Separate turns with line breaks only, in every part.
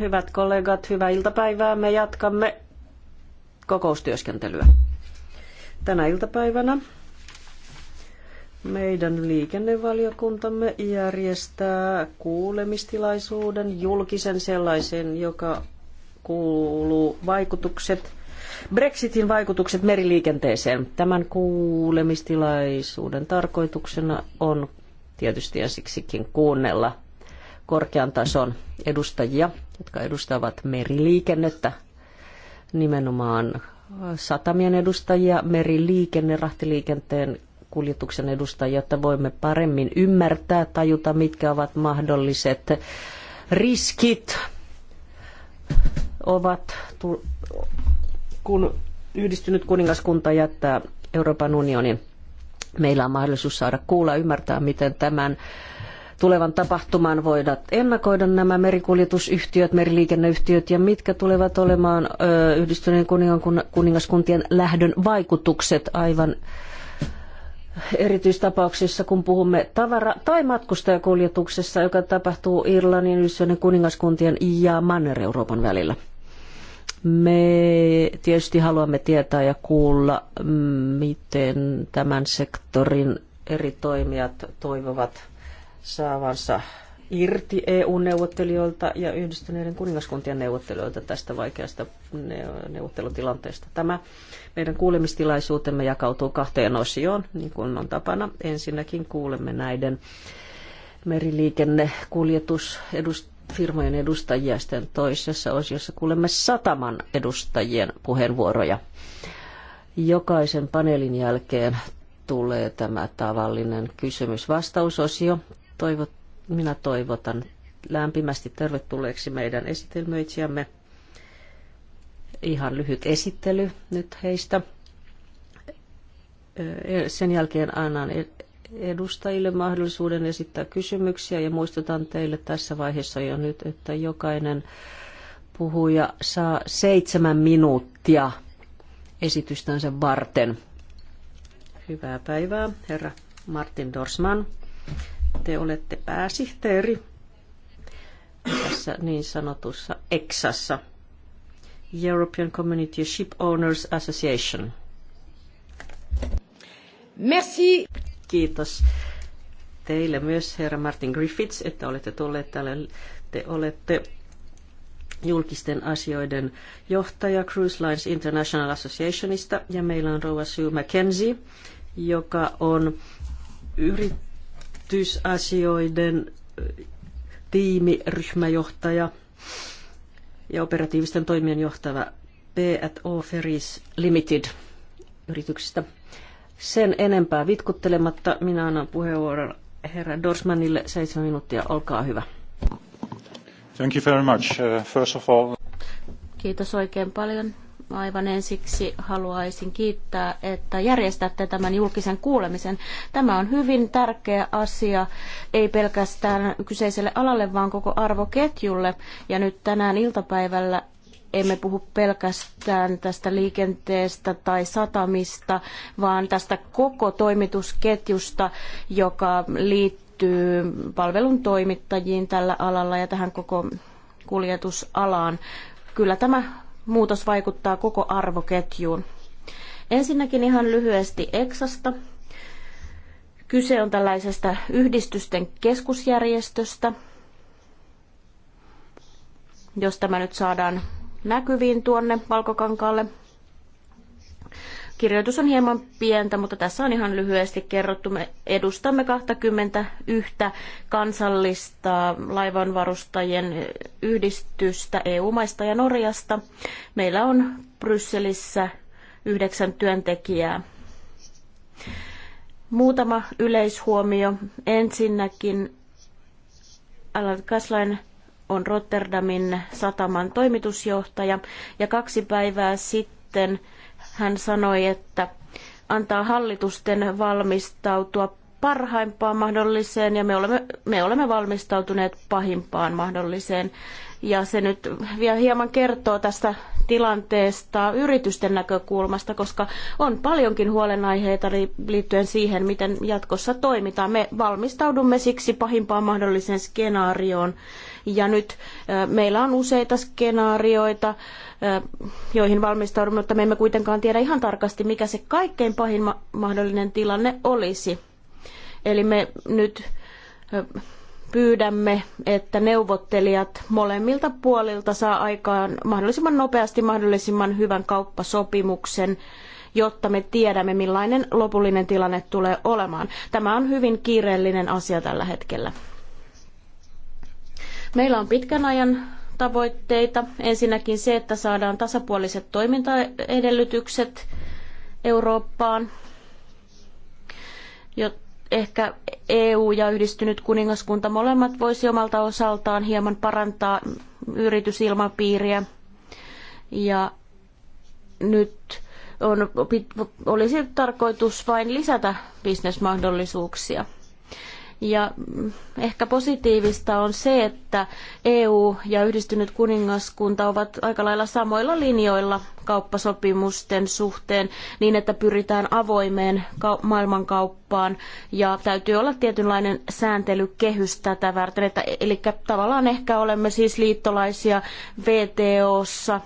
Hyvät kollegat, hyvää iltapäivää. Me jatkamme kokoustyöskentelyä. Tänä iltapäivänä meidän liikennevaliokuntamme järjestää kuulemistilaisuuden, julkisen sellaisen, joka kuuluu vaikutukset Brexitin vaikutukset meriliikenteeseen. Tämän kuulemistilaisuuden tarkoituksena on tietysti ensiksikin kuunnella korkean tason edustajia, jotka edustavat meriliikennettä, nimenomaan satamien edustajia, meriliikenne, rahtiliikenteen kuljetuksen edustajia, jotta voimme paremmin ymmärtää, tajuta, mitkä ovat mahdolliset riskit, ovat, kun yhdistynyt kuningaskunta jättää Euroopan unionin. Meillä on mahdollisuus saada kuulla, ymmärtää, miten tämän tulevan tapahtuman voida ennakoida nämä merikuljetusyhtiöt, meriliikenneyhtiöt ja mitkä tulevat olemaan ö, yhdistyneen kuningaskuntien lähdön vaikutukset aivan erityistapauksissa, kun puhumme tavara- tai matkustajakuljetuksessa, joka tapahtuu Irlannin, Yhdistyneen kuningaskuntien ja Manner-Euroopan välillä. Me tietysti haluamme tietää ja kuulla, mm, miten tämän sektorin eri toimijat toivovat saavansa irti EU-neuvottelijoilta ja yhdistyneiden kuningaskuntien neuvottelijoilta tästä vaikeasta neuvottelutilanteesta. Tämä meidän kuulemistilaisuutemme jakautuu kahteen osioon, niin kuin on tapana. Ensinnäkin kuulemme näiden meriliikennekuljetusfirmojen edustajia, sitten toisessa osiossa kuulemme sataman edustajien puheenvuoroja. Jokaisen paneelin jälkeen tulee tämä tavallinen kysymys-vastausosio toivot, minä toivotan lämpimästi tervetulleeksi meidän esitelmöitsijämme. Ihan lyhyt esittely nyt heistä. Sen jälkeen annan edustajille mahdollisuuden esittää kysymyksiä ja muistutan teille tässä vaiheessa jo nyt, että jokainen puhuja saa seitsemän minuuttia esitystänsä varten. Hyvää päivää, herra Martin Dorsman te olette pääsihteeri tässä niin sanotussa EXassa, European Community Ship Owners Association. Merci. Kiitos teille myös, herra Martin Griffiths, että olette tulleet tälle. Te olette julkisten asioiden johtaja Cruise Lines International Associationista ja meillä on rouva Sue McKenzie, joka on yrit, yksityisasioiden tiimiryhmäjohtaja ja operatiivisten toimien johtava P&O Ferries Limited yrityksistä. Sen enempää vitkuttelematta minä annan puheenvuoron herra Dorsmanille seitsemän minuuttia. Olkaa hyvä.
Thank you very much. Uh, first of all...
Kiitos oikein paljon. Aivan ensiksi haluaisin kiittää, että järjestätte tämän julkisen kuulemisen. Tämä on hyvin tärkeä asia, ei pelkästään kyseiselle alalle, vaan koko arvoketjulle. Ja nyt tänään iltapäivällä emme puhu pelkästään tästä liikenteestä tai satamista, vaan tästä koko toimitusketjusta, joka liittyy palvelun toimittajiin tällä alalla ja tähän koko kuljetusalaan. Kyllä tämä muutos vaikuttaa koko arvoketjuun. Ensinnäkin ihan lyhyesti Eksasta. Kyse on tällaisesta yhdistysten keskusjärjestöstä, jos tämä nyt saadaan näkyviin tuonne Valkokankaalle Kirjoitus on hieman pientä, mutta tässä on ihan lyhyesti kerrottu. Me edustamme 21 kansallista laivanvarustajien yhdistystä EU-maista ja Norjasta. Meillä on Brysselissä yhdeksän työntekijää. Muutama yleishuomio. Ensinnäkin Alan Kaslain on Rotterdamin sataman toimitusjohtaja ja kaksi päivää sitten hän sanoi, että antaa hallitusten valmistautua parhaimpaan mahdolliseen ja me olemme, me olemme valmistautuneet pahimpaan mahdolliseen. Ja se nyt vielä hieman kertoo tästä tilanteesta yritysten näkökulmasta, koska on paljonkin huolenaiheita liittyen siihen, miten jatkossa toimitaan. Me valmistaudumme siksi pahimpaan mahdolliseen skenaarioon ja nyt meillä on useita skenaarioita, joihin valmistaudumme, mutta me emme kuitenkaan tiedä ihan tarkasti, mikä se kaikkein pahin mahdollinen tilanne olisi. Eli me nyt pyydämme, että neuvottelijat molemmilta puolilta saa aikaan mahdollisimman nopeasti mahdollisimman hyvän kauppasopimuksen, jotta me tiedämme, millainen lopullinen tilanne tulee olemaan. Tämä on hyvin kiireellinen asia tällä hetkellä. Meillä on pitkän ajan tavoitteita. Ensinnäkin se, että saadaan tasapuoliset toimintaedellytykset Eurooppaan. Jo, ehkä EU ja yhdistynyt kuningaskunta molemmat voisi omalta osaltaan hieman parantaa yritysilmapiiriä. Ja nyt on, olisi tarkoitus vain lisätä bisnesmahdollisuuksia. Ja mm, ehkä positiivista on se, että EU ja yhdistynyt kuningaskunta ovat aika lailla samoilla linjoilla kauppasopimusten suhteen niin, että pyritään avoimeen maailmankauppaan ja täytyy olla tietynlainen sääntelykehys tätä varten. Että, eli tavallaan ehkä olemme siis liittolaisia VTOssa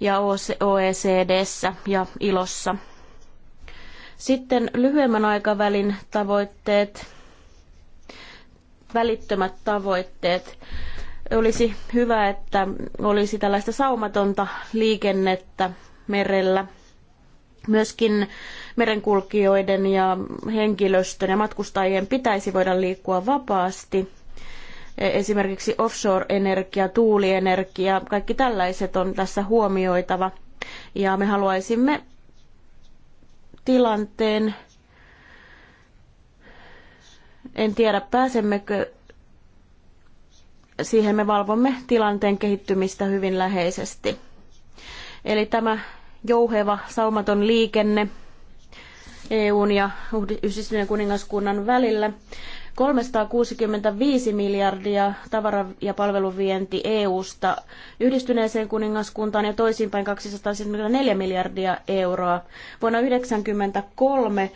ja OECDssä ja ILOssa. Sitten lyhyemmän aikavälin tavoitteet välittömät tavoitteet. Olisi hyvä, että olisi tällaista saumatonta liikennettä merellä myöskin merenkulkijoiden ja henkilöstön ja matkustajien pitäisi voida liikkua vapaasti. Esimerkiksi offshore-energia, tuulienergia, kaikki tällaiset on tässä huomioitava. Ja me haluaisimme tilanteen, en tiedä, pääsemmekö siihen me valvomme tilanteen kehittymistä hyvin läheisesti. Eli tämä jouheva, saumaton liikenne EUn ja Yhdistyneen kuningaskunnan välillä 365 miljardia tavara- ja palveluvienti EU-sta yhdistyneeseen kuningaskuntaan ja toisinpäin 274 miljardia euroa. Vuonna 1993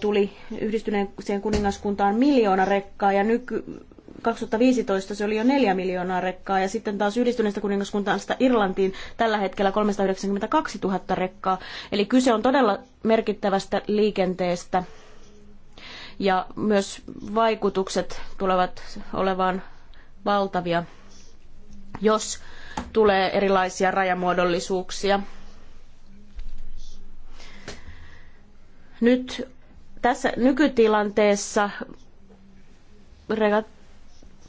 tuli yhdistyneeseen kuningaskuntaan miljoona rekkaa ja nyky 2015 se oli jo 4 miljoonaa rekkaa ja sitten taas yhdistyneestä kuningaskuntaansta Irlantiin tällä hetkellä 392 000 rekkaa. Eli kyse on todella merkittävästä liikenteestä ja myös vaikutukset tulevat olemaan valtavia, jos tulee erilaisia rajamuodollisuuksia. Nyt tässä nykytilanteessa rekat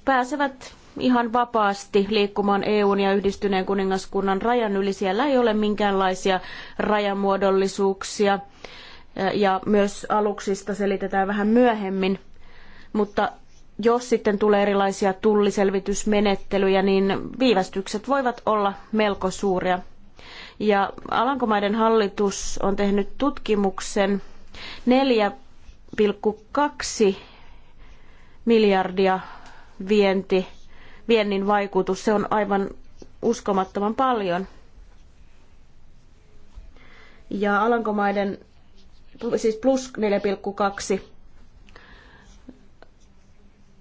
pääsevät ihan vapaasti liikkumaan EUn ja yhdistyneen kuningaskunnan rajan yli. Siellä ei ole minkäänlaisia rajamuodollisuuksia ja myös aluksista selitetään vähän myöhemmin. Mutta jos sitten tulee erilaisia tulliselvitysmenettelyjä, niin viivästykset voivat olla melko suuria. Ja Alankomaiden hallitus on tehnyt tutkimuksen 4,2 miljardia vienti, viennin vaikutus. Se on aivan uskomattoman paljon. Ja Alankomaiden siis plus 4,2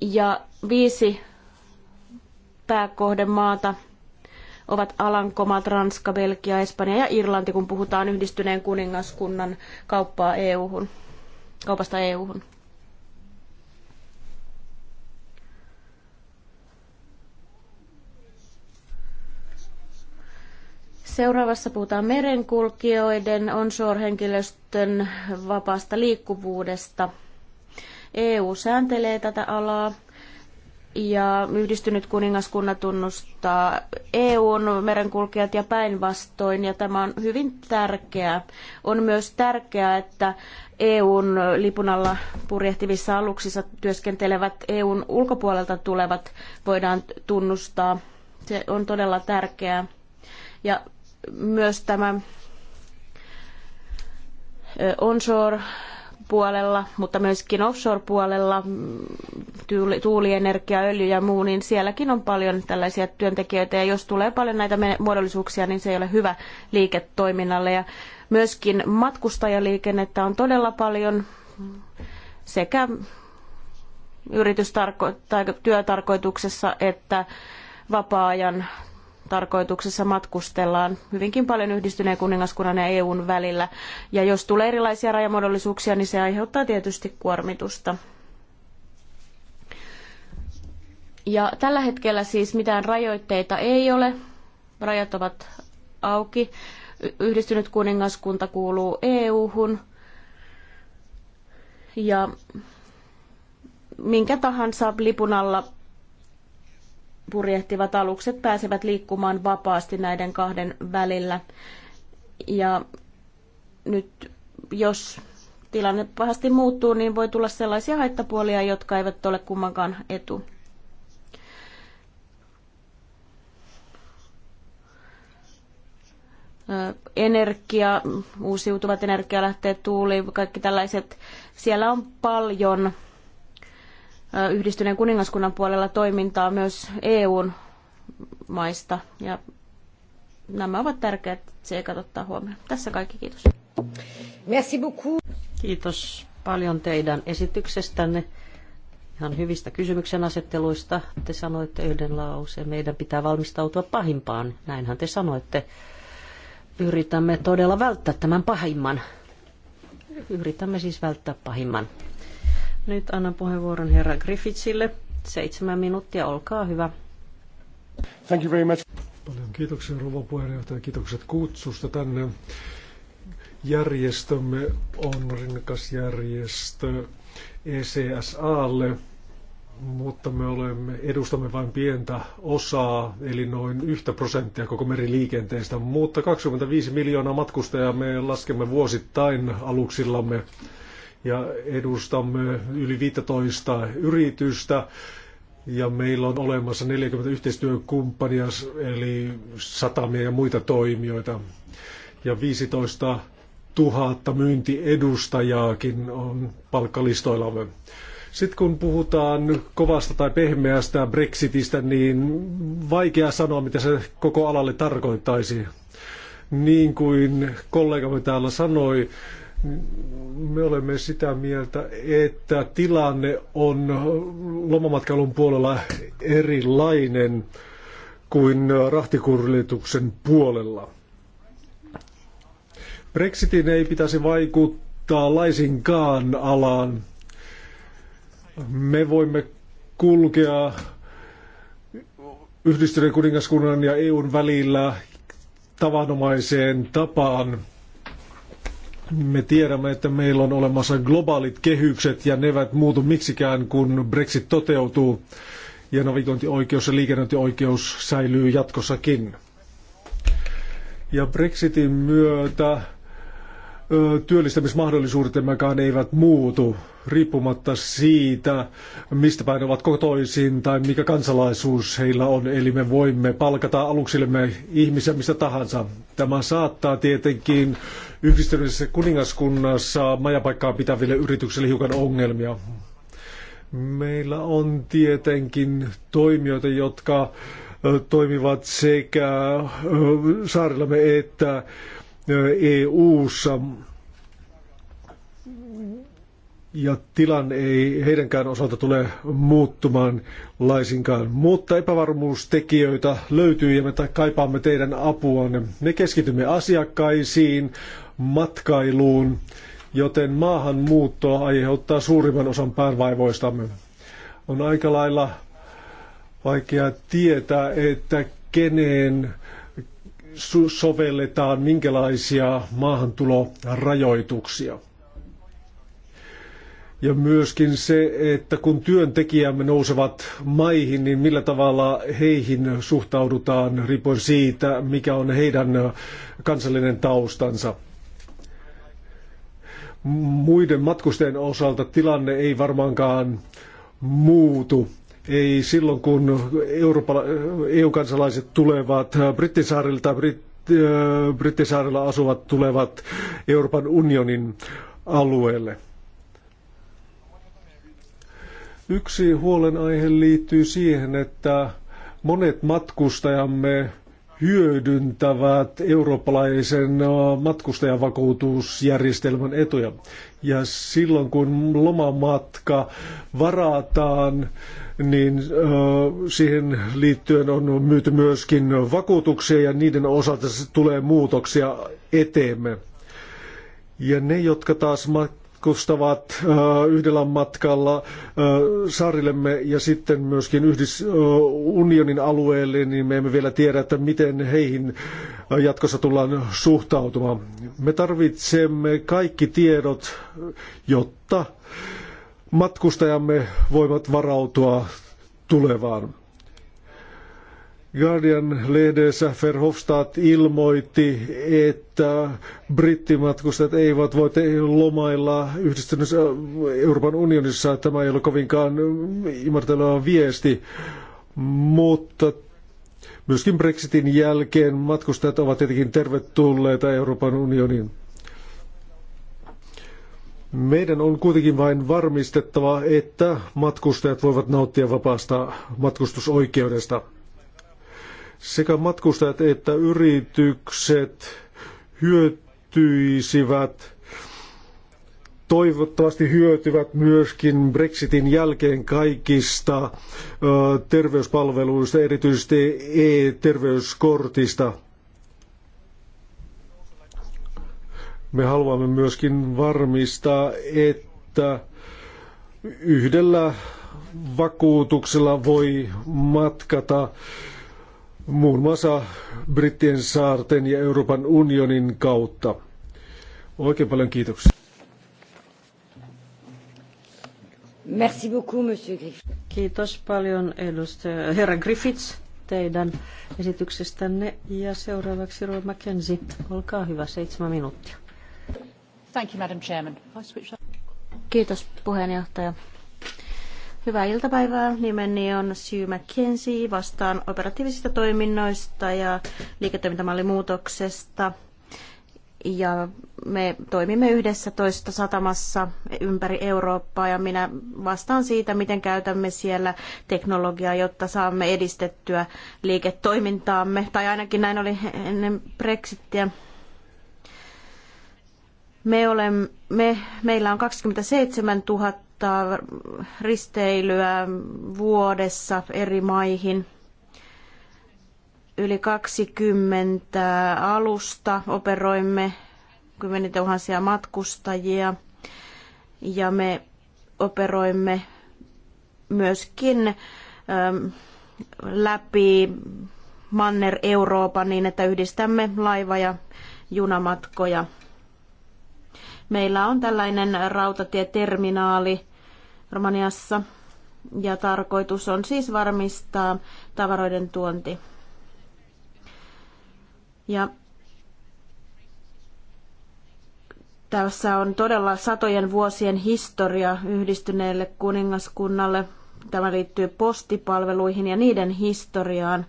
ja viisi pääkohdemaata ovat Alankomaat, Ranska, Belgia, Espanja ja Irlanti, kun puhutaan yhdistyneen kuningaskunnan kauppaa EU-hun, kaupasta EU-hun. Seuraavassa puhutaan merenkulkijoiden onshore-henkilöstön vapaasta liikkuvuudesta. EU sääntelee tätä alaa ja yhdistynyt kuningaskunta tunnustaa EUn merenkulkijat ja päinvastoin, ja tämä on hyvin tärkeää. On myös tärkeää, että EUn lipun alla purjehtivissa aluksissa työskentelevät EUn ulkopuolelta tulevat voidaan tunnustaa. Se on todella tärkeää. Ja myös tämä onshore-puolella, mutta myöskin offshore-puolella, tuulienergia, öljy ja muu, niin sielläkin on paljon tällaisia työntekijöitä. Ja jos tulee paljon näitä muodollisuuksia, niin se ei ole hyvä liiketoiminnalle. Ja myöskin matkustajaliikennettä on todella paljon sekä yritystarko- tai työtarkoituksessa että vapaa-ajan tarkoituksessa matkustellaan hyvinkin paljon yhdistyneen kuningaskunnan ja EUn välillä. Ja jos tulee erilaisia rajamuodollisuuksia, niin se aiheuttaa tietysti kuormitusta. Ja tällä hetkellä siis mitään rajoitteita ei ole. Rajat ovat auki. Yhdistynyt kuningaskunta kuuluu EU-hun. Ja minkä tahansa lipun alla purjehtivat alukset pääsevät liikkumaan vapaasti näiden kahden välillä. Ja nyt jos tilanne pahasti muuttuu, niin voi tulla sellaisia haittapuolia, jotka eivät ole kummankaan etu. Energia, uusiutuvat energialähteet, tuuli, kaikki tällaiset. Siellä on paljon yhdistyneen kuningaskunnan puolella toimintaa myös EUn maista. Ja nämä ovat tärkeät seikat ottaa huomioon. Tässä kaikki, kiitos. Merci beaucoup.
Kiitos paljon teidän esityksestänne. Ihan hyvistä kysymyksen asetteluista. Te sanoitte yhden lauseen, meidän pitää valmistautua pahimpaan. Näinhän te sanoitte. Yritämme todella välttää tämän pahimman. Yritämme siis välttää pahimman. Nyt annan puheenvuoron herra Griffitsille. Seitsemän minuuttia, olkaa hyvä.
Thank you very much. Paljon kiitoksia rouva puheenjohtaja, kiitokset kutsusta tänne. Järjestömme on rinnakas järjestö ECSAlle, mutta me olemme, edustamme vain pientä osaa, eli noin yhtä prosenttia koko meriliikenteestä, mutta 25 miljoonaa matkustajaa me laskemme vuosittain aluksillamme ja edustamme yli 15 yritystä ja meillä on olemassa 40 yhteistyökumppania eli satamia ja muita toimijoita ja 15 000 myyntiedustajaakin on palkkalistoillamme. Sitten kun puhutaan kovasta tai pehmeästä Brexitistä, niin vaikea sanoa, mitä se koko alalle tarkoittaisi. Niin kuin kollegamme täällä sanoi, me olemme sitä mieltä, että tilanne on lomamatkailun puolella erilainen kuin rahtikuljetuksen puolella. Brexitin ei pitäisi vaikuttaa laisinkaan alaan. Me voimme kulkea yhdistyneen kuningaskunnan ja EUn välillä tavanomaiseen tapaan – me tiedämme, että meillä on olemassa globaalit kehykset ja ne eivät muutu miksikään, kun Brexit toteutuu ja navigointioikeus ja liikennöintioikeus säilyy jatkossakin. Ja Brexitin myötä työllistämismahdollisuutemmekaan eivät muutu riippumatta siitä, mistä päin ovat kotoisin tai mikä kansalaisuus heillä on. Eli me voimme palkata aluksillemme ihmisiä mistä tahansa. Tämä saattaa tietenkin yhdistyneessä kuningaskunnassa majapaikkaa pitäville yrityksille hiukan ongelmia. Meillä on tietenkin toimijoita, jotka toimivat sekä saarillamme että EU-ssa ja tilanne ei heidänkään osalta tule muuttumaan laisinkaan. Mutta epävarmuustekijöitä löytyy ja me kaipaamme teidän apuanne. Me keskitymme asiakkaisiin, matkailuun, joten maahanmuutto aiheuttaa suurimman osan päänvaivoistamme. On aika lailla vaikea tietää, että keneen sovelletaan minkälaisia maahantulorajoituksia. Ja myöskin se, että kun työntekijämme nousevat maihin, niin millä tavalla heihin suhtaudutaan riippuen siitä, mikä on heidän kansallinen taustansa. Muiden matkustajien osalta tilanne ei varmaankaan muutu ei silloin, kun EU-kansalaiset tulevat Brittisaarille tai Brit- äh, Brittisaarilla asuvat tulevat Euroopan unionin alueelle. Yksi huolenaihe liittyy siihen, että monet matkustajamme hyödyntävät eurooppalaisen äh, matkustajavakuutusjärjestelmän etuja. Ja silloin kun lomamatka varataan, niin siihen liittyen on myyty myöskin vakuutuksia ja niiden osalta tulee muutoksia eteemme. Ja ne, jotka taas matkustavat yhdellä matkalla saarillemme ja sitten myöskin yhdis, unionin alueelle, niin me emme vielä tiedä, että miten heihin jatkossa tullaan suhtautumaan. Me tarvitsemme kaikki tiedot, jotta matkustajamme voivat varautua tulevaan. Guardian-lehdessä Verhofstadt ilmoitti, että brittimatkustajat eivät voi lomailla yhdistyneessä äh, Euroopan unionissa. Tämä ei ole kovinkaan imarteleva viesti, mutta myöskin Brexitin jälkeen matkustajat ovat tietenkin tervetulleita Euroopan unioniin. Meidän on kuitenkin vain varmistettava, että matkustajat voivat nauttia vapaasta matkustusoikeudesta sekä matkustajat että yritykset hyötyisivät, toivottavasti hyötyvät myöskin Brexitin jälkeen kaikista terveyspalveluista, erityisesti e-terveyskortista. Me haluamme myöskin varmistaa, että yhdellä vakuutuksella voi matkata muun muassa Brittien saarten ja Euroopan unionin kautta. Oikein paljon kiitoksia.
Merci beaucoup, monsieur Griffith. Kiitos paljon, edustaja, herra Griffiths, teidän esityksestänne. Ja seuraavaksi Roy McKenzie. Olkaa hyvä, seitsemän minuuttia.
Thank you, Madam Chairman. Kiitos, puheenjohtaja. Hyvää iltapäivää. Nimeni on Sue McKenzie. Vastaan operatiivisista toiminnoista ja liiketoimintamallimuutoksesta. Ja me toimimme yhdessä toista satamassa ympäri Eurooppaa ja minä vastaan siitä, miten käytämme siellä teknologiaa, jotta saamme edistettyä liiketoimintaamme. Tai ainakin näin oli ennen Brexittiä. Me olemme, me, meillä on 27 000 tarkoittaa risteilyä vuodessa eri maihin. Yli 20 alusta operoimme kymmenituhansia matkustajia ja me operoimme myöskin ähm, läpi Manner-Euroopan niin, että yhdistämme laiva- ja junamatkoja Meillä on tällainen rautatieterminaali Romaniassa ja tarkoitus on siis varmistaa tavaroiden tuonti. Ja tässä on todella satojen vuosien historia yhdistyneelle kuningaskunnalle. Tämä liittyy postipalveluihin ja niiden historiaan.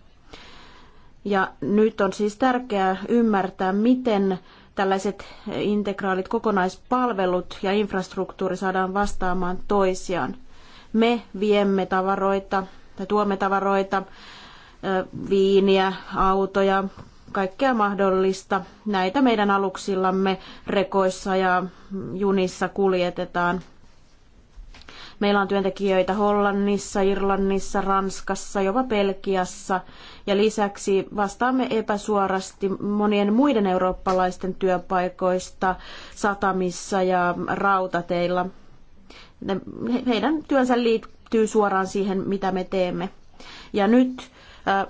Ja nyt on siis tärkeää ymmärtää, miten tällaiset integraalit kokonaispalvelut ja infrastruktuuri saadaan vastaamaan toisiaan. Me viemme tavaroita tai tuomme tavaroita, viiniä, autoja, kaikkea mahdollista. Näitä meidän aluksillamme rekoissa ja junissa kuljetetaan Meillä on työntekijöitä Hollannissa, Irlannissa, Ranskassa, jopa Belgiassa. Ja lisäksi vastaamme epäsuorasti monien muiden eurooppalaisten työpaikoista satamissa ja rautateilla. Heidän työnsä liittyy suoraan siihen, mitä me teemme. Ja nyt äh,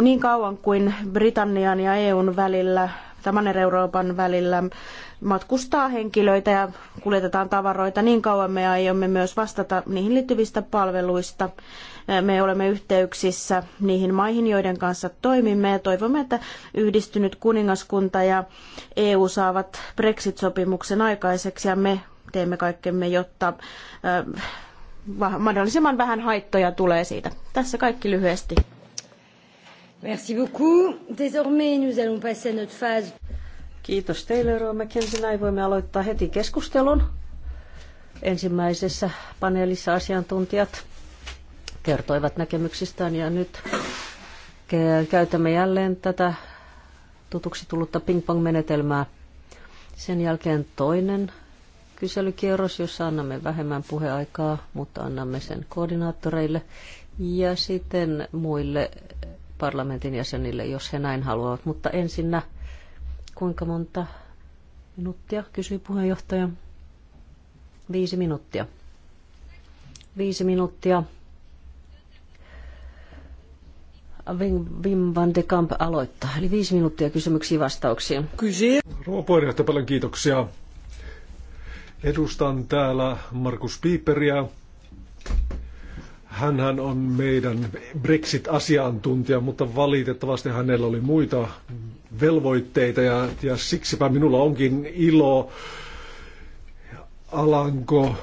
niin kauan kuin Britannian ja EUn välillä ja Manner-Euroopan välillä matkustaa henkilöitä ja kuljetetaan tavaroita niin kauan me aiomme myös vastata niihin liittyvistä palveluista. Me olemme yhteyksissä niihin maihin, joiden kanssa toimimme ja toivomme, että yhdistynyt kuningaskunta ja EU saavat Brexit-sopimuksen aikaiseksi ja me teemme kaikkemme, jotta äh, mahdollisimman vähän haittoja tulee siitä. Tässä kaikki lyhyesti.
Merci beaucoup. Désormais,
nous allons passer à notre phase. Kiitos teille, Roa McKenzie. Näin voimme aloittaa heti keskustelun. Ensimmäisessä paneelissa asiantuntijat kertoivat näkemyksistään ja nyt käytämme jälleen tätä tutuksi tullutta ping-pong-menetelmää. Sen jälkeen toinen kyselykierros, jossa annamme vähemmän puheaikaa, mutta annamme sen koordinaattoreille ja sitten muille parlamentin jäsenille, jos he näin haluavat. Mutta ensinnä, kuinka monta minuuttia, kysyi puheenjohtaja. Viisi minuuttia. Viisi minuuttia. Wim, van de Kamp aloittaa. Eli viisi minuuttia kysymyksiin vastauksiin.
Kysyä. Rouva puheenjohtaja, paljon kiitoksia. Edustan täällä Markus Piiperiä, Hänhän on meidän Brexit-asiantuntija, mutta valitettavasti hänellä oli muita velvoitteita ja, ja siksipä minulla onkin ilo Alanko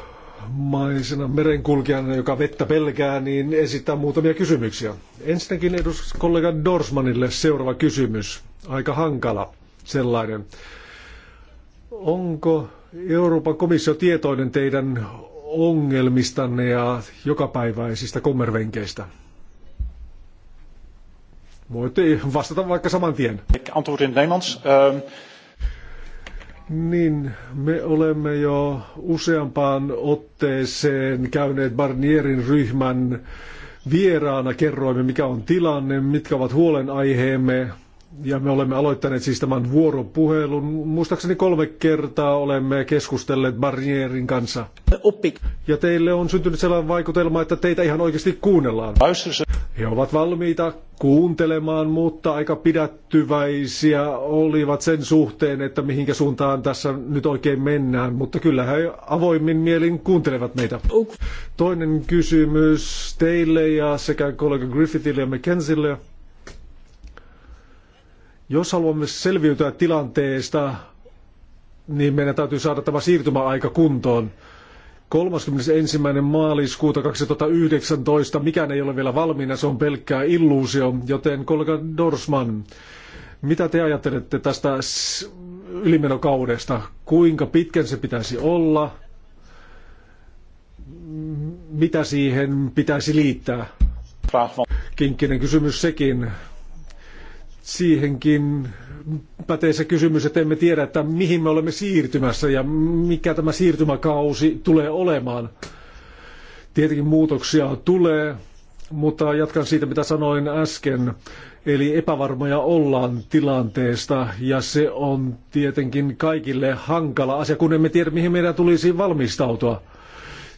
maisena merenkulkijana, joka vettä pelkää, niin esittää muutamia kysymyksiä. Ensinnäkin edus kollega Dorsmanille seuraava kysymys. Aika hankala sellainen. Onko Euroopan komissio tietoinen teidän ongelmistanne ja jokapäiväisistä kommervenkeistä? Voitte vastata vaikka saman tien. Antwoord in Nederlands. Ehm, niin, me olemme jo useampaan otteeseen käyneet Barnierin ryhmän vieraana. Kerroimme, mikä on tilanne, mitkä ovat huolenaiheemme, ja me olemme aloittaneet siis tämän vuoropuhelun. Muistaakseni kolme kertaa olemme keskustelleet Barnierin kanssa. Oppik. Ja teille on syntynyt sellainen vaikutelma, että teitä ihan oikeasti kuunnellaan. He ovat valmiita kuuntelemaan, mutta aika pidättyväisiä olivat sen suhteen, että mihinkä suuntaan tässä nyt oikein mennään. Mutta kyllä he avoimin mielin kuuntelevat meitä. Toinen kysymys teille ja sekä kollega Griffithille ja McKenzille jos haluamme selviytyä tilanteesta, niin meidän täytyy saada tämä siirtymäaika kuntoon. 31. maaliskuuta 2019, mikään ei ole vielä valmiina, se on pelkkää illuusio, joten kollega Dorsman, mitä te ajattelette tästä ylimenokaudesta? Kuinka pitkän se pitäisi olla? Mitä siihen pitäisi liittää? Kinkkinen kysymys sekin. Siihenkin pätee se kysymys, että emme tiedä, että mihin me olemme siirtymässä ja mikä tämä siirtymäkausi tulee olemaan. Tietenkin muutoksia tulee, mutta jatkan siitä, mitä sanoin äsken. Eli epävarmoja ollaan tilanteesta ja se on tietenkin kaikille hankala asia, kun emme tiedä, mihin meidän tulisi valmistautua.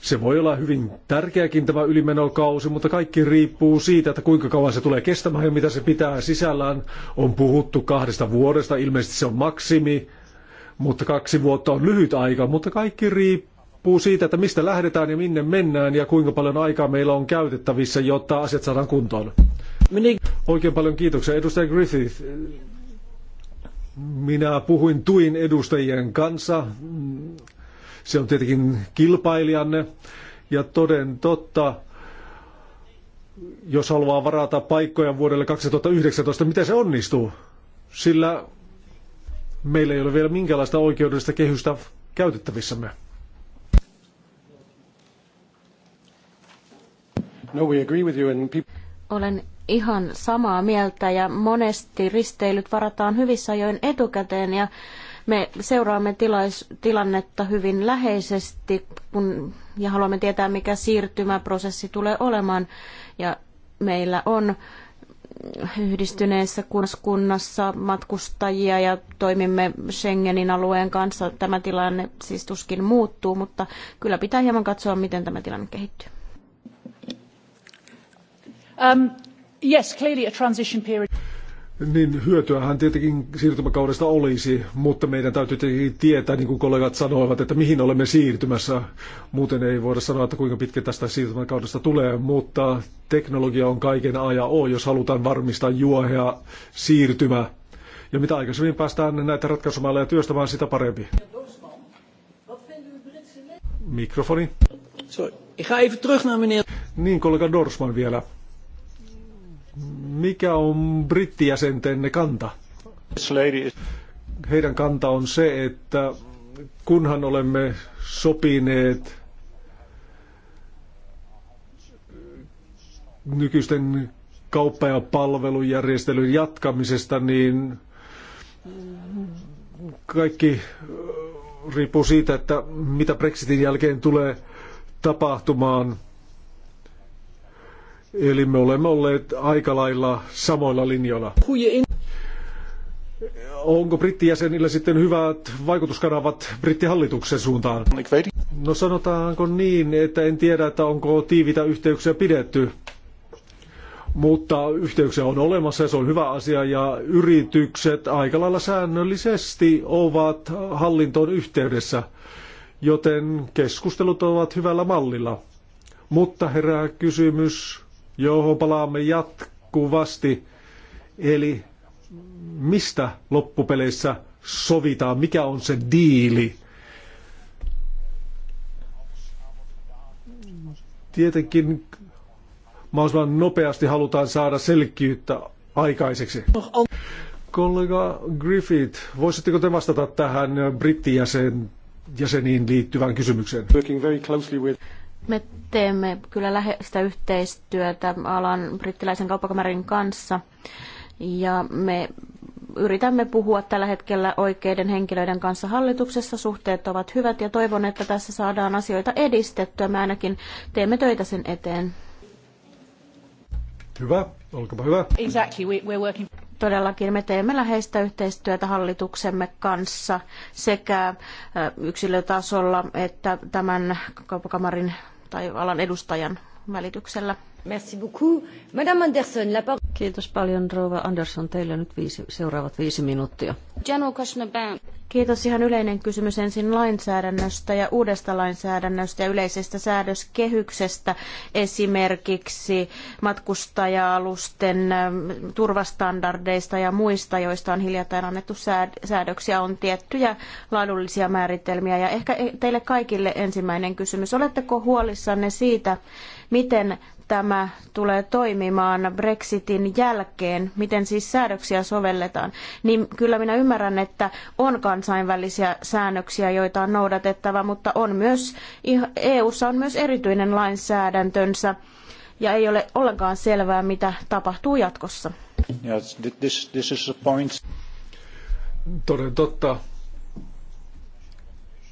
Se voi olla hyvin tärkeäkin tämä ylimenokausi, mutta kaikki riippuu siitä, että kuinka kauan se tulee kestämään ja mitä se pitää sisällään. On puhuttu kahdesta vuodesta, ilmeisesti se on maksimi, mutta kaksi vuotta on lyhyt aika, mutta kaikki riippuu siitä, että mistä lähdetään ja minne mennään ja kuinka paljon aikaa meillä on käytettävissä, jotta asiat saadaan kuntoon. Oikein paljon kiitoksia. Edustaja Griffith, minä puhuin tuin edustajien kanssa se on tietenkin kilpailijanne ja toden totta, jos haluaa varata paikkoja vuodelle 2019, miten se onnistuu? Sillä meillä ei ole vielä minkäänlaista oikeudellista kehystä käytettävissämme. No, we agree with you and people...
Olen ihan samaa mieltä ja monesti risteilyt varataan hyvissä ajoin etukäteen ja me seuraamme tilais, tilannetta hyvin läheisesti kun, ja haluamme tietää, mikä siirtymäprosessi tulee olemaan. Ja meillä on yhdistyneessä kunnassa matkustajia ja toimimme Schengenin alueen kanssa. Tämä tilanne siis tuskin muuttuu, mutta kyllä pitää hieman katsoa, miten tämä tilanne kehittyy.
Um, yes, clearly a transition period niin hyötyähän tietenkin siirtymäkaudesta olisi, mutta meidän täytyy tietenkin tietää, niin kuin kollegat sanoivat, että mihin olemme siirtymässä. Muuten ei voida sanoa, että kuinka pitkä tästä siirtymäkaudesta tulee, mutta teknologia on kaiken ajan O, jos halutaan varmistaa juohea siirtymä. Ja mitä aikaisemmin päästään näitä ratkaisumalleja työstämään, sitä parempi. Mikrofoni. Sorry. Ik ga even terug naar meneer... Niin, kollega Dorsman vielä. Mikä on brittijäsentenne kanta? Heidän kanta on se, että kunhan olemme sopineet nykyisten kauppa- ja palvelujärjestelyn jatkamisesta, niin kaikki äh, riippuu siitä, että mitä Brexitin jälkeen tulee tapahtumaan – Eli me olemme olleet aika lailla samoilla linjoilla. Onko brittijäsenillä sitten hyvät vaikutuskanavat brittihallituksen suuntaan? No sanotaanko niin, että en tiedä, että onko tiivitä yhteyksiä pidetty. Mutta yhteyksiä on olemassa ja se on hyvä asia ja yritykset aika lailla säännöllisesti ovat hallintoon yhteydessä, joten keskustelut ovat hyvällä mallilla. Mutta herää kysymys, johon palaamme jatkuvasti. Eli mistä loppupeleissä sovitaan, mikä on se diili. Tietenkin mahdollisimman nopeasti halutaan saada selkiyttä aikaiseksi. Kollega Griffith, voisitteko te vastata tähän brittijäsen jäseniin liittyvään kysymykseen? Working very closely with...
Me teemme kyllä läheistä yhteistyötä alan brittiläisen kauppakamarin kanssa ja me yritämme puhua tällä hetkellä oikeiden henkilöiden kanssa hallituksessa. Suhteet ovat hyvät ja toivon, että tässä saadaan asioita edistettyä. Me ainakin teemme töitä sen eteen.
Hyvä, olkapa hyvä.
Exactly, we're working todellakin me teemme läheistä yhteistyötä hallituksemme kanssa sekä yksilötasolla että tämän kauppakamarin tai alan edustajan välityksellä. Merci beaucoup. Madame Anderson, la parole. Kiitos paljon, Rova Anderson. Teillä nyt viisi, seuraavat
viisi minuuttia.
General question about... Kiitos. Ihan yleinen kysymys ensin lainsäädännöstä ja uudesta lainsäädännöstä ja yleisestä säädöskehyksestä, esimerkiksi matkustaja-alusten ähm, turvastandardeista ja muista, joista on hiljattain annettu säädöksiä, on tiettyjä laadullisia määritelmiä. Ja ehkä teille kaikille ensimmäinen kysymys. Oletteko huolissanne siitä, miten tämä tulee toimimaan Brexitin jälkeen, miten siis säädöksiä sovelletaan, niin kyllä minä ymmärrän, että on kansainvälisiä säännöksiä, joita on noudatettava, mutta on myös, EUssa on myös erityinen lainsäädäntönsä ja ei ole ollenkaan selvää, mitä tapahtuu jatkossa.
Yes, this, this Toden totta,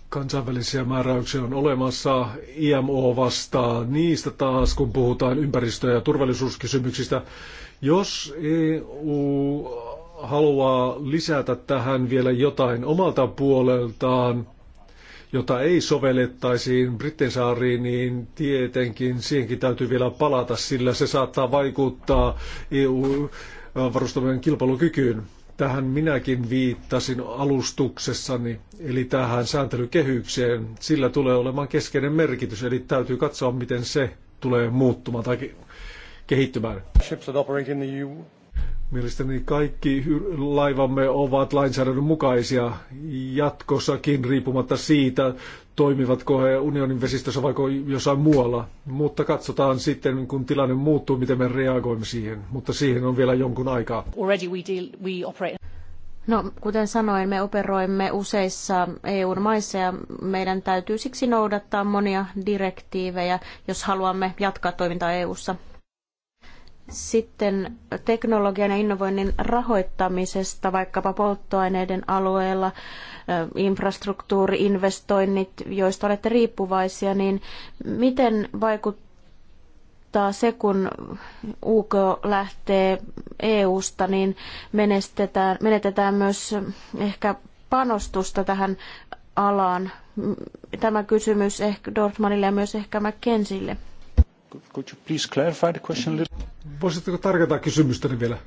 Kansainvälisiä määräyksiä on olemassa. IMO vastaa niistä taas, kun puhutaan ympäristö- ja turvallisuuskysymyksistä. Jos EU haluaa lisätä tähän vielä jotain omalta puoleltaan, jota ei sovellettaisiin Brittensaariin, niin tietenkin siihenkin täytyy vielä palata, sillä se saattaa vaikuttaa EU-varustamojen kilpailukykyyn. Tähän minäkin viittasin alustuksessani, eli tähän sääntelykehykseen. Sillä tulee olemaan keskeinen merkitys, eli täytyy katsoa, miten se tulee muuttumaan tai kehittymään. Mielestäni kaikki laivamme ovat lainsäädännön mukaisia jatkossakin riippumatta siitä, toimivatko he unionin vesistössä vai jossain muualla. Mutta katsotaan sitten, kun tilanne muuttuu, miten me reagoimme siihen. Mutta siihen on vielä jonkun aikaa.
No, kuten sanoin, me operoimme useissa EU-maissa ja meidän täytyy siksi noudattaa monia direktiivejä, jos haluamme jatkaa toimintaa EU-ssa. Sitten teknologian ja innovoinnin rahoittamisesta vaikkapa polttoaineiden alueella infrastruktuuriinvestoinnit, joista olette riippuvaisia, niin miten vaikuttaa se, kun UK lähtee EU-sta, niin menetetään, menetetään myös ehkä panostusta tähän alaan. Tämä kysymys ehkä Dortmanille ja myös ehkä McKenzille.
Could you please clarify the question? Voisitteko tarkentaa kysymystäni vielä?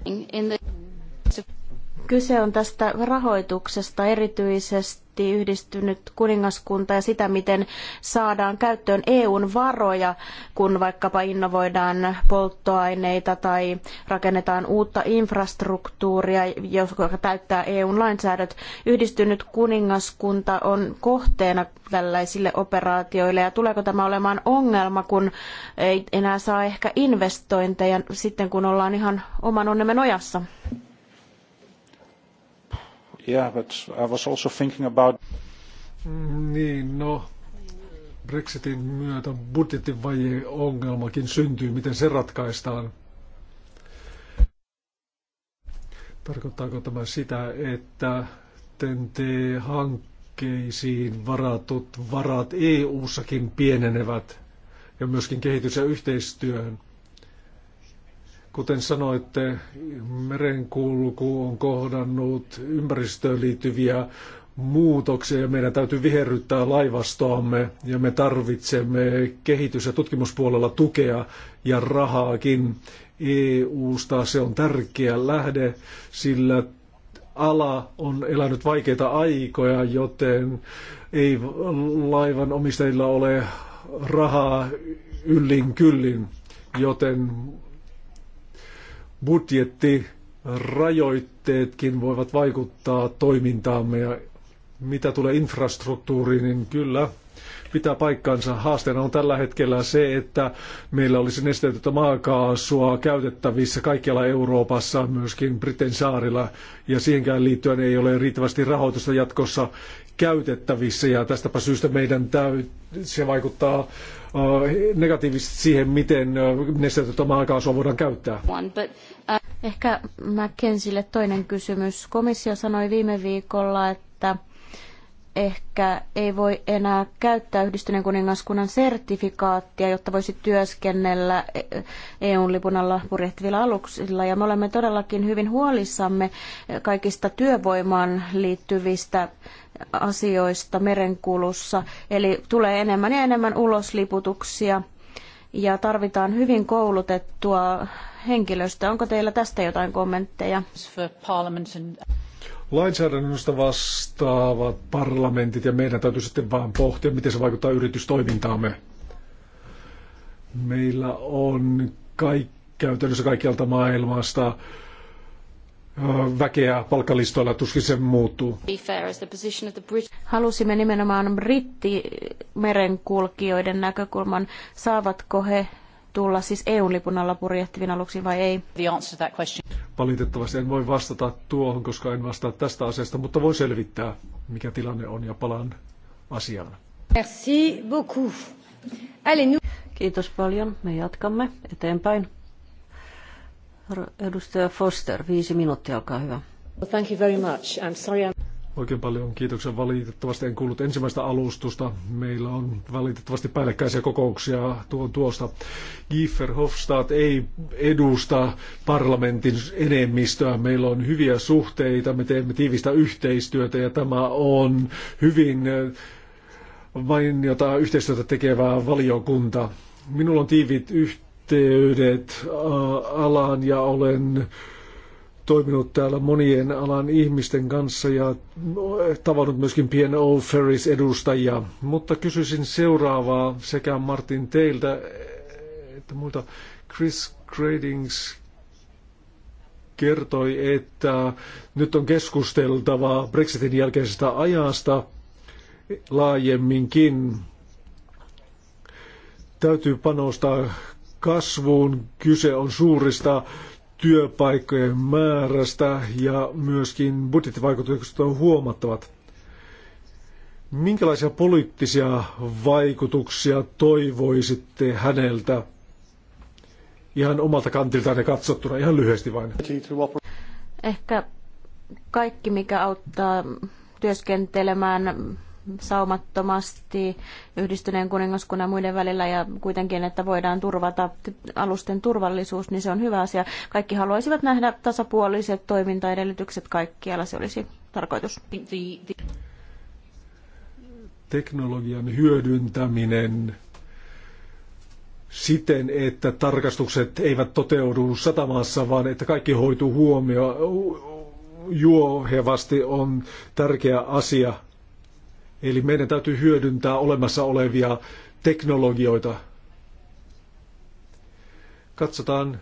Kyse on tästä rahoituksesta erityisesti yhdistynyt kuningaskunta ja sitä, miten saadaan käyttöön EUn varoja, kun vaikkapa innovoidaan polttoaineita tai rakennetaan uutta infrastruktuuria, joka täyttää EUn lainsäädöt. Yhdistynyt kuningaskunta on kohteena tällaisille operaatioille ja tuleeko tämä olemaan ongelma, kun ei enää saa ehkä investointeja sitten, kun ollaan ihan oman onnemme nojassa?
Yeah, but I was also thinking about... Niin, no, Brexitin myötä budjettivaje-ongelmakin syntyy. Miten se ratkaistaan? Tarkoittaako tämä sitä, että TNT-hankkeisiin varatut varat EU-sakin pienenevät ja myöskin kehitys- ja yhteistyöhön? Kuten sanoitte, merenkulku on kohdannut ympäristöön liittyviä muutoksia ja meidän täytyy viherryttää laivastoamme ja me tarvitsemme kehitys- ja tutkimuspuolella tukea ja rahaakin EU-sta. Se on tärkeä lähde, sillä ala on elänyt vaikeita aikoja, joten ei laivan omistajilla ole rahaa yllin kyllin, joten budjettirajoitteetkin voivat vaikuttaa toimintaamme ja mitä tulee infrastruktuuriin, niin kyllä pitää paikkaansa. Haasteena on tällä hetkellä se, että meillä olisi nesteytettä maakaasua käytettävissä kaikkialla Euroopassa, myöskin Briten saarilla, ja siihenkään liittyen ei ole riittävästi rahoitusta jatkossa käytettävissä, ja tästäpä syystä meidän täy- se vaikuttaa Äh, negatiivisesti siihen, miten äh, nestetettä maakaasua voidaan käyttää.
Äh, Ehkä McKenzille toinen kysymys. Komissio sanoi viime viikolla, että ehkä ei voi enää käyttää yhdistyneen kuningaskunnan sertifikaattia, jotta voisi työskennellä EUn e lipun alla purjehtivilla aluksilla. Ja me olemme todellakin hyvin huolissamme kaikista työvoimaan liittyvistä asioista merenkulussa. Eli tulee enemmän ja enemmän ulosliputuksia ja tarvitaan hyvin koulutettua henkilöstöä. Onko teillä tästä jotain kommentteja?
lainsäädännöstä vastaavat parlamentit ja meidän täytyy sitten vaan pohtia, miten se vaikuttaa yritystoimintaamme. Meillä on kaik, käytännössä kaikkialta maailmasta väkeä palkkalistoilla tuskin se muuttuu.
Halusimme nimenomaan brittimerenkulkijoiden näkökulman, saavatko he tulla siis EU-lipun alla purjehtivin aluksiin vai ei?
Valitettavasti en voi vastata tuohon, koska en vastaa tästä asiasta, mutta voi selvittää, mikä tilanne on ja palaan asiaan.
Merci
beaucoup. Allez, nous... Kiitos paljon. Me jatkamme eteenpäin. Edustaja Foster, viisi minuuttia, olkaa hyvä. Well, thank you very
much. I'm sorry I'm... Oikein paljon kiitoksia. Valitettavasti en kuullut ensimmäistä alustusta. Meillä on valitettavasti päällekkäisiä kokouksia tuon tuosta. Giffer Hofstad ei edusta parlamentin enemmistöä. Meillä on hyviä suhteita, me teemme tiivistä yhteistyötä ja tämä on hyvin eh, vain jotain yhteistyötä tekevää valiokunta. Minulla on tiivit yhteydet eh, alaan ja olen toiminut täällä monien alan ihmisten kanssa ja tavannut myöskin Old Ferris edustajia. Mutta kysyisin seuraavaa sekä Martin teiltä että muilta. Chris Gradings kertoi, että nyt on keskusteltava Brexitin jälkeisestä ajasta laajemminkin. Täytyy panostaa kasvuun. Kyse on suurista työpaikkojen määrästä ja myöskin budjettivaikutukset on huomattavat. Minkälaisia poliittisia vaikutuksia toivoisitte häneltä ihan omalta kantiltaan katsottuna, ihan lyhyesti vain?
Ehkä kaikki, mikä auttaa työskentelemään saumattomasti yhdistyneen kuningaskunnan muiden välillä ja kuitenkin, että voidaan turvata alusten turvallisuus, niin se on hyvä asia. Kaikki haluaisivat nähdä tasapuoliset toimintaedellytykset kaikkialla, se olisi tarkoitus.
Teknologian hyödyntäminen siten, että tarkastukset eivät toteudu satamassa vaan että kaikki hoituu huomio, juohevasti on tärkeä asia Eli meidän täytyy hyödyntää olemassa olevia teknologioita. Katsotaan,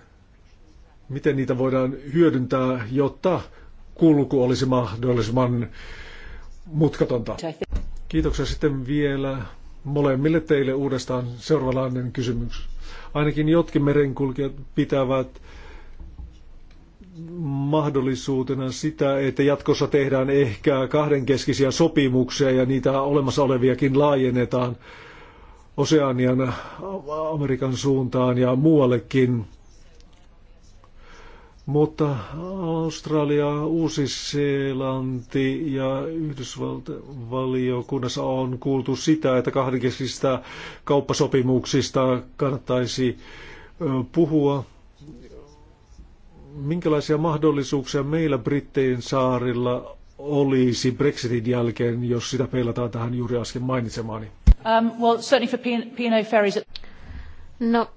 miten niitä voidaan hyödyntää, jotta kulku olisi mahdollisimman mutkatonta. Kiitoksia sitten vielä molemmille teille uudestaan seuraavanlainen kysymys. Ainakin jotkin merenkulkijat pitävät mahdollisuutena sitä, että jatkossa tehdään ehkä kahdenkeskisiä sopimuksia ja niitä olemassa oleviakin laajennetaan Oseanian, Amerikan suuntaan ja muuallekin. Mutta Australia, Uusi-Seelanti ja Yhdysvaltiokunnassa on kuultu sitä, että kahdenkeskisistä kauppasopimuksista kannattaisi puhua minkälaisia mahdollisuuksia meillä Brittein saarilla olisi Brexitin jälkeen, jos sitä peilataan tähän juuri äsken mainitsemaani? Um,
well, certainly for P&O ferries... No,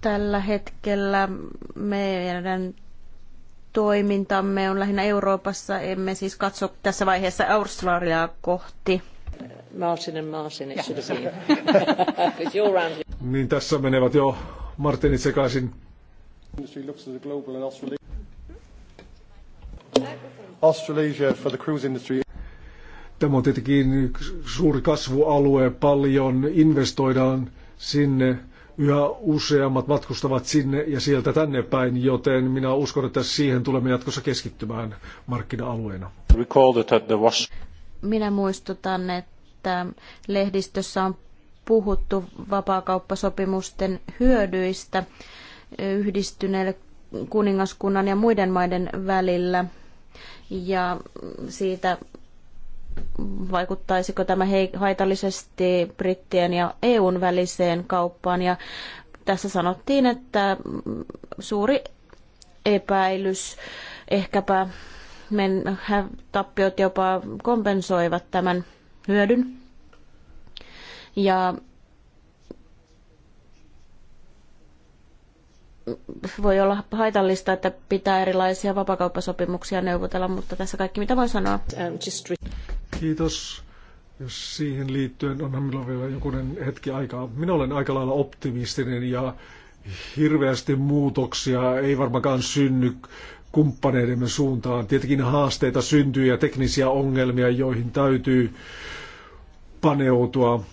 tällä hetkellä meidän toimintamme on lähinnä Euroopassa, emme siis katso tässä vaiheessa Australiaa kohti. Martin and Martin, it should
have
been. niin tässä menevät jo Martinit sekaisin industry looks at the global and Australasia. Australasia for the cruise industry. Tämä on tietenkin suuri kasvualue, paljon investoidaan sinne, yhä useammat matkustavat sinne ja sieltä tänne päin, joten minä uskon, että siihen tulemme jatkossa keskittymään markkina-alueena.
Minä muistutan, että lehdistössä on puhuttu vapaakauppasopimusten hyödyistä yhdistyneelle kuningaskunnan ja muiden maiden välillä ja siitä vaikuttaisiko tämä haitallisesti brittien ja EUn väliseen kauppaan. Ja tässä sanottiin, että suuri epäilys, ehkäpä men, tappiot jopa kompensoivat tämän hyödyn. Ja voi olla haitallista, että pitää erilaisia vapakauppasopimuksia neuvotella, mutta tässä kaikki mitä voi sanoa. Um,
Kiitos. Jos siihen liittyen onhan minulla vielä jokunen hetki aikaa. Minä olen aika lailla optimistinen ja hirveästi muutoksia ei varmaankaan synny kumppaneidemme suuntaan. Tietenkin haasteita syntyy ja teknisiä ongelmia, joihin täytyy paneutua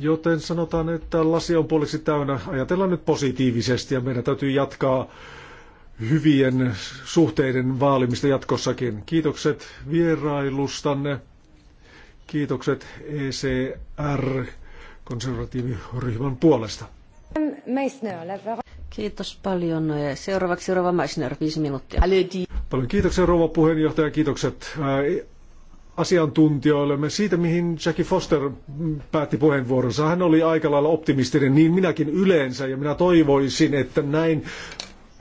Joten sanotaan, että lasi on puoliksi täynnä. Ajatellaan nyt positiivisesti ja meidän täytyy jatkaa hyvien suhteiden vaalimista jatkossakin. Kiitokset vierailustanne. Kiitokset ECR-konservatiiviryhmän puolesta.
Kiitos paljon. Seuraavaksi Rova Meissner, viisi minuuttia.
Paljon kiitoksia Rova puheenjohtaja, kiitokset asiantuntijoillemme siitä, mihin Jackie Foster päätti puheenvuoronsa. Hän oli aika lailla optimistinen, niin minäkin yleensä, ja minä toivoisin, että näin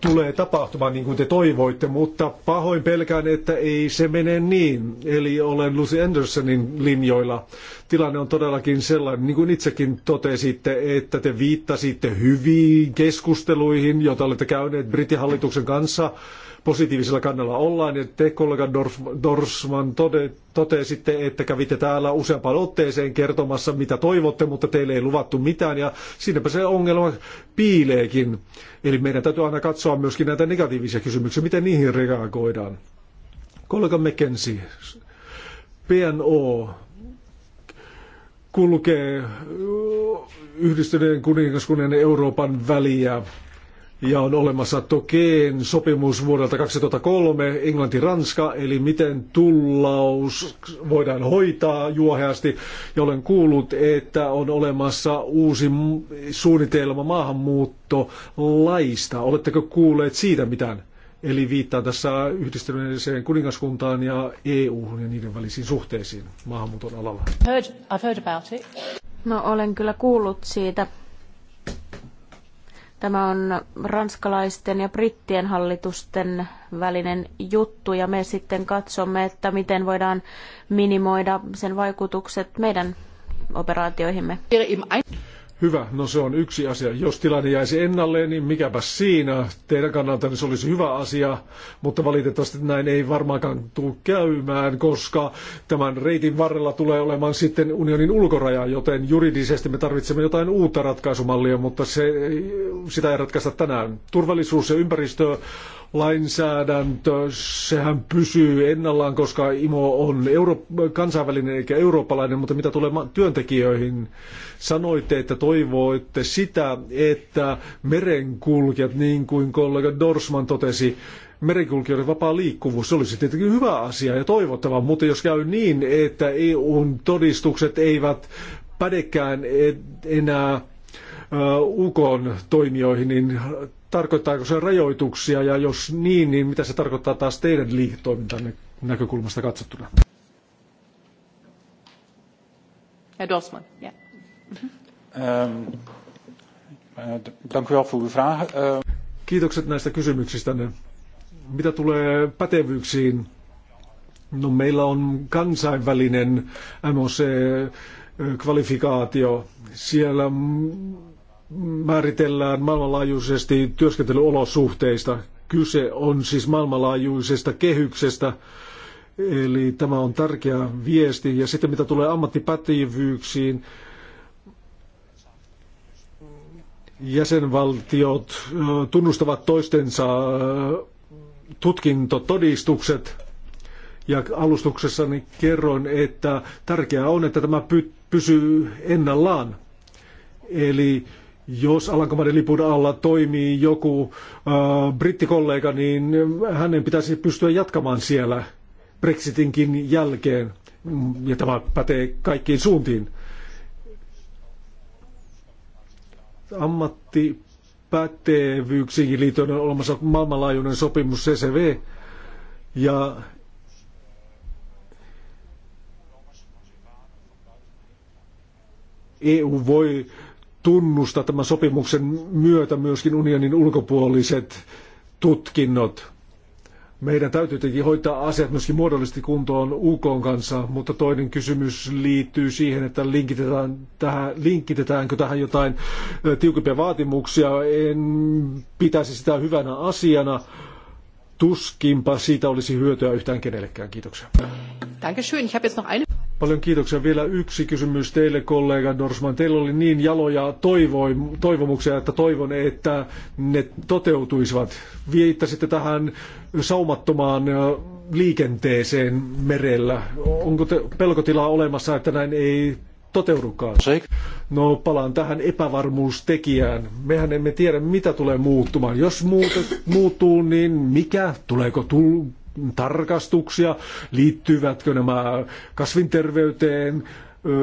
tulee tapahtumaan niin kuin te toivoitte, mutta pahoin pelkään, että ei se mene niin. Eli olen Lucy Andersonin linjoilla. Tilanne on todellakin sellainen, niin kuin itsekin totesitte, että te viittasitte hyviin keskusteluihin, joita olette käyneet Brittihallituksen kanssa positiivisella kannalla ollaan. Ja te, kollega Dorsman, tode, totesitte, että kävitte täällä useampaan otteeseen kertomassa, mitä toivotte, mutta teille ei luvattu mitään. Ja siinäpä se ongelma piileekin. Eli meidän täytyy aina katsoa myöskin näitä negatiivisia kysymyksiä, miten niihin reagoidaan. Kollega McKenzie, PNO, kulkee yhdistyneen kuningaskunnan Euroopan väliä ja on olemassa Tokeen sopimus vuodelta 2003, Englanti-Ranska, eli miten tullaus voidaan hoitaa juoheasti. Ja olen kuullut, että on olemassa uusi suunnitelma maahanmuuttolaista. Oletteko kuulleet siitä mitään? Eli viittaa tässä yhdistyneeseen kuningaskuntaan ja EU ja niiden välisiin suhteisiin maahanmuuton alalla. Heard, I've
heard about it. No olen kyllä kuullut siitä. Tämä on ranskalaisten ja brittien hallitusten välinen juttu ja me sitten katsomme, että miten voidaan minimoida sen vaikutukset meidän operaatioihimme.
Hyvä, no se on yksi asia. Jos tilanne jäisi ennalleen, niin mikäpä siinä. Teidän kannalta niin se olisi hyvä asia, mutta valitettavasti näin ei varmaankaan tule käymään, koska tämän reitin varrella tulee olemaan sitten unionin ulkoraja, joten juridisesti me tarvitsemme jotain uutta ratkaisumallia, mutta se, sitä ei ratkaista tänään. Turvallisuus ja ympäristö lainsäädäntö, sehän pysyy ennallaan, koska IMO on euro- kansainvälinen eikä eurooppalainen, mutta mitä tulee työntekijöihin, sanoitte, että toivoitte sitä, että merenkulkijat, niin kuin kollega Dorsman totesi, merenkulkijoiden vapaa liikkuvuus, se olisi tietenkin hyvä asia ja toivottava, mutta jos käy niin, että EUn todistukset eivät pädekään e- enää UKon toimijoihin, niin tarkoittaako se rajoituksia ja jos niin, niin mitä se tarkoittaa taas teidän liiketoimintanne näkökulmasta katsottuna? Herr Dorsman, ja. Kiitokset näistä kysymyksistänne. Mitä tulee pätevyyksiin? No meillä on kansainvälinen MOC-kvalifikaatio. Eh, Siellä määritellään maailmanlaajuisesti työskentelyolosuhteista. Kyse on siis maailmanlaajuisesta kehyksestä, eli tämä on tärkeä viesti. Ja sitten mitä tulee ammattipätevyyksiin, jäsenvaltiot tunnustavat toistensa tutkintotodistukset ja alustuksessani kerroin, että tärkeää on, että tämä pysyy ennallaan. Eli jos Alankomaiden lipun alla toimii joku äh, brittikollega, niin hänen pitäisi pystyä jatkamaan siellä Brexitinkin jälkeen. Ja tämä pätee kaikkiin suuntiin. Ammattipätevyyksiin liittyen on olemassa maailmanlaajuinen sopimus CCV. Ja EU voi äh, tunnustaa tämän sopimuksen myötä myöskin unionin ulkopuoliset tutkinnot. Meidän täytyy tietenkin hoitaa asiat myöskin muodollisesti kuntoon UK kanssa, mutta toinen kysymys liittyy siihen, että linkitetään tähän, linkitetäänkö tähän jotain tiukempia vaatimuksia. En pitäisi sitä hyvänä asiana. Tuskinpa siitä olisi hyötyä yhtään kenellekään. Kiitoksia.
schön. Ich habe jetzt noch eine...
Paljon kiitoksia. Vielä yksi kysymys teille, kollega Dorsman. Teillä oli niin jaloja toivoi, toivomuksia, että toivon, että ne toteutuisivat. Viittasitte tähän saumattomaan liikenteeseen merellä. Onko te pelkotilaa olemassa, että näin ei toteudukaan? No palaan tähän epävarmuustekijään. Mehän emme tiedä, mitä tulee muuttumaan. Jos muutet, muuttuu, niin mikä? Tuleeko tul- tarkastuksia, liittyvätkö nämä kasvinterveyteen,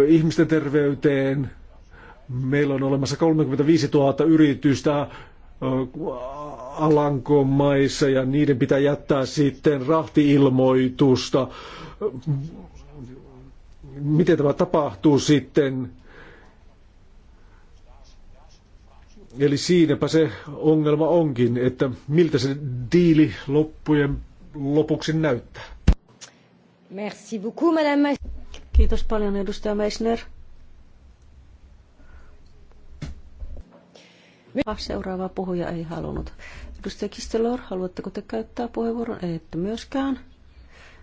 ihmisten terveyteen. Meillä on olemassa 35 000 yritystä Alankomaissa ja niiden pitää jättää sitten rahtiilmoitusta. Miten tämä tapahtuu sitten? Eli siinäpä se ongelma onkin, että miltä se diili loppujen lopuksi näyttää.
Merci beaucoup, madame. Kiitos paljon, edustaja Meissner. Ah, seuraava puhuja ei halunnut. Edustaja Kistelor, haluatteko te käyttää puheenvuoron? Ei, ette myöskään.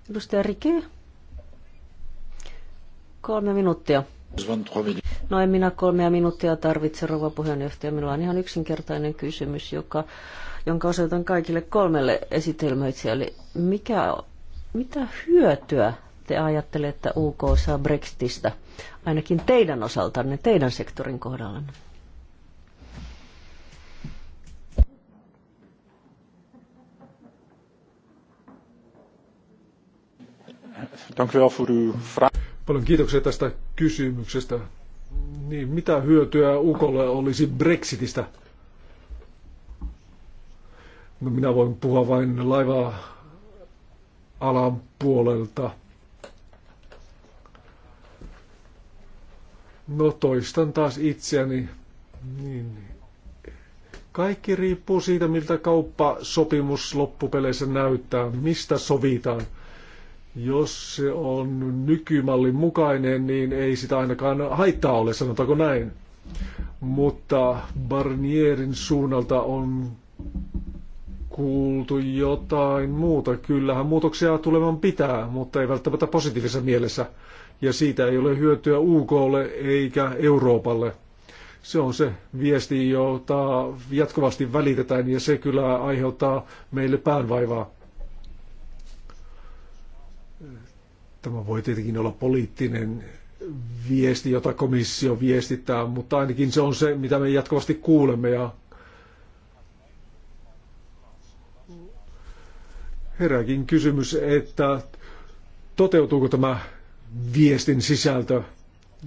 Edustaja Rike. Kolme minuuttia. No en minä kolmea minuuttia tarvitse, rouva puheenjohtaja. Minulla on ihan yksinkertainen kysymys, joka jonka osoitan kaikille kolmelle esitelmöitsijälle. Mikä, mitä hyötyä te ajattelette UK saa Brexitistä, ainakin teidän osaltanne, teidän sektorin kohdalla?
Paljon kiitoksia tästä kysymyksestä. Niin, mitä hyötyä UKlle olisi Brexitistä? No minä voin puhua vain laiva-alan puolelta. No toistan taas itseäni. Niin. Kaikki riippuu siitä, miltä kauppasopimus loppupeleissä näyttää, mistä sovitaan. Jos se on nykymallin mukainen, niin ei sitä ainakaan haittaa ole, sanotaanko näin. Mutta Barnierin suunnalta on kuultu jotain muuta. Kyllähän muutoksia tulevan pitää, mutta ei välttämättä positiivisessa mielessä. Ja siitä ei ole hyötyä UKlle eikä Euroopalle. Se on se viesti, jota jatkuvasti välitetään ja se kyllä aiheuttaa meille päänvaivaa. Tämä voi tietenkin olla poliittinen viesti, jota komissio viestittää, mutta ainakin se on se, mitä me jatkuvasti kuulemme ja Herääkin kysymys, että toteutuuko tämä viestin sisältö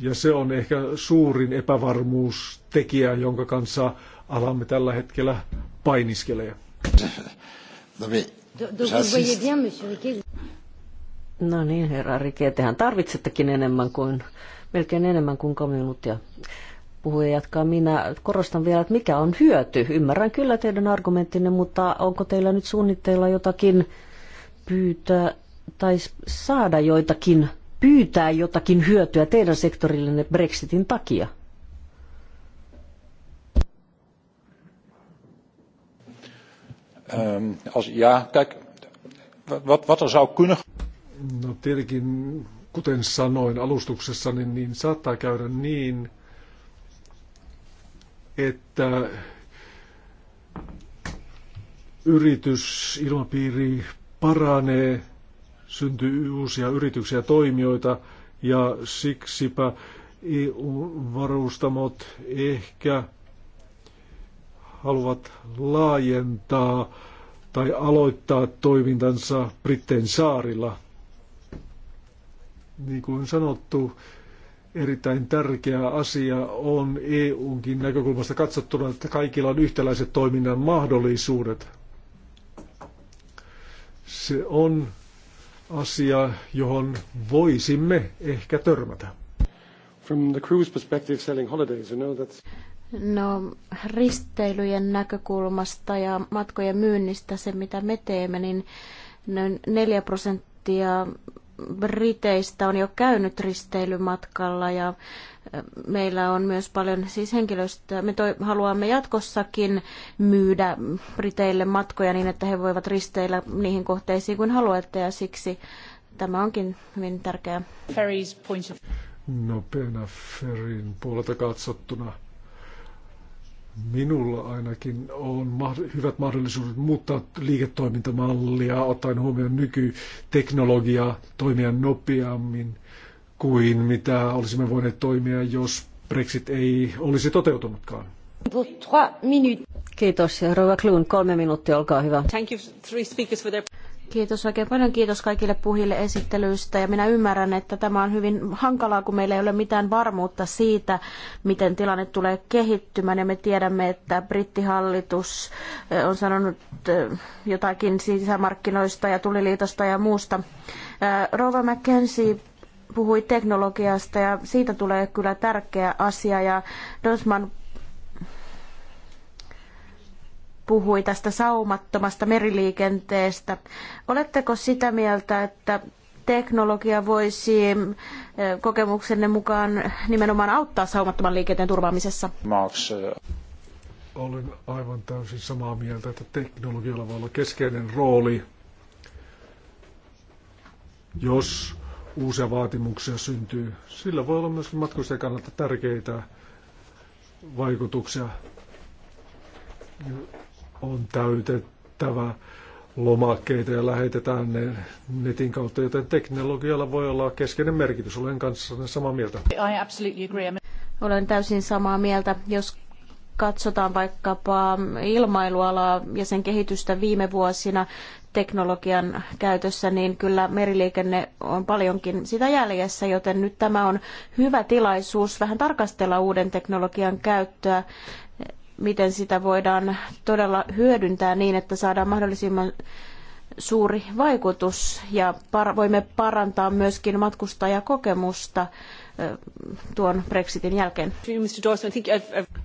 ja se on ehkä suurin epävarmuustekijä, jonka kanssa alamme tällä hetkellä painiskelee. No niin,
siis-
no niin herra Rike, tehän tarvitsettekin enemmän kuin, melkein enemmän kuin kolme minuuttia. Puhuja jatkaa. Minä korostan vielä, että mikä on hyöty. Ymmärrän kyllä teidän argumenttinne, mutta onko teillä nyt suunnitteilla jotakin pyytää tai saada joitakin, pyytää jotakin hyötyä teidän sektorillenne Brexitin takia?
Ähm, als, ja, kijk, wat, wat er zou kunnen... No tietenkin, kuten sanoin alustuksessani, niin, niin saattaa käydä niin, että yritys, ilmapiiri, paranee, syntyy uusia yrityksiä ja toimijoita ja siksipä EU-varustamot ehkä haluavat laajentaa tai aloittaa toimintansa Britteen saarilla. Niin kuin sanottu, erittäin tärkeä asia on EUnkin näkökulmasta katsottuna, että kaikilla on yhtäläiset toiminnan mahdollisuudet. Se on asia, johon voisimme ehkä törmätä. From the cruise perspective selling holidays, you know that's...
No risteilyjen näkökulmasta ja matkojen myynnistä se mitä me teemme, niin noin 4 prosenttia Briteistä on jo käynyt risteilymatkalla ja meillä on myös paljon siis henkilöstöä. Me toi, haluamme jatkossakin myydä Briteille matkoja niin, että he voivat risteillä niihin kohteisiin kuin haluatte ja siksi tämä onkin hyvin tärkeä. Ferry's point
of... Ferrin puolelta katsottuna – Minulla ainakin on hyvät mahdollisuudet muuttaa liiketoimintamallia, ottaen huomioon nykyteknologiaa, toimia nopeammin kuin mitä olisimme voineet toimia, jos Brexit ei olisi toteutunutkaan.
Kiitos. Rova Kluun, kolme minuuttia, olkaa hyvä. Thank you, three speakers for
their... Kiitos oikein paljon. Kiitos kaikille puhille esittelyistä. Ja minä ymmärrän, että tämä on hyvin hankalaa, kun meillä ei ole mitään varmuutta siitä, miten tilanne tulee kehittymään. Ja me tiedämme, että brittihallitus eh, on sanonut eh, jotakin sisämarkkinoista ja tuliliitosta ja muusta. Eh, Rova McKenzie puhui teknologiasta ja siitä tulee kyllä tärkeä asia. Ja Dosman puhui tästä saumattomasta meriliikenteestä. Oletteko sitä mieltä, että teknologia voisi eh, kokemuksenne mukaan nimenomaan auttaa saumattoman liikenteen turvaamisessa?
Eh. olen aivan täysin samaa mieltä, että teknologialla voi olla keskeinen rooli, jos uusia vaatimuksia syntyy. Sillä voi olla myös matkustajan kannalta tärkeitä vaikutuksia on täytettävä lomakkeita ja lähetetään ne netin kautta, joten teknologialla voi olla keskeinen merkitys. Olen kanssa samaa mieltä. I
agree. Olen täysin samaa mieltä. Jos katsotaan vaikkapa ilmailualaa ja sen kehitystä viime vuosina teknologian käytössä, niin kyllä meriliikenne on paljonkin sitä jäljessä, joten nyt tämä on hyvä tilaisuus vähän tarkastella uuden teknologian käyttöä miten sitä voidaan todella hyödyntää niin, että saadaan mahdollisimman suuri vaikutus ja voimme parantaa myöskin matkustajakokemusta tuon Brexitin jälkeen.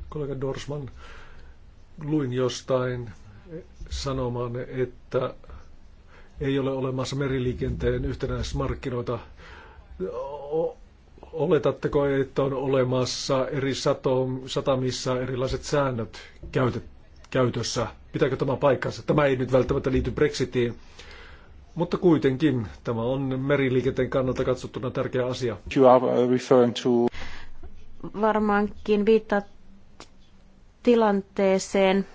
Kollega Dorsman, luin jostain sanomaan, että ei ole olemassa meriliikenteen yhtenäismarkkinoita. Oletatteko, että on olemassa eri satamissa erilaiset säännöt käytössä? Pitääkö tämä paikkansa? Tämä ei nyt välttämättä liity Brexitiin, mutta kuitenkin tämä on meriliikenteen kannalta katsottuna tärkeä asia. You are uh, referring to...
Varmaankin viittaa tilanteeseen,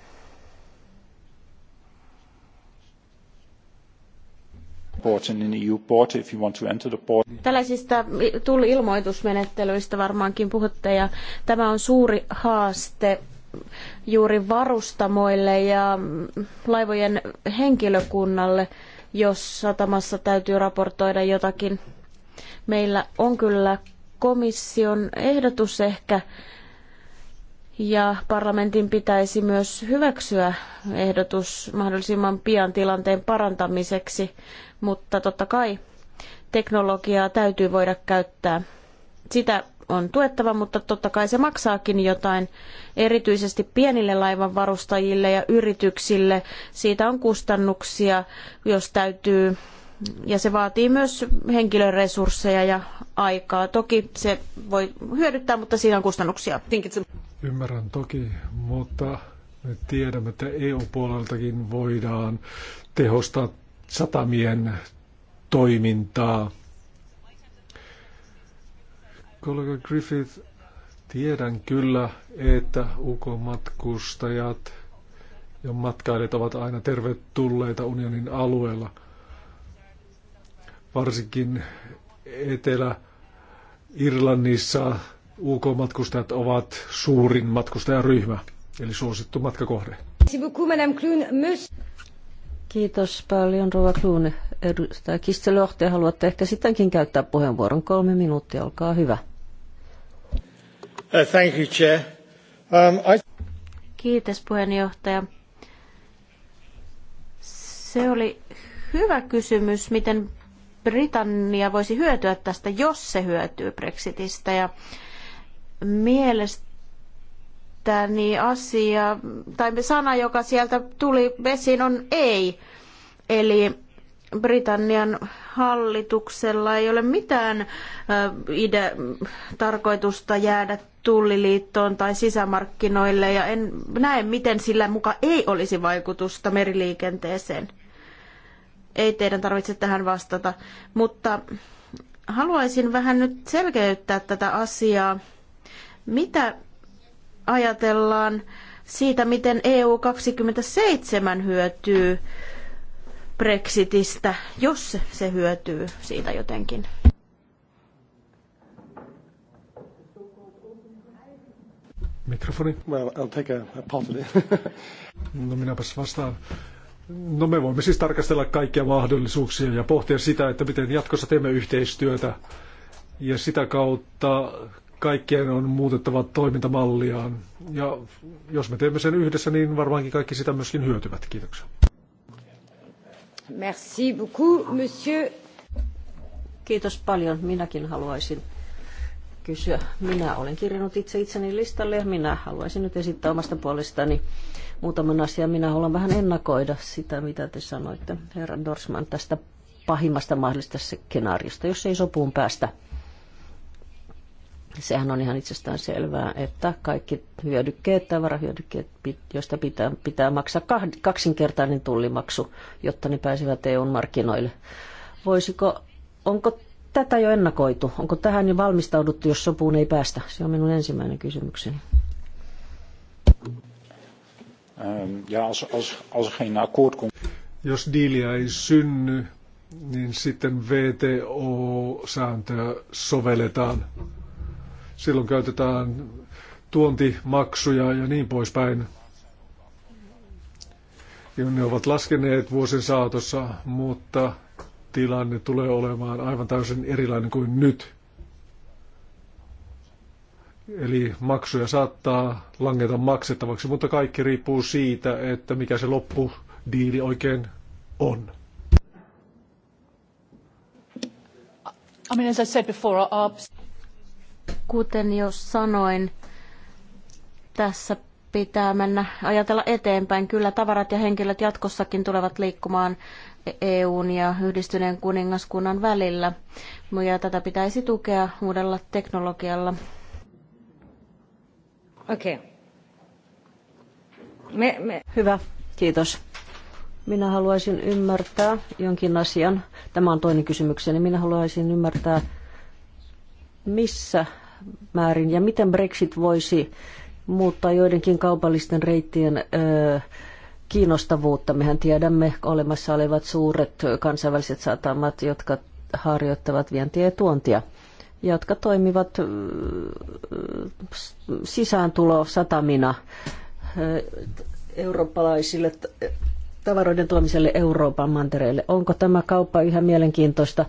Tällaisista tulli-ilmoitusmenettelyistä varmaankin puhutte ja tämä on suuri haaste juuri varustamoille ja laivojen henkilökunnalle, jos satamassa täytyy raportoida jotakin. Meillä on kyllä komission ehdotus ehkä ja parlamentin pitäisi myös hyväksyä ehdotus mahdollisimman pian tilanteen parantamiseksi, mutta totta kai teknologiaa täytyy voida käyttää. Sitä on tuettava, mutta totta kai se maksaakin jotain, erityisesti pienille laivanvarustajille ja yrityksille. Siitä on kustannuksia, jos täytyy ja se vaatii myös henkilöresursseja ja aikaa. Toki se voi hyödyttää, mutta siinä on kustannuksia.
Ymmärrän toki, mutta me tiedämme, että EU-puoleltakin voidaan tehostaa satamien toimintaa. Kollega Griffith, tiedän kyllä, että UK-matkustajat ja matkailijat ovat aina tervetulleita unionin alueella – varsinkin Etelä-Irlannissa UK-matkustajat ovat suurin matkustajaryhmä, eli suosittu matkakohde.
Kiitos paljon, Rova Kluun. Edustaja Kistelö, te haluatte ehkä sittenkin käyttää puheenvuoron. Kolme minuuttia, olkaa hyvä.
Uh, thank you, Chair. Um, Kiitos puheenjohtaja. Se oli hyvä kysymys, miten Britannia voisi hyötyä tästä, jos se hyötyy Brexitistä. Ja mielestäni asia, tai sana, joka sieltä tuli vesiin, on ei. Eli Britannian hallituksella ei ole mitään ide- tarkoitusta jäädä tulliliittoon tai sisämarkkinoille, ja en näe, miten sillä muka ei olisi vaikutusta meriliikenteeseen ei teidän tarvitse tähän vastata, mutta haluaisin vähän nyt selkeyttää tätä asiaa. Mitä ajatellaan siitä, miten EU27 hyötyy Brexitistä, jos se hyötyy siitä jotenkin?
Mikrofoni. Well, I'll take a, a of it. no minäpäs vastaan. No me voimme siis tarkastella kaikkia mahdollisuuksia ja pohtia sitä, että miten jatkossa teemme yhteistyötä. Ja sitä kautta kaikkien on muutettava toimintamalliaan. Ja jos me teemme sen yhdessä, niin varmaankin kaikki sitä myöskin hyötyvät. Kiitoksia. Merci beaucoup, monsieur.
Kiitos paljon. Minäkin haluaisin kysyä. Minä olen kirjannut itse itseni listalle ja minä haluaisin nyt esittää omasta puolestani muutaman asian. Minä haluan vähän ennakoida sitä, mitä te sanoitte, herra Dorsman, tästä pahimmasta mahdollisesta skenaariosta, jos ei sopuun päästä. Sehän on ihan itsestään selvää, että kaikki hyödykkeet, tavarahyödykkeet, joista pitää, pitää maksaa kaksinkertainen tullimaksu, jotta ne pääsevät eu markkinoille. Voisiko, onko tätä jo ennakoitu? Onko tähän jo valmistauduttu, jos sopuun ei päästä? Se on minun ensimmäinen kysymykseni.
Ehm, ja als, als, als er geen akkoord komt. Jos diiliä ei synny, niin sitten VTO-sääntöä sovelletaan. Silloin käytetään tuontimaksuja ja niin poispäin. Ja ne ovat laskeneet vuosien saatossa, mutta tilanne tulee olemaan aivan täysin erilainen kuin nyt. Eli maksuja saattaa langeta maksettavaksi, mutta kaikki riippuu siitä, että mikä se loppudiili oikein on.
I mean, as I said before, our... Kuten jo sanoin, tässä pitää mennä ajatella eteenpäin. Kyllä tavarat ja henkilöt jatkossakin tulevat liikkumaan EUn ja yhdistyneen kuningaskunnan välillä. Ja tätä pitäisi tukea uudella teknologialla. Okei. Okay. Me, me... Hyvä,
kiitos. Minä haluaisin ymmärtää jonkin asian. Tämä on toinen kysymykseni. Minä haluaisin ymmärtää, missä määrin ja miten Brexit voisi muuttaa joidenkin kaupallisten reittien kiinnostavuutta. Mehän tiedämme olemassa olevat suuret kansainväliset satamat, jotka harjoittavat vientiä ja tuontia jotka toimivat sisääntulo satamina eurooppalaisille tavaroiden tuomiselle Euroopan mantereelle. Onko tämä kauppa yhä mielenkiintoista,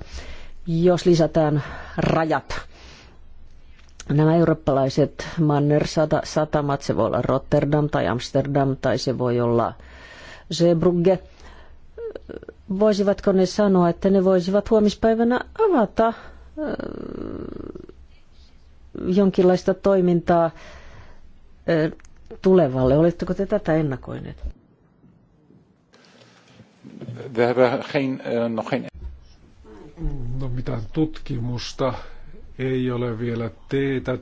jos lisätään rajat? Nämä eurooppalaiset manner-satamat, se voi olla Rotterdam tai Amsterdam tai se voi olla Zeebrugge. Voisivatko ne sanoa, että ne voisivat huomispäivänä avata jonkinlaista toimintaa tulevalle. Oletteko te tätä ennakoineet?
Eh, no mitään tutkimusta ei ole vielä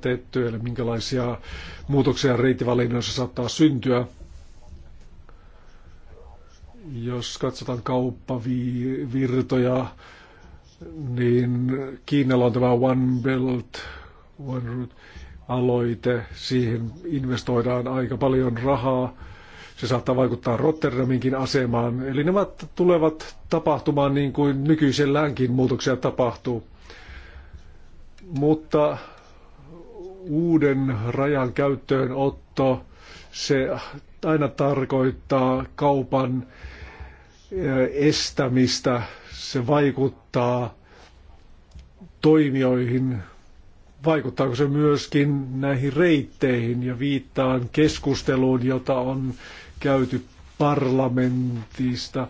tehty, eli minkälaisia muutoksia reittivalinnoissa saattaa syntyä. Jos katsotaan kauppavirtoja, niin Kiinalla on tämä One Belt, One Route aloite, siihen investoidaan aika paljon rahaa. Se saattaa vaikuttaa Rotterdaminkin asemaan. Eli nämä tulevat tapahtumaan niin kuin nykyiselläänkin muutoksia tapahtuu. Mutta uuden rajan käyttöönotto, se aina tarkoittaa kaupan estämistä. Se vaikuttaa toimijoihin, vaikuttaako se myöskin näihin reitteihin ja viittaan keskusteluun, jota on käyty parlamentista,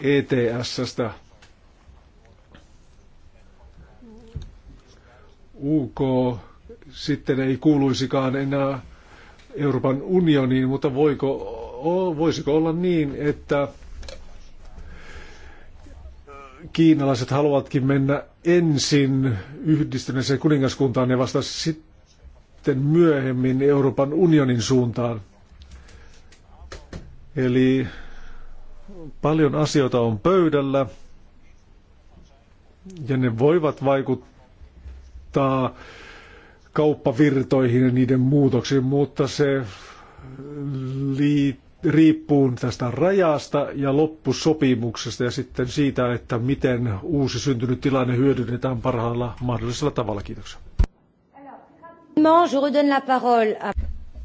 ETSstä, UK sitten ei kuuluisikaan enää Euroopan unioniin, mutta voiko voisiko olla niin, että kiinalaiset haluatkin mennä ensin yhdistyneeseen kuningaskuntaan ja vasta sitten myöhemmin Euroopan unionin suuntaan. Eli paljon asioita on pöydällä ja ne voivat vaikuttaa kauppavirtoihin ja niiden muutoksiin, mutta se liittyy riippuu tästä rajasta ja loppusopimuksesta ja sitten siitä, että miten uusi syntynyt tilanne hyödynnetään parhaalla mahdollisella tavalla. Kiitoksia.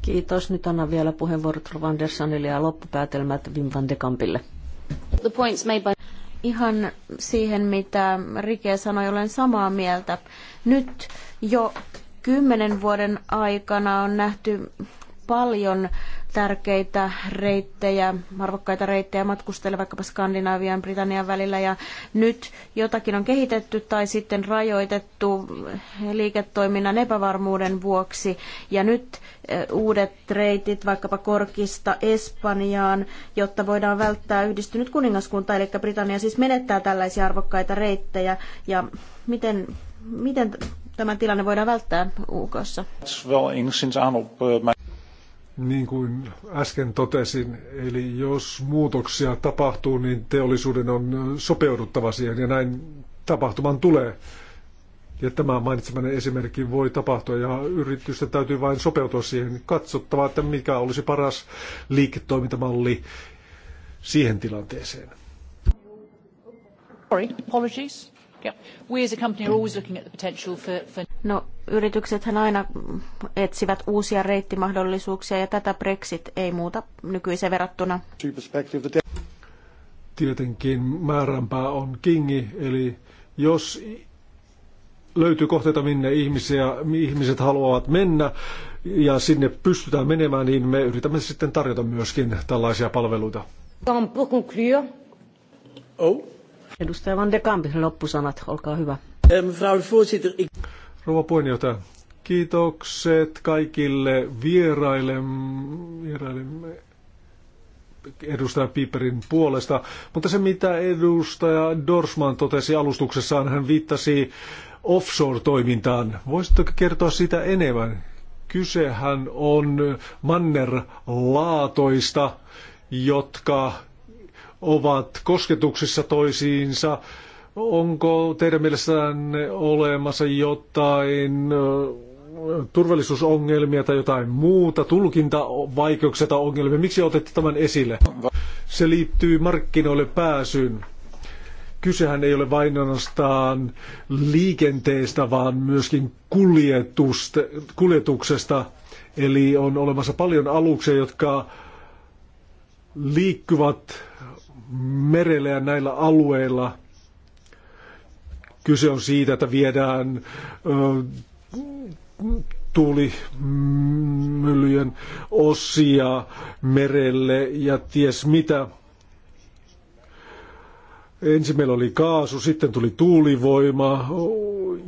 Kiitos. Nyt annan vielä puheenvuorot Rovandersonille ja loppupäätelmät Wim van de Kampille.
Ihan siihen, mitä Rike sanoi, olen samaa mieltä. Nyt jo kymmenen vuoden aikana on nähty paljon tärkeitä reittejä, arvokkaita reittejä matkustajille vaikkapa Skandinavian, Britannian välillä ja nyt jotakin on kehitetty tai sitten rajoitettu liiketoiminnan epävarmuuden vuoksi ja nyt eh, uudet reitit vaikkapa Korkista Espanjaan, jotta voidaan välttää yhdistynyt kuningaskunta, eli Britannia siis menettää tällaisia arvokkaita reittejä ja miten, miten tämä tilanne voidaan välttää
UKssa? niin kuin äsken totesin, eli jos muutoksia tapahtuu, niin teollisuuden on sopeuduttava siihen ja näin tapahtuman tulee. Ja tämä mainitsemani esimerkki voi tapahtua ja yritysten täytyy vain sopeutua siihen, katsottava, että mikä olisi paras liiketoimintamalli siihen tilanteeseen.
Sorry, apologies. No, yrityksethän aina etsivät uusia reittimahdollisuuksia ja tätä Brexit ei muuta nykyisen verrattuna.
Tietenkin määränpää on kingi, eli jos löytyy kohteita, minne ihmisiä, ihmiset haluavat mennä ja sinne pystytään menemään, niin me yritämme sitten tarjota myöskin tällaisia palveluita.
Oh. Edustaja Van de Kamp, loppusanat, olkaa hyvä.
Ähm, Rouva puheenjohtaja, kiitokset kaikille vieraille, vieraille edustajan Piperin puolesta. Mutta se, mitä edustaja Dorsman totesi alustuksessaan, hän viittasi offshore-toimintaan. Voisitteko kertoa sitä enemmän? Kysehän on mannerlaatoista, jotka ovat kosketuksissa toisiinsa. Onko teidän mielestänne olemassa jotain turvallisuusongelmia tai jotain muuta, tulkintavaikeuksia tai ongelmia. Miksi otette tämän esille? Se liittyy markkinoille pääsyyn. Kysehän ei ole vain ainoastaan liikenteestä, vaan myöskin kuljetuksesta. Eli on olemassa paljon aluksia, jotka liikkuvat merellä ja näillä alueilla. Kyse on siitä, että viedään ö, tuulimyllyjen osia merelle ja ties mitä. Ensin meillä oli kaasu, sitten tuli tuulivoima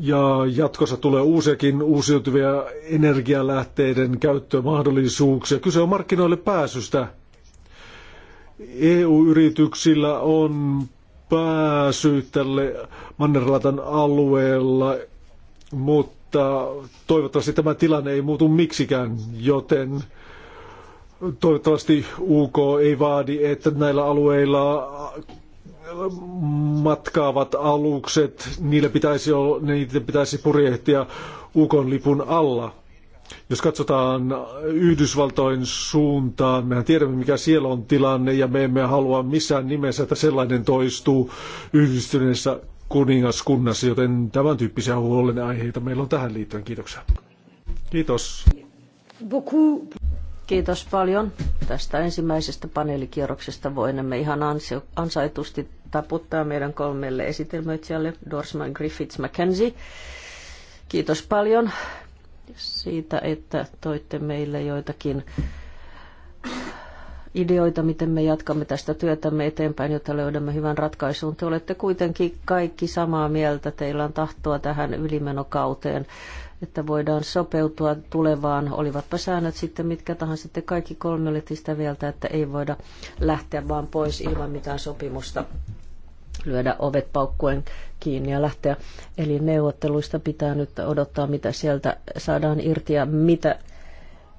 ja jatkossa tulee uusiakin uusiutuvia energialähteiden käyttömahdollisuuksia. Kyse on markkinoille pääsystä. EU-yrityksillä on pääsy tälle Mannerlatan alueella, mutta toivottavasti tämä tilanne ei muutu miksikään, joten toivottavasti UK ei vaadi, että näillä alueilla matkaavat alukset, niille pitäisi olla, niitä pitäisi purjehtia UKon lipun alla. Jos katsotaan Yhdysvaltojen suuntaan, mehän tiedämme mikä siellä on tilanne ja me emme halua missään nimessä, että sellainen toistuu yhdistyneessä kuningaskunnassa, joten tämän tyyppisiä huolenaiheita meillä on tähän liittyen. Kiitoksia. Kiitos.
Kiitos paljon tästä ensimmäisestä paneelikierroksesta. Voinemme ihan ansaitusti taputtaa meidän kolmelle esitelmöitsijälle, Dorsman Griffiths McKenzie. Kiitos paljon siitä, että toitte meille joitakin ideoita, miten me jatkamme tästä työtämme eteenpäin, jotta löydämme hyvän ratkaisun. Te olette kuitenkin kaikki samaa mieltä, teillä on tahtoa tähän ylimenokauteen, että voidaan sopeutua tulevaan, olivatpa säännöt sitten mitkä tahansa. Sitten kaikki kolme olette sitä mieltä, että ei voida lähteä vaan pois ilman mitään sopimusta lyödä ovet paukkuen kiinni ja lähteä. Eli neuvotteluista pitää nyt odottaa, mitä sieltä saadaan irti ja mitä,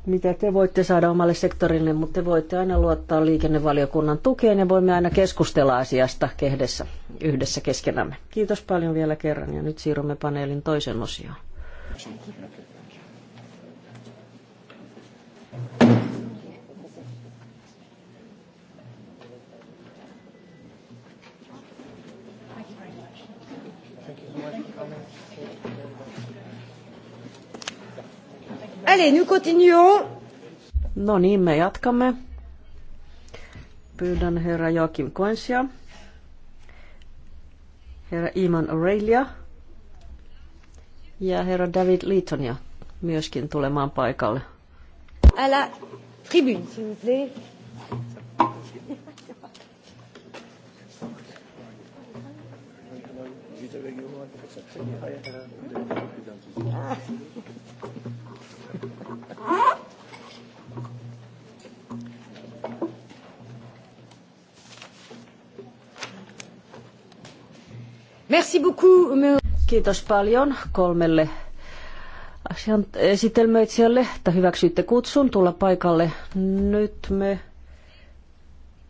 mitä te voitte saada omalle sektorille, mutta te voitte aina luottaa liikennevaliokunnan tukeen ja voimme aina keskustella asiasta kehdessä, yhdessä keskenämme. Kiitos paljon vielä kerran ja nyt siirrymme paneelin toisen osioon. Allez, nous continuons. No niin, me jatkamme. Pyydän herra Joakim Koensia, herra Iman Aurelia ja herra David Leetonia myöskin tulemaan paikalle.
À la tribune, s'il vous plaît.
you.
Merci beaucoup. Kiitos paljon kolmelle asian esitelmöitsijälle, että hyväksyitte kutsun tulla paikalle. Nyt me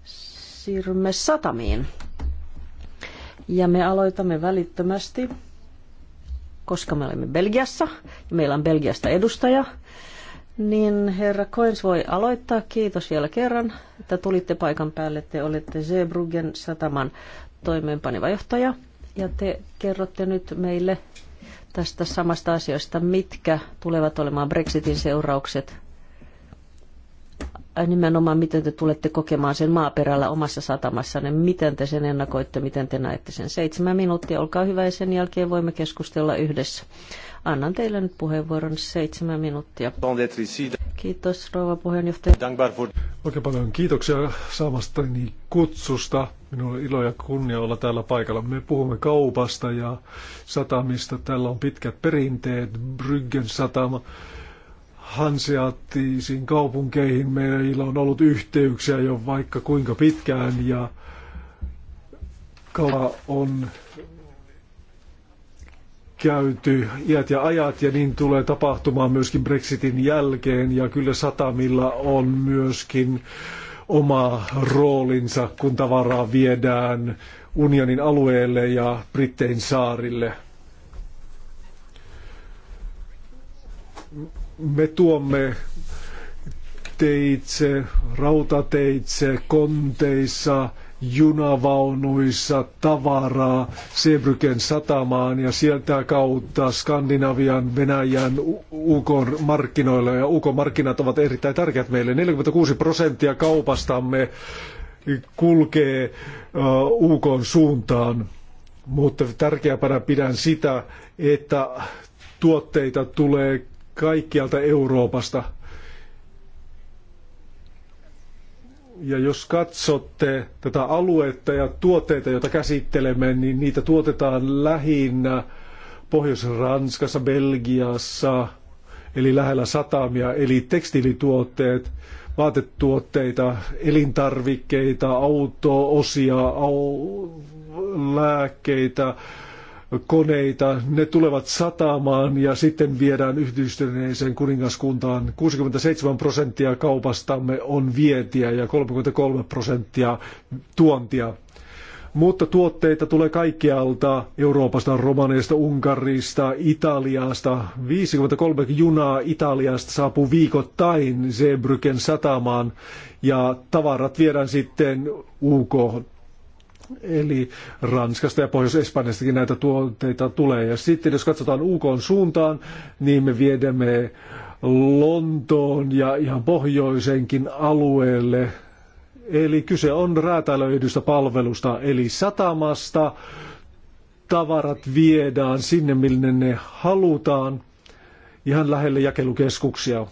siirrymme satamiin. Ja me aloitamme välittömästi, koska me olemme Belgiassa ja meillä on Belgiasta edustaja. Niin herra Koens voi aloittaa. Kiitos vielä kerran, että tulitte paikan päälle. Te olette Zeebruggen sataman toimeenpaneva johtaja. Ja te kerrotte nyt meille tästä samasta asiasta, mitkä tulevat olemaan Brexitin seuraukset nimenomaan miten te tulette kokemaan sen maaperällä omassa satamassanne, miten te sen ennakoitte, miten te näette sen. Seitsemän minuuttia, olkaa hyvä ja sen jälkeen voimme keskustella yhdessä. Annan teille nyt puheenvuoron seitsemän minuuttia. Kiitos rouva puheenjohtaja.
Oikein paljon kiitoksia saamastani kutsusta. Minulla on ilo ja kunnia olla täällä paikalla. Me puhumme kaupasta ja satamista. Täällä on pitkät perinteet. Bryggen satama hanseattisiin kaupunkeihin meillä on ollut yhteyksiä jo vaikka kuinka pitkään ja kauppa on käyty iät ja ajat ja niin tulee tapahtumaan myöskin Brexitin jälkeen ja kyllä satamilla on myöskin oma roolinsa, kun tavaraa viedään unionin alueelle ja Brittein saarille. Me tuomme teitse, rautateitse, konteissa, junavaunuissa tavaraa Sebryken satamaan ja sieltä kautta Skandinavian, Venäjän, UK markkinoille. Ja UK markkinat ovat erittäin tärkeät meille. 46 prosenttia kaupastamme kulkee UK suuntaan. Mutta tärkeämpänä pidän sitä, että tuotteita tulee kaikkialta Euroopasta – Ja jos katsotte tätä aluetta ja tuotteita, joita käsittelemme, niin niitä tuotetaan lähinnä Pohjois-Ranskassa, Belgiassa, eli lähellä satamia, eli tekstiilituotteet, vaatetuotteita, elintarvikkeita, autoosia, au, lääkkeitä, koneita, ne tulevat satamaan ja sitten viedään yhdistyneeseen kuningaskuntaan. 67 prosenttia kaupastamme on vietiä ja 33 prosenttia tuontia. Mutta tuotteita tulee kaikkialta Euroopasta, Romaniasta, Unkarista, Italiasta. 53 junaa Italiasta saapuu viikoittain Zeebrücken satamaan ja tavarat viedään sitten UKhon. Eli Ranskasta ja Pohjois-Espanjastakin näitä tuotteita tulee. Ja sitten jos katsotaan UK suuntaan, niin me viedämme Lontoon ja ihan pohjoisenkin alueelle. Eli kyse on räätälöidystä palvelusta, eli satamasta tavarat viedään sinne, minne ne halutaan, ihan lähelle jakelukeskuksia.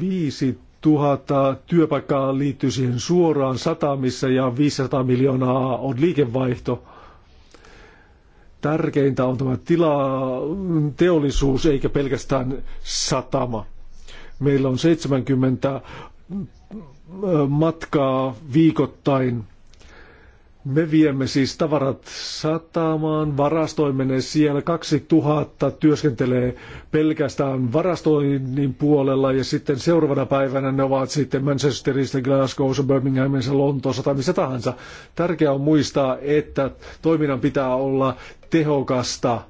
Viisi Tuhatta työpaikkaa liittyy siihen suoraan satamissa ja 500 miljoonaa on liikevaihto. Tärkeintä on tämä tila, teollisuus eikä pelkästään satama. Meillä on 70 matkaa viikoittain – me viemme siis tavarat satamaan, varastoimme ne siellä. 2000 työskentelee pelkästään varastoinnin puolella ja sitten seuraavana päivänä ne ovat sitten Manchesterista, Glasgowssa, Birminghamissa, Lontoossa tai missä tahansa. Tärkeää on muistaa, että toiminnan pitää olla tehokasta,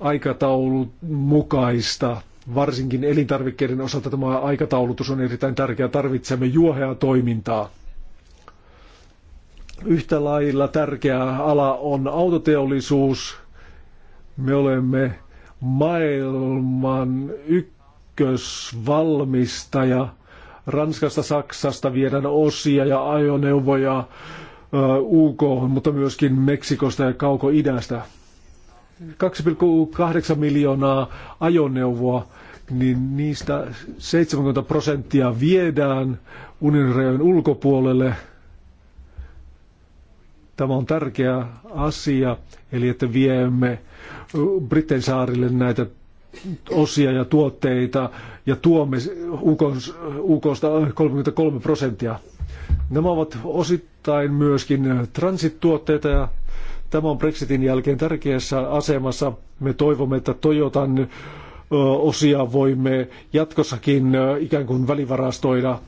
aikataulun mukaista. Varsinkin elintarvikkeiden osalta tämä aikataulutus on erittäin tärkeää. Tarvitsemme juoheaa toimintaa. Yhtä lailla tärkeä ala on autoteollisuus. Me olemme maailman ykkösvalmistaja. Ranskasta, Saksasta viedään osia ja ajoneuvoja UK, mutta myöskin Meksikosta ja Kauko-idästä. 2,8 miljoonaa ajoneuvoa, niin niistä 70 prosenttia viedään unionin rajojen ulkopuolelle – Tämä on tärkeä asia, eli että viemme Briten saarille näitä osia ja tuotteita ja tuomme UKosta 33 prosenttia. Nämä ovat osittain myöskin transittuotteita ja tämä on Brexitin jälkeen tärkeässä asemassa. Me toivomme, että Toyotan osia voimme jatkossakin ikään kuin välivarastoida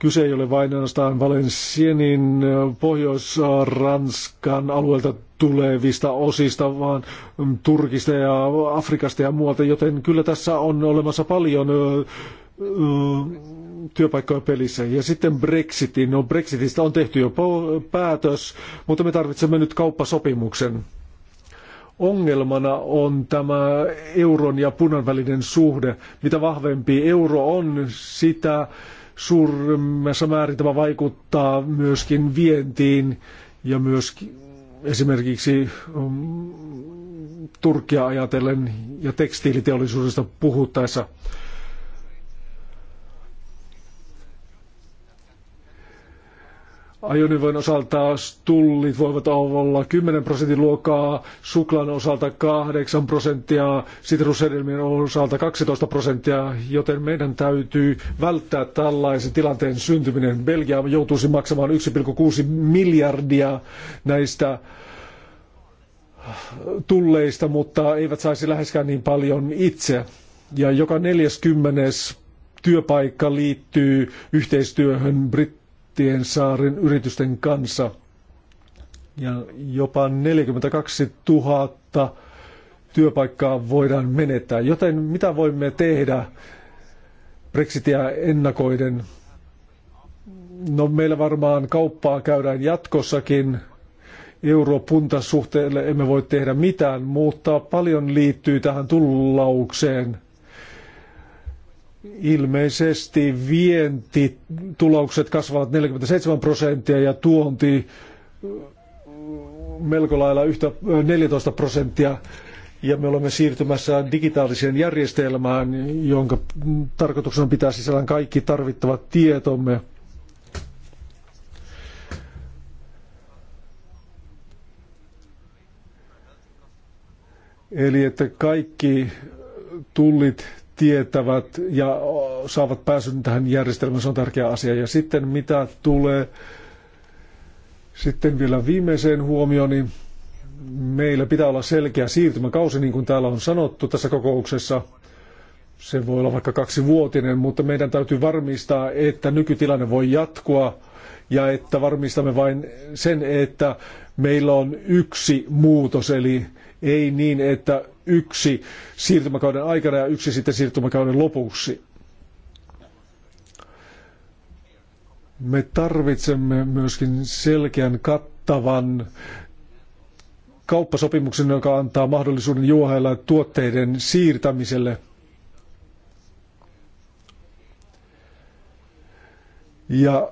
Kyse ei ole vain ainoastaan Valencienin Pohjois-Ranskan alueelta tulevista osista, vaan Turkista ja Afrikasta ja muualta, joten kyllä tässä on olemassa paljon työpaikkoja pelissä. Ja sitten Brexitin. No Brexitistä on tehty jo päätös, mutta me tarvitsemme nyt kauppasopimuksen. Ongelmana on tämä euron ja punan välinen suhde. Mitä vahvempi euro on, sitä Suurimmassa määrin tämä vaikuttaa myöskin vientiin ja myöskin esimerkiksi mm, Turkia ajatellen ja tekstiiliteollisuudesta puhuttaessa. Ajoneuvojen osalta tullit voivat olla 10 prosentin luokkaa, suklaan osalta 8 prosenttia, sitrusedelmien osalta 12 prosenttia, joten meidän täytyy välttää tällaisen tilanteen syntyminen. Belgia joutuisi maksamaan 1,6 miljardia näistä tulleista, mutta eivät saisi läheskään niin paljon itse. Ja joka 40 työpaikka liittyy yhteistyöhön Brit- Baltian saarin yritysten kanssa. Ja jopa 42 000 työpaikkaa voidaan menettää. Joten mitä voimme tehdä Brexitiä ennakoiden? No meillä varmaan kauppaa käydään jatkossakin. euro suhteelle emme voi tehdä mitään, mutta paljon liittyy tähän tullaukseen – Ilmeisesti vientitulokset kasvavat 47 prosenttia ja tuonti melko lailla yhtä 14 prosenttia. Ja me olemme siirtymässä digitaaliseen järjestelmään, jonka tarkoituksena on pitää sisällään kaikki tarvittavat tietomme. Eli että kaikki tullit tietävät ja saavat pääsyn tähän järjestelmään, se on tärkeä asia. Ja sitten mitä tulee sitten vielä viimeiseen huomioon, niin meillä pitää olla selkeä siirtymäkausi, niin kuin täällä on sanottu tässä kokouksessa. Se voi olla vaikka kaksi vuotinen mutta meidän täytyy varmistaa, että nykytilanne voi jatkua ja että varmistamme vain sen, että meillä on yksi muutos, eli ei niin, että yksi siirtymäkauden aikana ja yksi sitten siirtymäkauden lopuksi. Me tarvitsemme myöskin selkeän kattavan kauppasopimuksen, joka antaa mahdollisuuden juohella tuotteiden siirtämiselle. Ja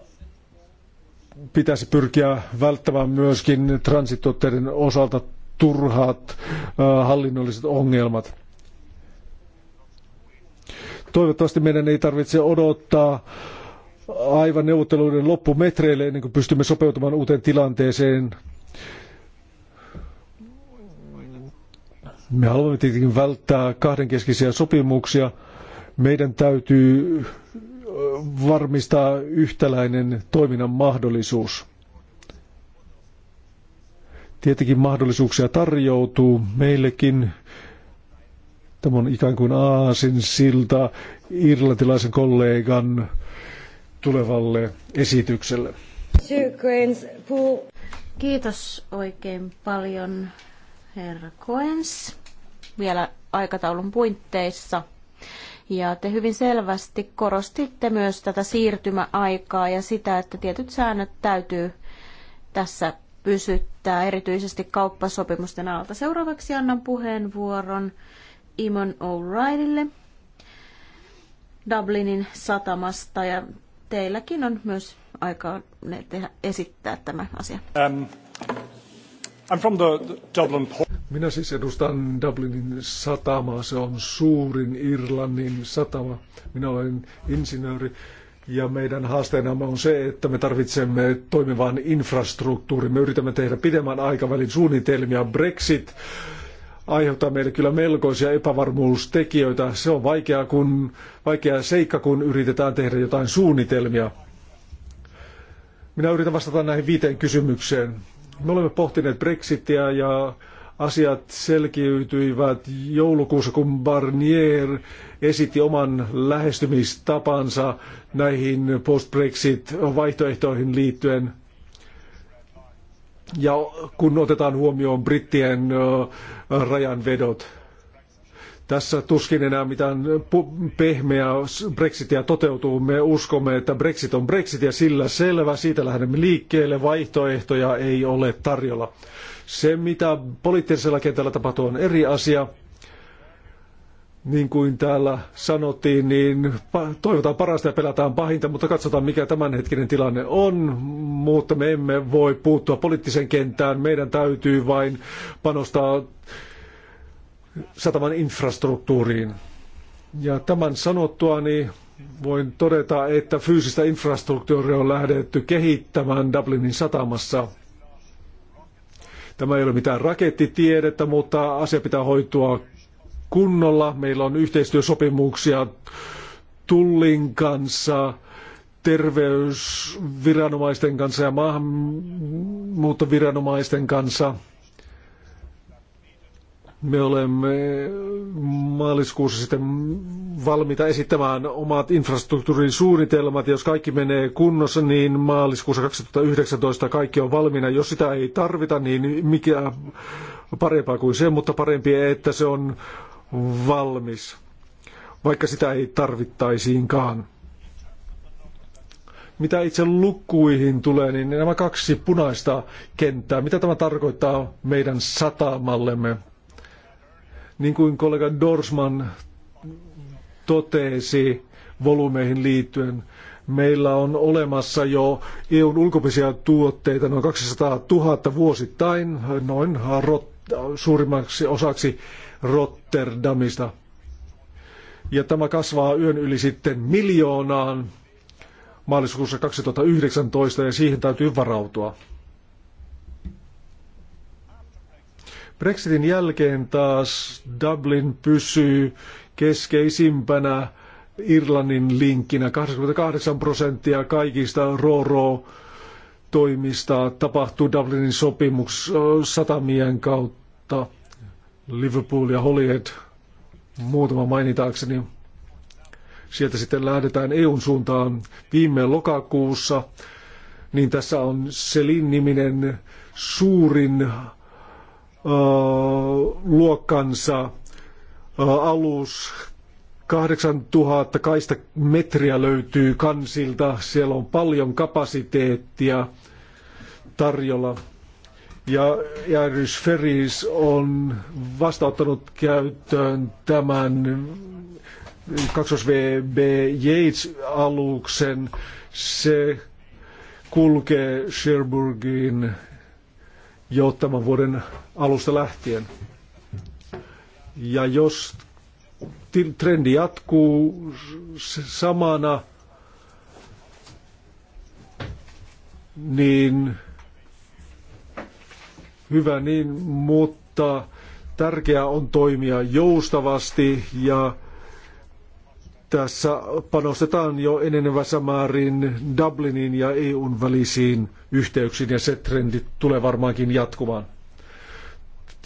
pitäisi pyrkiä välttämään myöskin transittuotteiden osalta turhat äh, hallinnolliset ongelmat. Toivottavasti meidän ei tarvitse odottaa aivan neuvotteluiden loppumetreille ennen kuin pystymme sopeutumaan uuteen tilanteeseen. Me haluamme tietenkin välttää kahdenkeskisiä sopimuksia. Meidän täytyy äh, varmistaa yhtäläinen toiminnan mahdollisuus. Tietenkin mahdollisuuksia tarjoutuu meillekin. Tämä on ikään kuin aasin silta irlantilaisen kollegan tulevalle esitykselle.
Kiitos oikein paljon, herra Koens, vielä aikataulun puitteissa. Ja te hyvin selvästi korostitte myös tätä siirtymäaikaa ja sitä, että tietyt säännöt täytyy tässä pysyttää erityisesti kauppasopimusten alta. Seuraavaksi annan puheenvuoron Imon O'Reillylle Dublinin satamasta ja teilläkin on myös aikaa tehdä, esittää tämä asia.
Um, I'm from the, the Dublin Minä siis edustan Dublinin satamaa. Se on suurin Irlannin satama. Minä olen insinööri ja meidän haasteenamme on se, että me tarvitsemme toimivan infrastruktuurin. Me yritämme tehdä pidemmän aikavälin suunnitelmia. Brexit aiheuttaa meille kyllä melkoisia epävarmuustekijöitä. Se on vaikea, kun, vaikea seikka, kun yritetään tehdä jotain suunnitelmia. Minä yritän vastata näihin viiteen kysymykseen. Me olemme pohtineet Brexitiä ja Asiat selkiytyivät joulukuussa, kun Barnier esitti oman lähestymistapansa näihin post-Brexit-vaihtoehtoihin liittyen. Ja kun otetaan huomioon brittien rajanvedot, tässä tuskin enää mitään pehmeää Brexitia toteutuu. Me uskomme, että Brexit on Brexit ja sillä selvä. Siitä lähdemme liikkeelle. Vaihtoehtoja ei ole tarjolla. Se, mitä poliittisella kentällä tapahtuu, on eri asia. Niin kuin täällä sanottiin, niin toivotaan parasta ja pelataan pahinta, mutta katsotaan mikä tämänhetkinen tilanne on. Mutta me emme voi puuttua poliittiseen kenttään. Meidän täytyy vain panostaa sataman infrastruktuuriin. Ja tämän sanottua niin voin todeta, että fyysistä infrastruktuuria on lähdetty kehittämään Dublinin satamassa. Tämä ei ole mitään rakettitiedettä, mutta asia pitää hoitua kunnolla. Meillä on yhteistyösopimuksia Tullin kanssa, terveysviranomaisten kanssa ja maahanmuuttoviranomaisten kanssa – me olemme maaliskuussa sitten valmiita esittämään omat infrastruktuurin suunnitelmat. Jos kaikki menee kunnossa, niin maaliskuussa 2019 kaikki on valmiina. Jos sitä ei tarvita, niin mikä parempaa kuin se, mutta parempi, että se on valmis, vaikka sitä ei tarvittaisiinkaan. Mitä itse lukuihin tulee, niin nämä kaksi punaista kenttää, mitä tämä tarkoittaa meidän satamallemme? Niin kuin kollega Dorsman totesi volumeihin liittyen, meillä on olemassa jo EUn ulkopuolisia tuotteita noin 200 000 vuosittain, noin suurimmaksi osaksi Rotterdamista. Ja tämä kasvaa yön yli sitten miljoonaan maaliskuussa 2019 ja siihen täytyy varautua. Brexitin jälkeen taas Dublin pysyy keskeisimpänä Irlannin linkkinä. 88 prosenttia kaikista roro toimista tapahtuu Dublinin sopimus satamien kautta. Liverpool ja Holyhead, muutama mainitaakseni. Sieltä sitten lähdetään EUn suuntaan viime lokakuussa. Niin tässä on Selin-niminen suurin Äh, luokkansa äh, alus. 8000 kaista metriä löytyy kansilta. Siellä on paljon kapasiteettia tarjolla. Ja Jairys Ferris on vastauttanut käyttöön tämän 2VB Yates-aluksen. Se kulkee Sherburgin jo tämän vuoden alusta lähtien. Ja jos trendi jatkuu samana, niin hyvä niin, mutta tärkeää on toimia joustavasti ja tässä panostetaan jo enenevässä määrin Dublinin ja EUn välisiin yhteyksiin ja se trendi tulee varmaankin jatkumaan.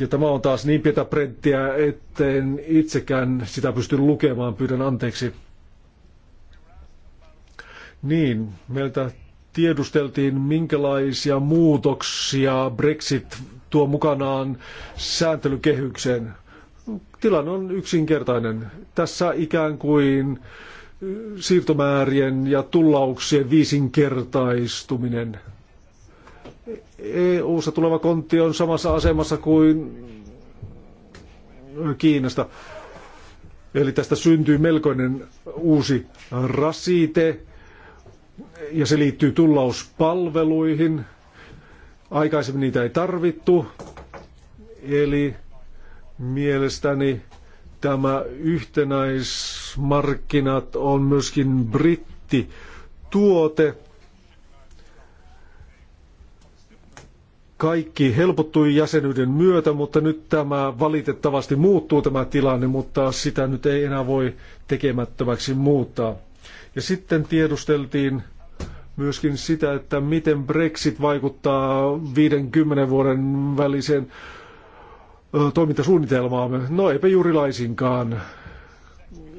Ja tämä on taas niin pientä prenttiä, etten itsekään sitä pysty lukemaan, pyydän anteeksi. Niin, meiltä tiedusteltiin, minkälaisia muutoksia Brexit tuo mukanaan sääntelykehykseen tilanne on yksinkertainen. Tässä ikään kuin siirtomäärien ja tullauksien viisinkertaistuminen. EU-ssa tuleva kontti on samassa asemassa kuin Kiinasta. Eli tästä syntyy melkoinen uusi rasite ja se liittyy tullauspalveluihin. Aikaisemmin niitä ei tarvittu. Eli Mielestäni tämä yhtenäismarkkinat on myöskin britti tuote. Kaikki helpottui jäsenyyden myötä, mutta nyt tämä valitettavasti muuttuu tämä tilanne, mutta sitä nyt ei enää voi tekemättömäksi muuttaa. Ja sitten tiedusteltiin myöskin sitä, että miten Brexit vaikuttaa 50 vuoden väliseen toimintasuunnitelmaamme? No eipä juuri laisinkaan.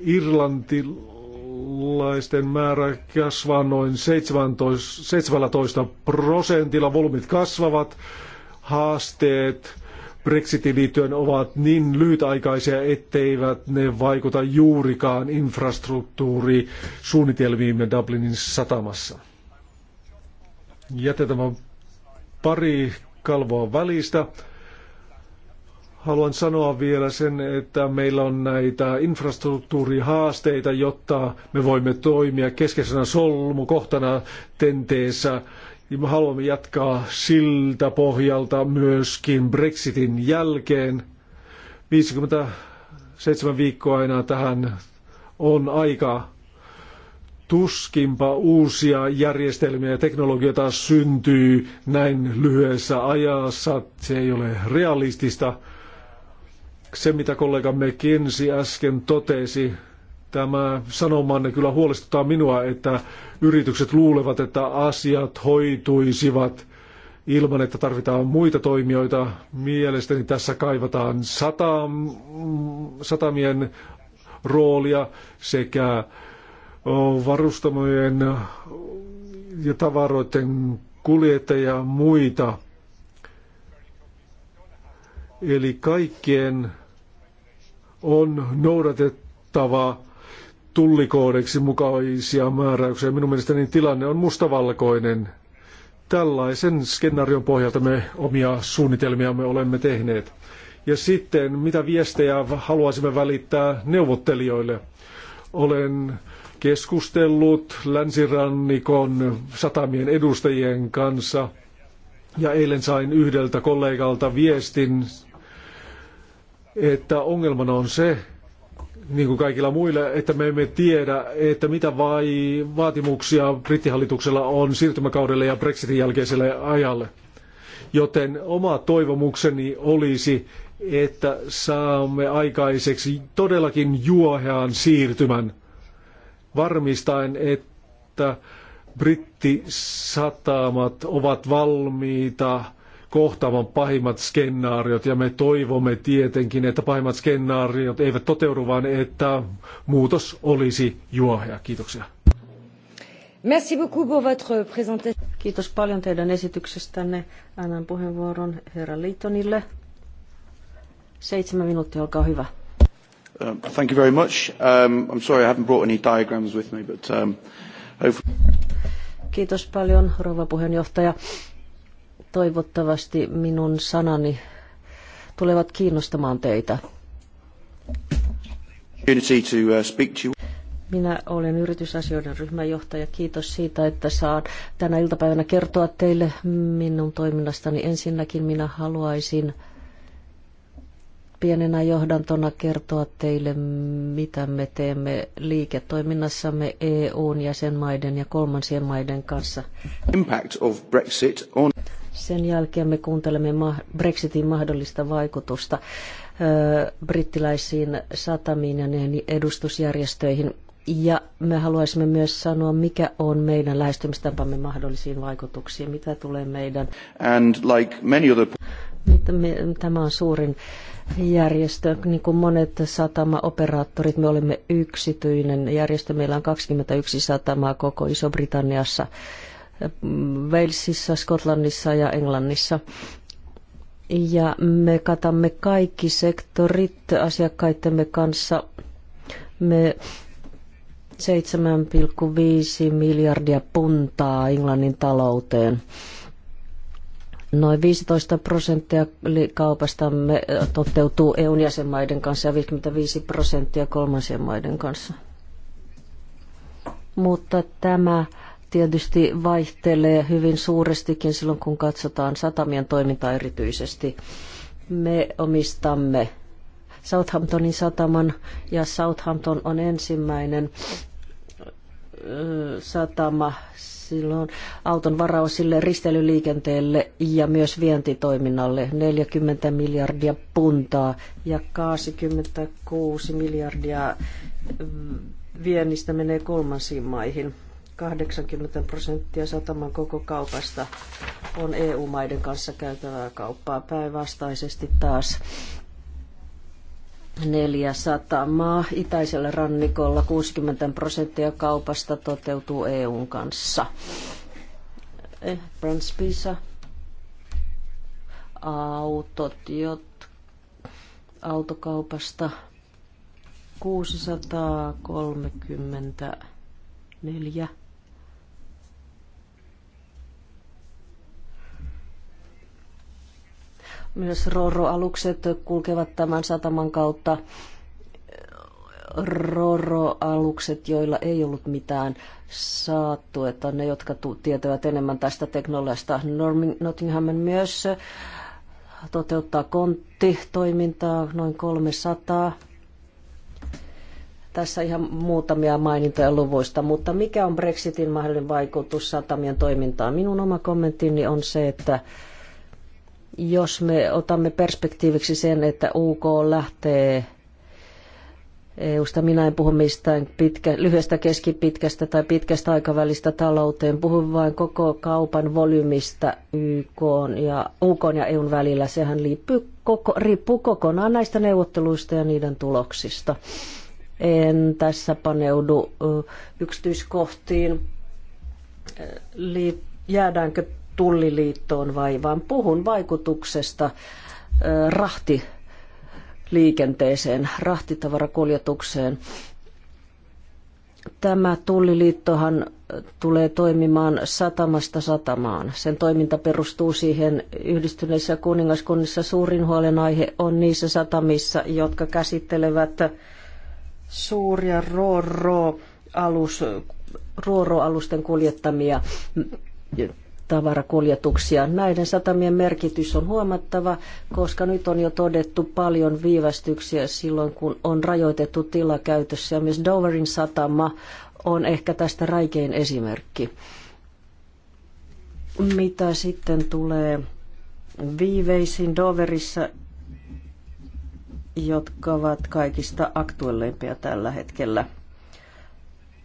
Irlantilaisten määrä kasvaa noin 17, 17 prosentilla, volumit kasvavat, haasteet Brexitin liittyen ovat niin lyhytaikaisia, etteivät ne vaikuta juurikaan infrastruktuurisuunnitelmiimme Dublinin satamassa. Jätetään pari kalvoa välistä haluan sanoa vielä sen, että meillä on näitä infrastruktuurihaasteita, jotta me voimme toimia keskeisenä solmukohtana tenteessä. Ja me haluamme jatkaa siltä pohjalta myöskin Brexitin jälkeen. 57 viikkoa enää tähän on aikaa. Tuskinpa uusia järjestelmiä ja teknologioita syntyy näin lyhyessä ajassa. Se ei ole realistista se, mitä kollegamme Kensi äsken totesi, tämä sanomanne kyllä huolestuttaa minua, että yritykset luulevat, että asiat hoituisivat ilman, että tarvitaan muita toimijoita. Mielestäni tässä kaivataan sata, satamien roolia sekä varustamojen ja tavaroiden kuljettajia ja muita. Eli kaikkien on noudatettava tullikoodeksi mukaisia määräyksiä. Minun mielestäni tilanne on mustavalkoinen. Tällaisen skenaarion pohjalta me omia suunnitelmiamme olemme tehneet. Ja sitten, mitä viestejä haluaisimme välittää neuvottelijoille? Olen keskustellut länsirannikon satamien edustajien kanssa ja eilen sain yhdeltä kollegalta viestin että ongelmana on se, niin kuin kaikilla muilla, että me emme tiedä, että mitä vai vaatimuksia brittihallituksella on siirtymäkaudelle ja Brexitin jälkeiselle ajalle. Joten oma toivomukseni olisi, että saamme aikaiseksi todellakin juohean siirtymän, varmistaen, että brittisatamat ovat valmiita – kohtaavan pahimmat skenaariot ja me toivomme tietenkin, että pahimmat skenaariot eivät toteudu, vaan että muutos olisi juohea. Kiitoksia.
Merci beaucoup pour votre présentation. Kiitos paljon teidän esityksestänne. Annan puheenvuoron herra Liitonille. Seitsemän minuuttia, olkaa hyvä.
Um, thank you
very much. Um, I'm sorry I haven't brought any diagrams with me, but um, hopefully...
Kiitos paljon, rouva puheenjohtaja. Toivottavasti minun sanani tulevat kiinnostamaan teitä.
Uh,
minä olen yritysasioiden ryhmäjohtaja. Kiitos siitä, että saan tänä iltapäivänä kertoa teille minun toiminnastani. Ensinnäkin minä haluaisin pienenä johdantona kertoa teille, mitä me teemme liiketoiminnassamme EUn jäsenmaiden ja kolmansien maiden kanssa.
Impact of Brexit on...
Sen jälkeen me kuuntelemme Brexitin mahdollista vaikutusta brittiläisiin satamiin ja edustusjärjestöihin. Ja me haluaisimme myös sanoa, mikä on meidän lähestymistapamme mahdollisiin vaikutuksiin, mitä tulee meidän...
And like many other...
Tämä on suurin järjestö, niin kuin monet satamaoperaattorit, me olemme yksityinen järjestö. Meillä on 21 satamaa koko Iso-Britanniassa. Walesissa, Skotlannissa ja Englannissa. Ja me katamme kaikki sektorit asiakkaittemme kanssa. Me 7,5 miljardia puntaa Englannin talouteen. Noin 15 prosenttia kaupastamme toteutuu EUn jäsenmaiden kanssa ja 55 prosenttia kolmansien maiden kanssa. Mutta tämä tietysti vaihtelee hyvin suurestikin silloin, kun katsotaan satamien toimintaa erityisesti. Me omistamme Southamptonin sataman ja Southampton on ensimmäinen satama silloin auton varausille, risteilyliikenteelle ja myös vientitoiminnalle 40 miljardia puntaa ja 26 miljardia mm, viennistä menee kolmansiin maihin. 80 prosenttia sataman koko kaupasta on EU-maiden kanssa käytävää kauppaa. Päinvastaisesti taas neljä satamaa itäisellä rannikolla 60 prosenttia kaupasta toteutuu EUn kanssa. Eh, Branspisa. Autot, jot, autokaupasta 634 Myös Roro-alukset kulkevat tämän sataman kautta. Roro-alukset, joilla ei ollut mitään saattu, että ne, jotka tietävät enemmän tästä teknologiasta. Nottingham myös toteuttaa konttitoimintaa, noin 300 tässä ihan muutamia mainintoja luvuista, mutta mikä on Brexitin mahdollinen vaikutus satamien toimintaan? Minun oma kommenttini on se, että jos me otamme perspektiiviksi sen, että UK lähtee EUsta, minä en puhu mistään pitkä, lyhyestä, keskipitkästä tai pitkästä aikavälistä talouteen, puhun vain koko kaupan volyymista YK ja, UK ja EUn välillä. Sehän liippuu koko, riippuu kokonaan näistä neuvotteluista ja niiden tuloksista. En tässä paneudu yksityiskohtiin. Jäädäänkö tulliliittoon vai vaan puhun vaikutuksesta rahtiliikenteeseen, liikenteeseen, rahtitavarakuljetukseen. Tämä tulliliittohan tulee toimimaan satamasta satamaan. Sen toiminta perustuu siihen yhdistyneissä kuningaskunnissa. Suurin huolenaihe on niissä satamissa, jotka käsittelevät suuria rooro-alus, alusten kuljettamia tavarakuljetuksia. Näiden satamien merkitys on huomattava, koska nyt on jo todettu paljon viivästyksiä silloin, kun on rajoitettu tilakäytössä. Ja myös Doverin satama on ehkä tästä räikein esimerkki. Mitä sitten tulee viiveisiin Doverissa, jotka ovat kaikista aktuelleimpia tällä hetkellä –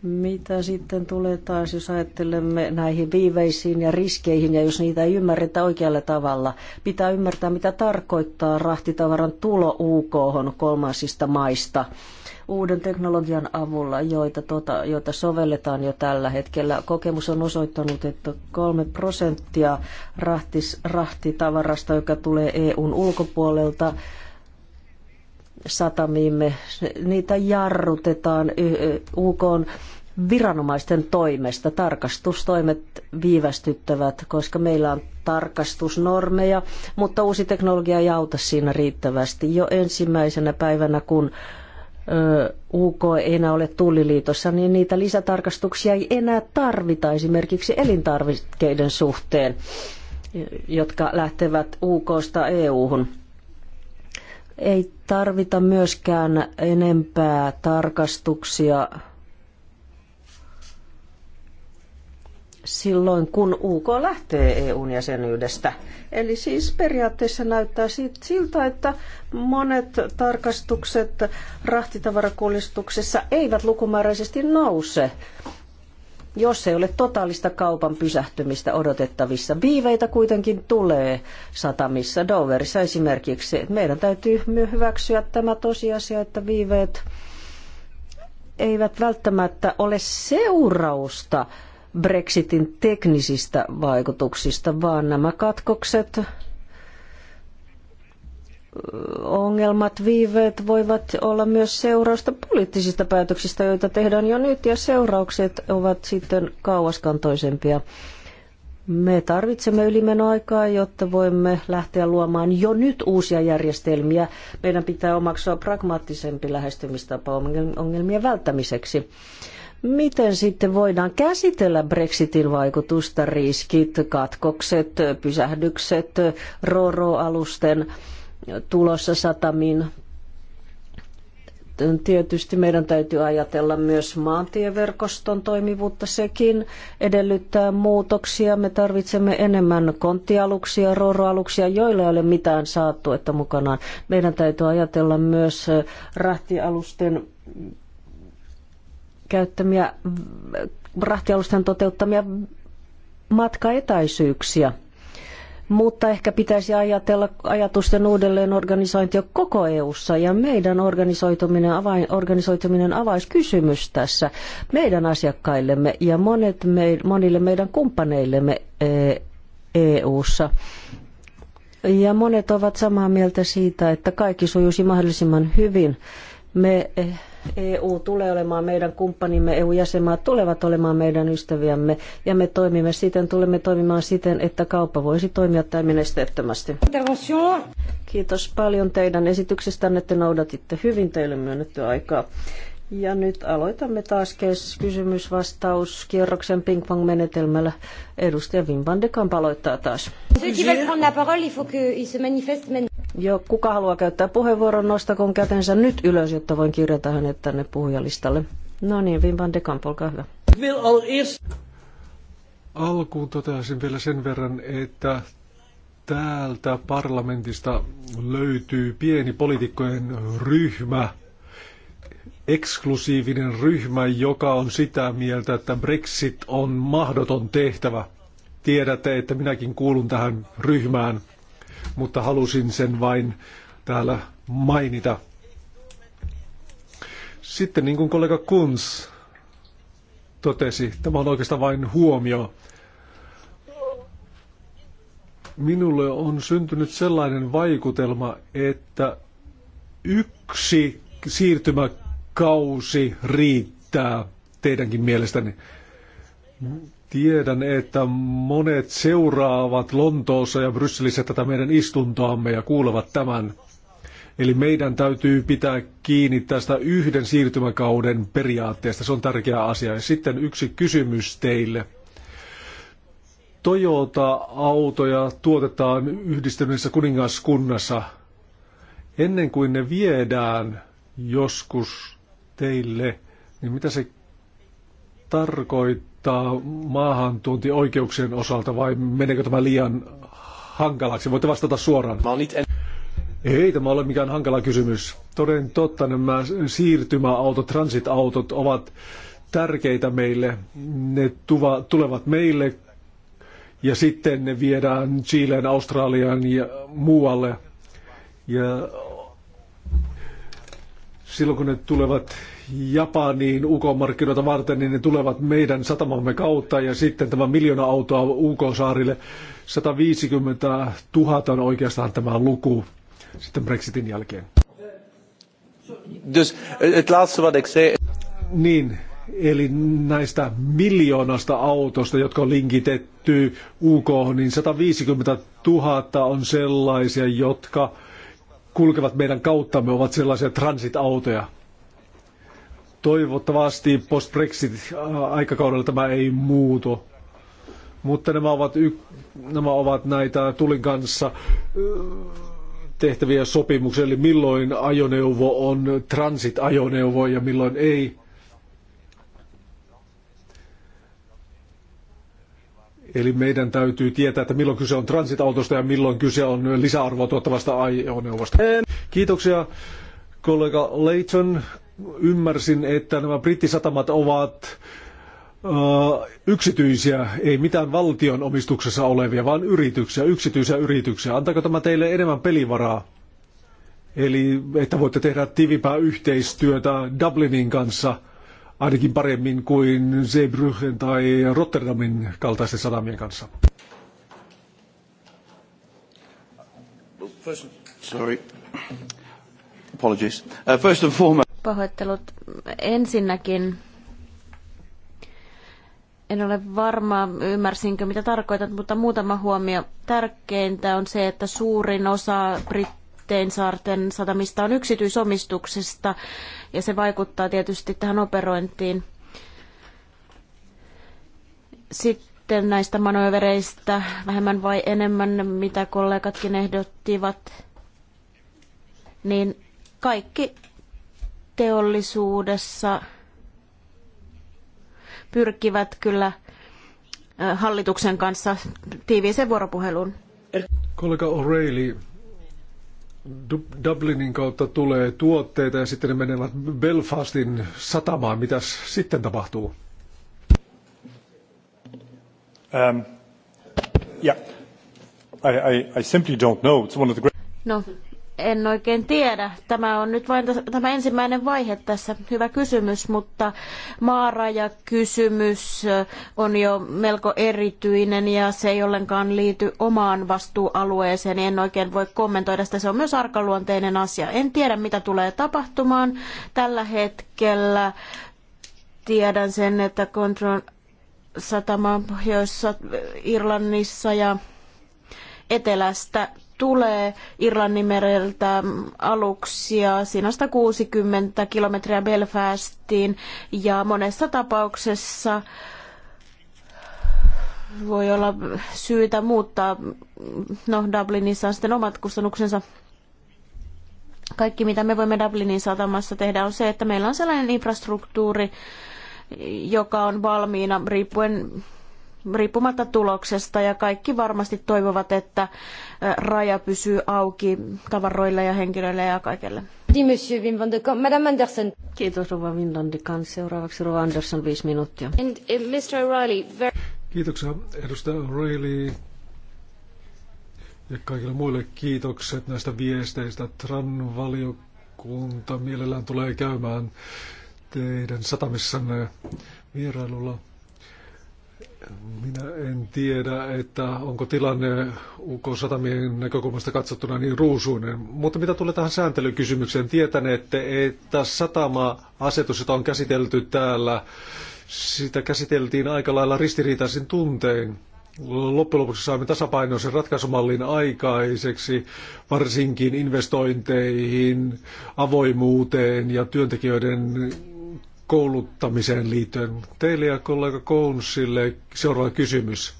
mitä sitten tulee taas, jos ajattelemme näihin viiveisiin ja riskeihin, ja jos niitä ei ymmärretä oikealla tavalla, pitää ymmärtää, mitä tarkoittaa rahtitavaran tulo UK kolmansista maista uuden teknologian avulla, joita, tuota, joita sovelletaan jo tällä hetkellä. Kokemus on osoittanut, että kolme prosenttia rahtis, rahtitavarasta, joka tulee EUn ulkopuolelta, satamiimme, niitä jarrutetaan UK viranomaisten toimesta. Tarkastustoimet viivästyttävät, koska meillä on tarkastusnormeja, mutta uusi teknologia ei auta siinä riittävästi. Jo ensimmäisenä päivänä, kun UK ei enää ole tulliliitossa, niin niitä lisätarkastuksia ei enää tarvita esimerkiksi elintarvikkeiden suhteen, jotka lähtevät UKsta EU-hun. Ei tarvita myöskään enempää tarkastuksia silloin, kun UK lähtee EUn jäsenyydestä. Eli siis periaatteessa näyttää siltä, että monet tarkastukset rahtitavarakuljetuksessa eivät lukumääräisesti nouse jos ei ole totaalista kaupan pysähtymistä odotettavissa. Viiveitä kuitenkin tulee satamissa, Doverissa esimerkiksi. Meidän täytyy hyväksyä tämä tosiasia, että viiveet eivät välttämättä ole seurausta Brexitin teknisistä vaikutuksista, vaan nämä katkokset ongelmat, viiveet voivat olla myös seurausta poliittisista päätöksistä, joita tehdään jo nyt, ja seuraukset ovat sitten kauaskantoisempia. Me tarvitsemme ylimenoaikaa, jotta voimme lähteä luomaan jo nyt uusia järjestelmiä. Meidän pitää omaksua pragmaattisempi lähestymistapa ongelmien välttämiseksi. Miten sitten voidaan käsitellä Brexitin vaikutusta, riskit, katkokset, pysähdykset, roro-alusten? tulossa satamiin. Tietysti meidän täytyy ajatella myös maantieverkoston toimivuutta. Sekin edellyttää muutoksia. Me tarvitsemme enemmän konttialuksia, roroaluksia, joilla ei ole mitään saattu, että mukanaan. Meidän täytyy ajatella myös rahtialusten käyttämiä, rahtialusten toteuttamia matkaetäisyyksiä mutta ehkä pitäisi ajatella ajatusten uudelleenorganisointia koko EU-ssa ja meidän organisoituminen, avain, organisoituminen avaiskysymys tässä meidän asiakkaillemme ja monet me, monille meidän kumppaneillemme EU-ssa. E ja monet ovat samaa mieltä siitä, että kaikki sujuisi mahdollisimman hyvin me EU eh, e tulee olemaan meidän kumppanimme, EU-jäsenmaat tulevat olemaan meidän ystäviämme ja me toimimme siten, tulemme toimimaan siten, että kauppa voisi toimia täymin esteettömästi. Kiitos paljon teidän esityksestänne, että noudatitte hyvin teille myönnettyä aikaa. Ja nyt aloitamme taas kysymysvastaus kierroksen pingpong menetelmällä Edustaja Wim van de Kamp aloittaa taas. Joo, kuka haluaa käyttää puheenvuoron, nostakoon kätensä nyt ylös, jotta voin kirjata hänet tänne puhujalistalle. No niin, Wim van de Kamp, olkaa hyvä.
Alkuun toteaisin vielä sen verran, että täältä parlamentista löytyy pieni poliitikkojen ryhmä, eksklusiivinen ryhmä, joka on sitä mieltä, että Brexit on mahdoton tehtävä. Tiedätte, että minäkin kuulun tähän ryhmään mutta halusin sen vain täällä mainita. Sitten niin kuin kollega Kunz totesi, tämä on oikeastaan vain huomio. Minulle on syntynyt sellainen vaikutelma, että yksi siirtymäkausi riittää teidänkin mielestäni. Tiedän, että monet seuraavat Lontoossa ja Brysselissä tätä meidän istuntoamme ja kuulevat tämän. Eli meidän täytyy pitää kiinni tästä yhden siirtymäkauden periaatteesta. Se on tärkeä asia. Ja sitten yksi kysymys teille. Toyota-autoja tuotetaan yhdistyneessä kuningaskunnassa. Ennen kuin ne viedään joskus teille, niin mitä se tarkoittaa? kohtaa maahantuontioikeuksien osalta vai meneekö tämä liian hankalaksi? Voitte vastata suoraan. Ei tämä ole mikään hankala kysymys. Toden totta nämä siirtymäautot, transitautot ovat tärkeitä meille. Ne tuva, tulevat meille ja sitten ne viedään Chileen, Australiaan ja muualle. Ja silloin kun ne tulevat Japaniin UK-markkinoita varten, niin ne tulevat meidän satamamme kautta ja sitten tämä miljoona autoa UK-saarille. 150 000 on oikeastaan tämä luku sitten Brexitin jälkeen. Dus het laatste wat ik zei... Niin, eli näistä miljoonasta autosta, jotka on linkitetty UK, niin 150 000 on sellaisia, jotka kulkevat meidän kauttamme, ovat sellaisia transit-autoja. Toivottavasti post-Brexit-aikakaudella äh, tämä ei muutu. Mutta nämä ovat, y- nämä ovat näitä tulin kanssa äh, tehtäviä sopimuksia, eli milloin ajoneuvo on transit-ajoneuvo ja milloin ei. Eli meidän täytyy tietää, että milloin kyse on transitautosta ja milloin kyse on lisäarvoa tuottavasta ajoneuvosta. Kiitoksia kollega Leighton ymmärsin, että nämä brittisatamat ovat äh, yksityisiä, ei mitään valtion omistuksessa olevia, vaan yrityksiä, yksityisiä yrityksiä. Antaako tämä teille enemmän pelivaraa? Eli että voitte tehdä tiivipää yhteistyötä Dublinin kanssa ainakin paremmin kuin Zeebruggen tai Rotterdamin kaltaisten satamien kanssa. Sorry. Apologies. Uh, first and foremost
pahoittelut. Ensinnäkin en ole varma, ymmärsinkö mitä tarkoitat, mutta muutama huomio. Tärkeintä on se, että suurin osa Brittein saarten satamista on yksityisomistuksesta ja se vaikuttaa tietysti tähän operointiin. Sitten näistä manövereistä vähemmän vai enemmän, mitä kollegatkin ehdottivat, niin kaikki teollisuudessa pyrkivät kyllä hallituksen kanssa tiiviiseen vuoropuheluun.
Kollega O'Reilly, Dublinin kautta tulee tuotteita ja sitten ne menevät Belfastin satamaan. Mitäs sitten tapahtuu? Um, yeah. I, I, I simply don't know. It's one of the great... No,
en oikein tiedä. Tämä on nyt vain tämä ensimmäinen vaihe tässä. Hyvä kysymys, mutta maarajakysymys äh, on jo melko erityinen ja se ei ollenkaan liity omaan vastuualueeseen. En oikein voi kommentoida sitä. Se on myös arkaluonteinen asia. En tiedä, mitä tulee tapahtumaan tällä hetkellä. Tiedän sen, että Control satama Pohjois-Irlannissa ja etelästä tulee Irlannin mereltä aluksia, siinä 160 kilometriä Belfastiin ja monessa tapauksessa voi olla syytä muuttaa, no Dublinissa on sitten omat kustannuksensa. Kaikki mitä me voimme Dublinin satamassa tehdä on se, että meillä on sellainen infrastruktuuri, joka on valmiina riippuen riippumatta tuloksesta ja kaikki varmasti toivovat, että raja pysyy auki tavaroille ja henkilöille ja kaikille. kaikelle. Madame Anderson. Kiitos Rova
Vinlandikan. Seuraavaksi Rova Anderson, viisi minuuttia. And, uh, Mr. O'Reilly, very... Kiitoksia edustaja O'Reilly ja kaikille muille kiitokset näistä viesteistä. TRAN-valiokunta mielellään tulee käymään teidän satamissanne vierailulla. Minä en tiedä, että onko tilanne UK-satamien näkökulmasta katsottuna niin ruusuinen, mutta mitä tulee tähän sääntelykysymykseen, tietänette, että satama-asetus, jota on käsitelty täällä, sitä käsiteltiin aika lailla ristiriitaisin tuntein. Loppujen lopuksi saimme tasapainoisen ratkaisumallin aikaiseksi, varsinkin investointeihin, avoimuuteen ja työntekijöiden kouluttamiseen liittyen. Teille ja kollega Kounsille seuraava kysymys.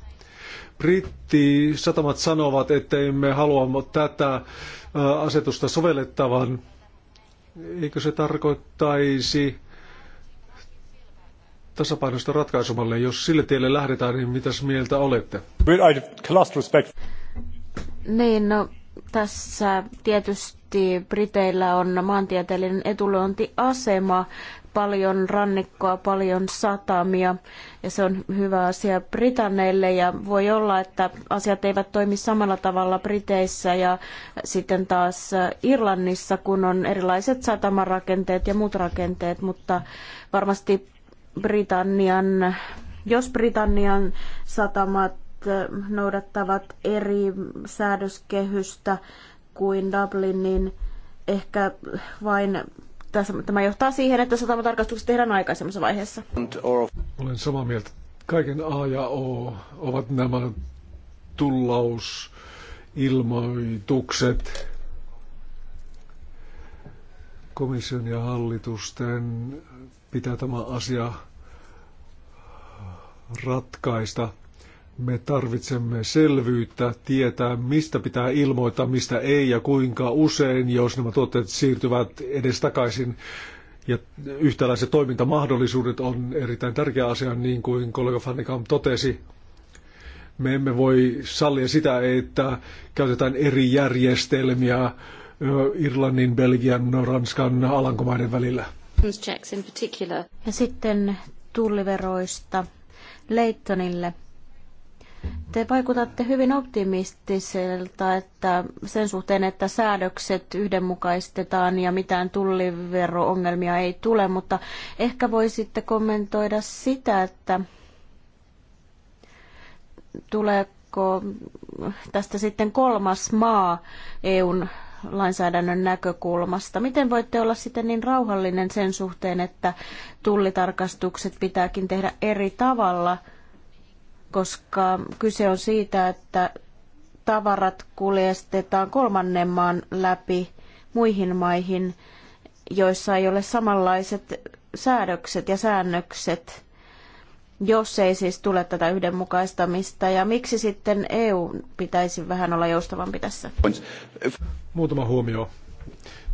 Brittisatamat sanovat, että emme halua tätä asetusta sovellettavan. Eikö se tarkoittaisi tasapainoista ratkaisumalle? Jos sille tielle lähdetään, niin mitäs mieltä olette?
Niin, no, tässä tietysti Briteillä on maantieteellinen etulyöntiasema paljon rannikkoa, paljon satamia ja se on hyvä asia Britanneille ja voi olla, että asiat eivät toimi samalla tavalla Briteissä ja sitten taas Irlannissa, kun on erilaiset satamarakenteet ja muut rakenteet, mutta varmasti Britannian, jos Britannian satamat noudattavat eri säädöskehystä kuin Dublinin, ehkä vain tämä johtaa siihen, että satamatarkastukset tehdään aikaisemmassa vaiheessa.
Olen samaa mieltä. Kaiken A ja O ovat nämä tullausilmoitukset komission ja hallitusten pitää tämä asia ratkaista. Me tarvitsemme selvyyttä, tietää mistä pitää ilmoittaa, mistä ei ja kuinka usein, jos nämä tuotteet siirtyvät edestakaisin Ja yhtäläiset toimintamahdollisuudet on erittäin tärkeä asia, niin kuin kollega Fannikam totesi. Me emme voi sallia sitä, että käytetään eri järjestelmiä Irlannin, Belgian, Ranskan, Alankomaiden välillä.
Ja sitten tulliveroista Leittonille. Te vaikutatte hyvin optimistiselta että sen suhteen, että säädökset yhdenmukaistetaan ja mitään tulliveroongelmia ongelmia ei tule, mutta ehkä voisitte kommentoida sitä, että tuleeko tästä sitten kolmas maa EUn lainsäädännön näkökulmasta. Miten voitte olla sitten niin rauhallinen sen suhteen, että tullitarkastukset pitääkin tehdä eri tavalla – koska kyse on siitä, että tavarat kuljestetaan kolmannen maan läpi muihin maihin, joissa ei ole samanlaiset säädökset ja säännökset, jos ei siis tule tätä yhdenmukaistamista. Ja miksi sitten EU pitäisi vähän olla joustavampi tässä?
Muutama huomio.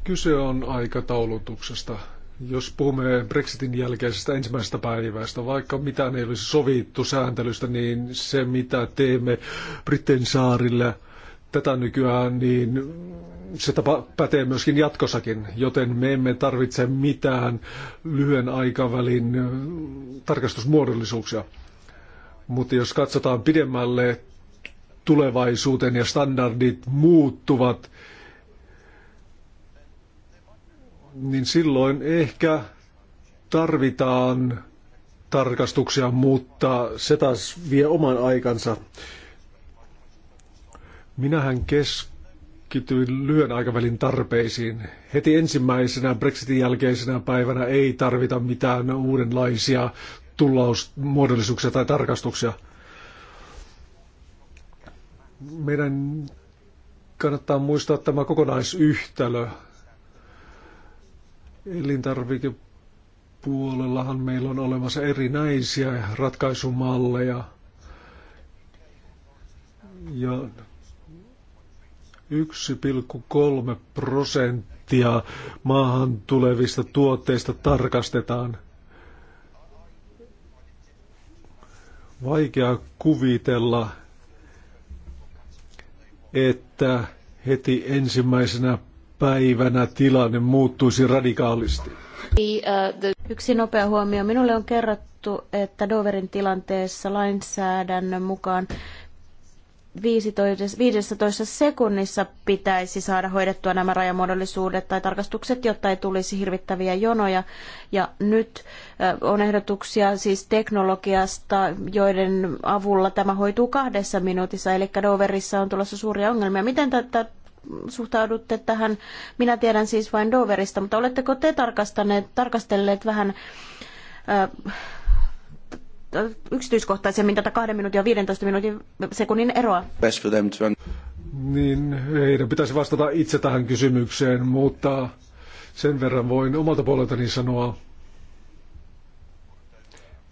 Kyse on aikataulutuksesta. Jos puhumme Brexitin jälkeisestä ensimmäisestä päivästä, vaikka mitään ei olisi sovittu sääntelystä, niin se mitä teemme Britten saarille tätä nykyään, niin se tapa pätee myöskin jatkossakin, joten me emme tarvitse mitään lyhyen aikavälin tarkastusmuodollisuuksia. Mutta jos katsotaan pidemmälle tulevaisuuteen ja standardit muuttuvat, niin silloin ehkä tarvitaan tarkastuksia, mutta se taas vie oman aikansa. Minähän keskityin lyhyen aikavälin tarpeisiin. Heti ensimmäisenä Brexitin jälkeisenä päivänä ei tarvita mitään uudenlaisia tullausmuodollisuuksia tai tarkastuksia. Meidän kannattaa muistaa tämä kokonaisyhtälö. Elintarvikepuolellahan meillä on olemassa erinäisiä ratkaisumalleja. Ja 1,3 prosenttia maahan tulevista tuotteista tarkastetaan. Vaikea kuvitella, että heti ensimmäisenä päivänä tilanne muuttuisi radikaalisti.
Yksi nopea huomio. Minulle on kerrottu, että Doverin tilanteessa lainsäädännön mukaan 15, sekunnissa pitäisi saada hoidettua nämä rajamuodollisuudet tai tarkastukset, jotta ei tulisi hirvittäviä jonoja. Ja nyt on ehdotuksia siis teknologiasta, joiden avulla tämä hoituu kahdessa minuutissa, eli Doverissa on tulossa suuria ongelmia. Miten tätä suhtaudutte tähän? Minä tiedän siis vain Doverista, mutta oletteko te tarkastaneet, tarkastelleet vähän äh, yksityiskohtaisemmin tätä kahden minuutin ja 15 minuutin sekunnin eroa?
Niin, heidän pitäisi vastata itse tähän kysymykseen, mutta sen verran voin omalta puoleltani sanoa,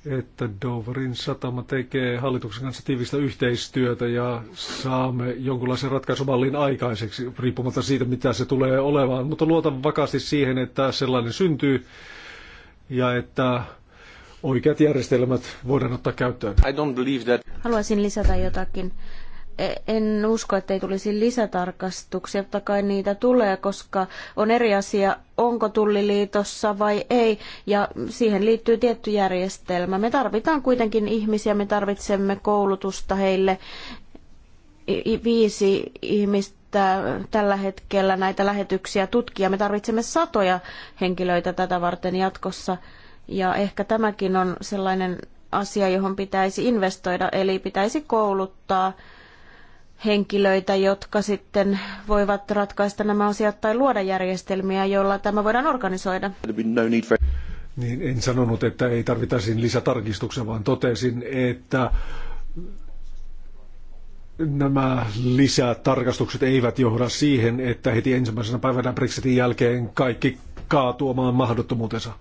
että Doverin satama tekee hallituksen kanssa tiivistä yhteistyötä ja saamme jonkunlaisen ratkaisumallin aikaiseksi, riippumatta siitä, mitä se tulee olemaan. Mutta luotan vakaasti siihen, että sellainen syntyy ja että oikeat järjestelmät voidaan ottaa käyttöön. I don't believe that.
Haluaisin lisätä jotakin. E, en usko, että ei tulisi lisätarkastuksia. Totta kai niitä tulee, koska on eri asia, onko tulliliitossa vai ei, ja siihen liittyy tietty järjestelmä. Me tarvitaan kuitenkin ihmisiä, me tarvitsemme koulutusta heille. Viisi ihmistä tällä hetkellä näitä lähetyksiä tutkia. Me tarvitsemme satoja henkilöitä tätä varten jatkossa, ja ehkä tämäkin on sellainen asia, johon pitäisi investoida, eli pitäisi kouluttaa – henkilöitä, jotka sitten voivat ratkaista nämä asiat tai luoda järjestelmiä, joilla tämä voidaan organisoida.
No niin, en sanonut, että ei tarvittaisi lisätarkistuksia, vaan totesin, että nämä lisätarkastukset eivät johda siihen, että heti ensimmäisenä päivänä Brexitin jälkeen kaikki kaatuu omaan mahdottomuutensa.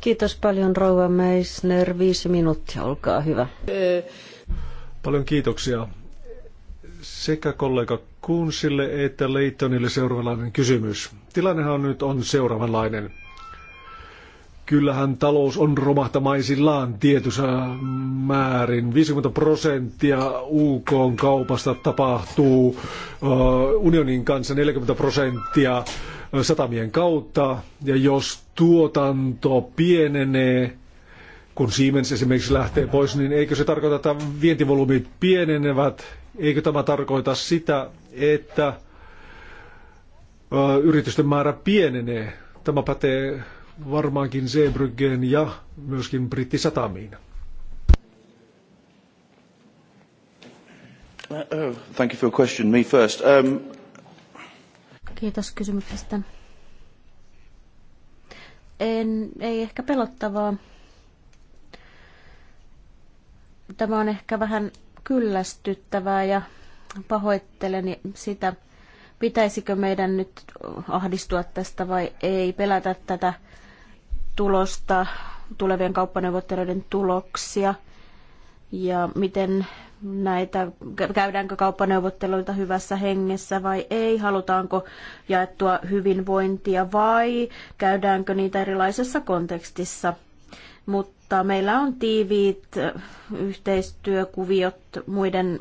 Kiitos paljon rouva Meisner. Viisi minuuttia,
olkaa hyvä. Euh, Paljon kiitoksia sekä kollega Kunsille että leitonille seuraavanlainen kysymys. Tilannehan nyt on seuraavanlainen. Kyllähän talous on romahtamaisillaan tietyssä määrin. 50 prosenttia UK kaupasta tapahtuu unionin kanssa 40 prosenttia satamien kautta. Ja jos tuotanto pienenee, kun Siemens esimerkiksi lähtee pois, niin eikö se tarkoita, että vientivolyymit pienenevät? Eikö tämä tarkoita sitä, että yritysten määrä pienenee? Tämä pätee varmaankin Seebryggeen ja myöskin brittisatamiin. Uh, oh, thank you for your question. Me first. Um...
Kiitos kysymyksestä. En, ei ehkä pelottavaa, Tämä on ehkä vähän kyllästyttävää ja pahoittelen sitä, pitäisikö meidän nyt ahdistua tästä vai ei, pelätä tätä tulosta, tulevien kauppaneuvotteluiden tuloksia ja miten näitä, käydäänkö kauppaneuvotteluita hyvässä hengessä vai ei, halutaanko jaettua hyvinvointia vai käydäänkö niitä erilaisessa kontekstissa – mutta meillä on tiiviit äh, yhteistyökuviot muiden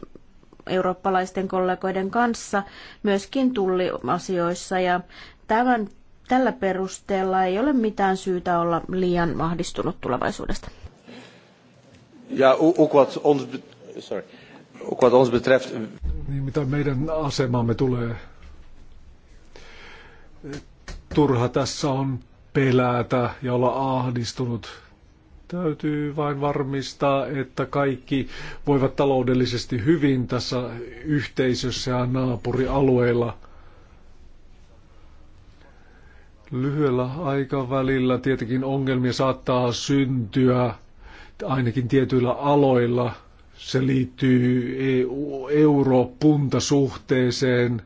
eurooppalaisten kollegoiden kanssa myöskin tulliasioissa ja tämän, tällä perusteella ei ole mitään syytä
olla liian mahdistunut tulevaisuudesta. Ja ukot on... sorry, Niin, mitä meidän asemaamme tulee, turha tässä on pelätä ja olla ahdistunut Täytyy vain varmistaa, että kaikki voivat taloudellisesti hyvin tässä yhteisössä ja naapurialueilla. Lyhyellä aikavälillä tietenkin ongelmia saattaa syntyä ainakin tietyillä aloilla. Se liittyy eu eurooppunta suhteeseen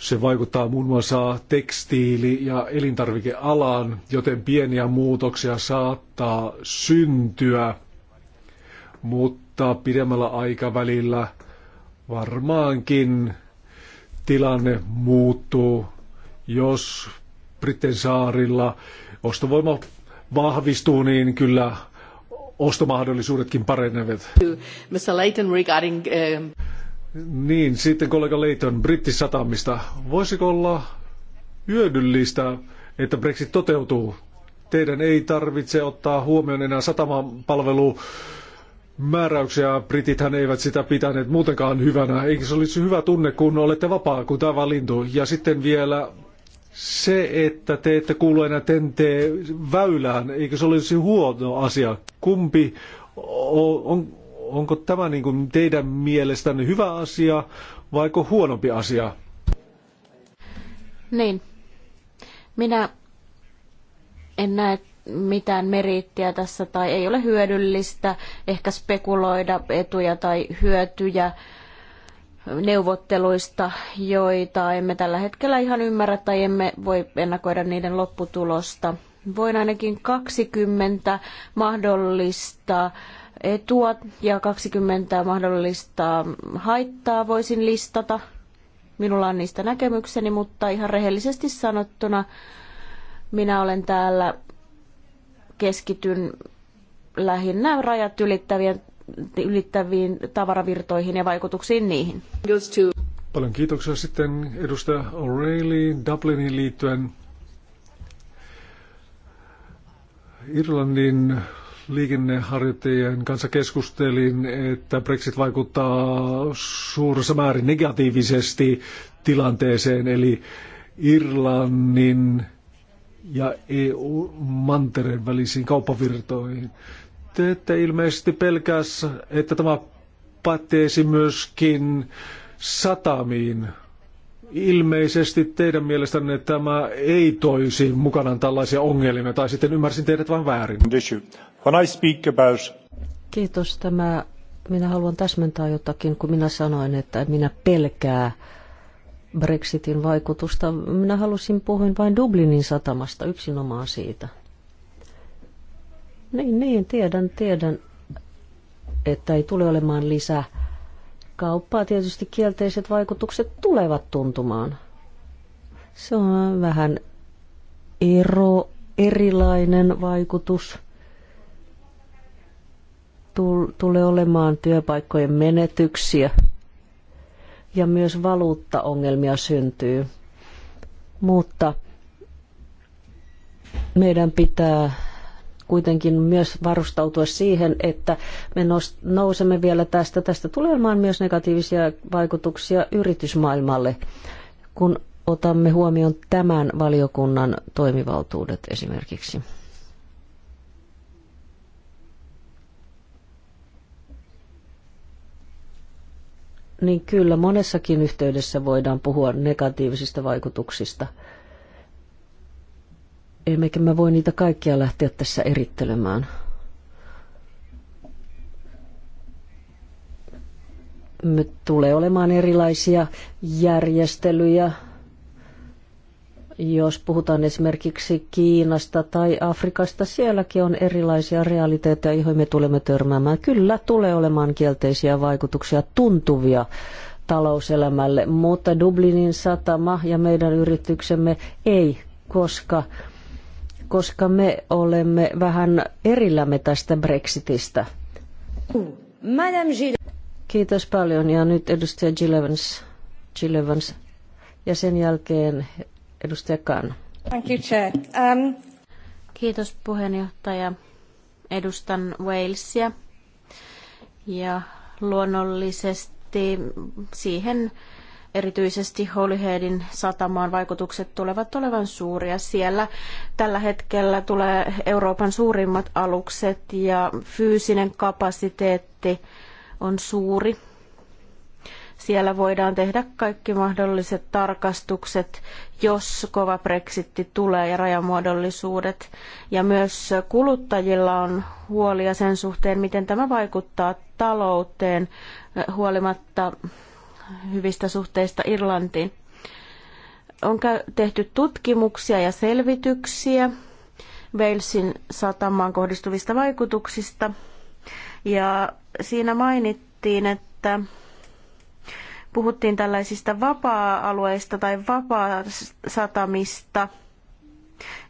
se vaikuttaa muun muassa tekstiili- ja elintarvikealaan, joten pieniä muutoksia saattaa syntyä, mutta pidemmällä aikavälillä varmaankin tilanne muuttuu, jos Britten saarilla ostovoima vahvistuu, niin kyllä ostomahdollisuudetkin paranevat.
Mr. Leighton regarding, um,
niin, sitten kollega Leiton brittisatamista. Voisiko olla hyödyllistä, että Brexit toteutuu? Teidän ei tarvitse ottaa huomioon enää palvelu määräyksiä. Britithän eivät sitä pitäneet muutenkaan hyvänä. Eikö se olisi hyvä tunne, kun olette vapaa, kun tämä valintu? Ja sitten vielä se, että te ette kuulu enää tentee väylään, eikö se olisi huono asia? Kumpi on, Onko tämä niin kuin teidän mielestänne hyvä asia vaiko huonompi asia?
Niin. Minä en näe mitään meriittiä tässä tai ei ole hyödyllistä ehkä spekuloida etuja tai hyötyjä neuvotteluista, joita emme tällä hetkellä ihan ymmärrä tai emme voi ennakoida niiden lopputulosta. Voin ainakin 20 mahdollista etua ja 20 mahdollista haittaa voisin listata. Minulla on niistä näkemykseni, mutta ihan rehellisesti sanottuna minä olen täällä keskityn lähinnä rajat ylittävien, ylittäviin tavaravirtoihin ja vaikutuksiin niihin.
Paljon kiitoksia sitten edustaja O'Reilly Dublinin liittyen. Irlannin liikenneharjoittajien kanssa keskustelin, että Brexit vaikuttaa suuressa määrin negatiivisesti tilanteeseen, eli Irlannin ja EU-mantereen välisiin kauppavirtoihin. Te ette ilmeisesti pelkäs, että tämä päteisi myöskin satamiin. Ilmeisesti teidän mielestänne tämä ei toisi mukanaan tällaisia ongelmia, tai sitten ymmärsin teidät vain väärin. When I speak about...
Kiitos. Tämä, minä haluan täsmentää jotakin, kun minä sanoin, että minä pelkää Brexitin vaikutusta. Minä halusin puhua vain Dublinin satamasta, yksinomaan siitä. Niin, niin, tiedän, tiedän, että ei tule olemaan lisää kauppaa tietysti kielteiset vaikutukset tulevat tuntumaan. Se on vähän ero, erilainen vaikutus tulee olemaan työpaikkojen menetyksiä ja myös valuuttaongelmia syntyy. Mutta meidän pitää kuitenkin myös varustautua siihen, että me nousemme vielä tästä. Tästä tulee olemaan myös negatiivisia vaikutuksia yritysmaailmalle, kun otamme huomioon tämän valiokunnan toimivaltuudet esimerkiksi. Niin kyllä, monessakin yhteydessä voidaan puhua negatiivisista vaikutuksista – Emmekä mä voi niitä kaikkia lähteä tässä erittelemään. Me tulee olemaan erilaisia järjestelyjä, jos puhutaan esimerkiksi Kiinasta tai Afrikasta, sielläkin on erilaisia realiteetteja, joihin me tulemme törmäämään. Kyllä tulee olemaan kielteisiä vaikutuksia, tuntuvia talouselämälle, mutta Dublinin satama ja meidän yrityksemme ei, koska koska me olemme vähän erillämme tästä Brexitistä. Madame Kiitos paljon ja nyt edustaja Gillevans, Gillevans. ja sen jälkeen edustaja Kahn.
Thank you, Chair. Um... Kiitos puheenjohtaja. Edustan Walesia ja luonnollisesti siihen Erityisesti Holyheadin satamaan vaikutukset tulevat olevan suuria. Siellä tällä hetkellä tulee Euroopan suurimmat alukset ja fyysinen kapasiteetti on suuri. Siellä voidaan tehdä kaikki mahdolliset tarkastukset, jos kova brexitti tulee ja rajamuodollisuudet. Ja myös kuluttajilla on huolia sen suhteen, miten tämä vaikuttaa talouteen huolimatta hyvistä suhteista Irlantiin. On tehty tutkimuksia ja selvityksiä Walesin satamaan kohdistuvista vaikutuksista. Ja siinä mainittiin, että puhuttiin tällaisista vapaa-alueista tai vapaa-satamista,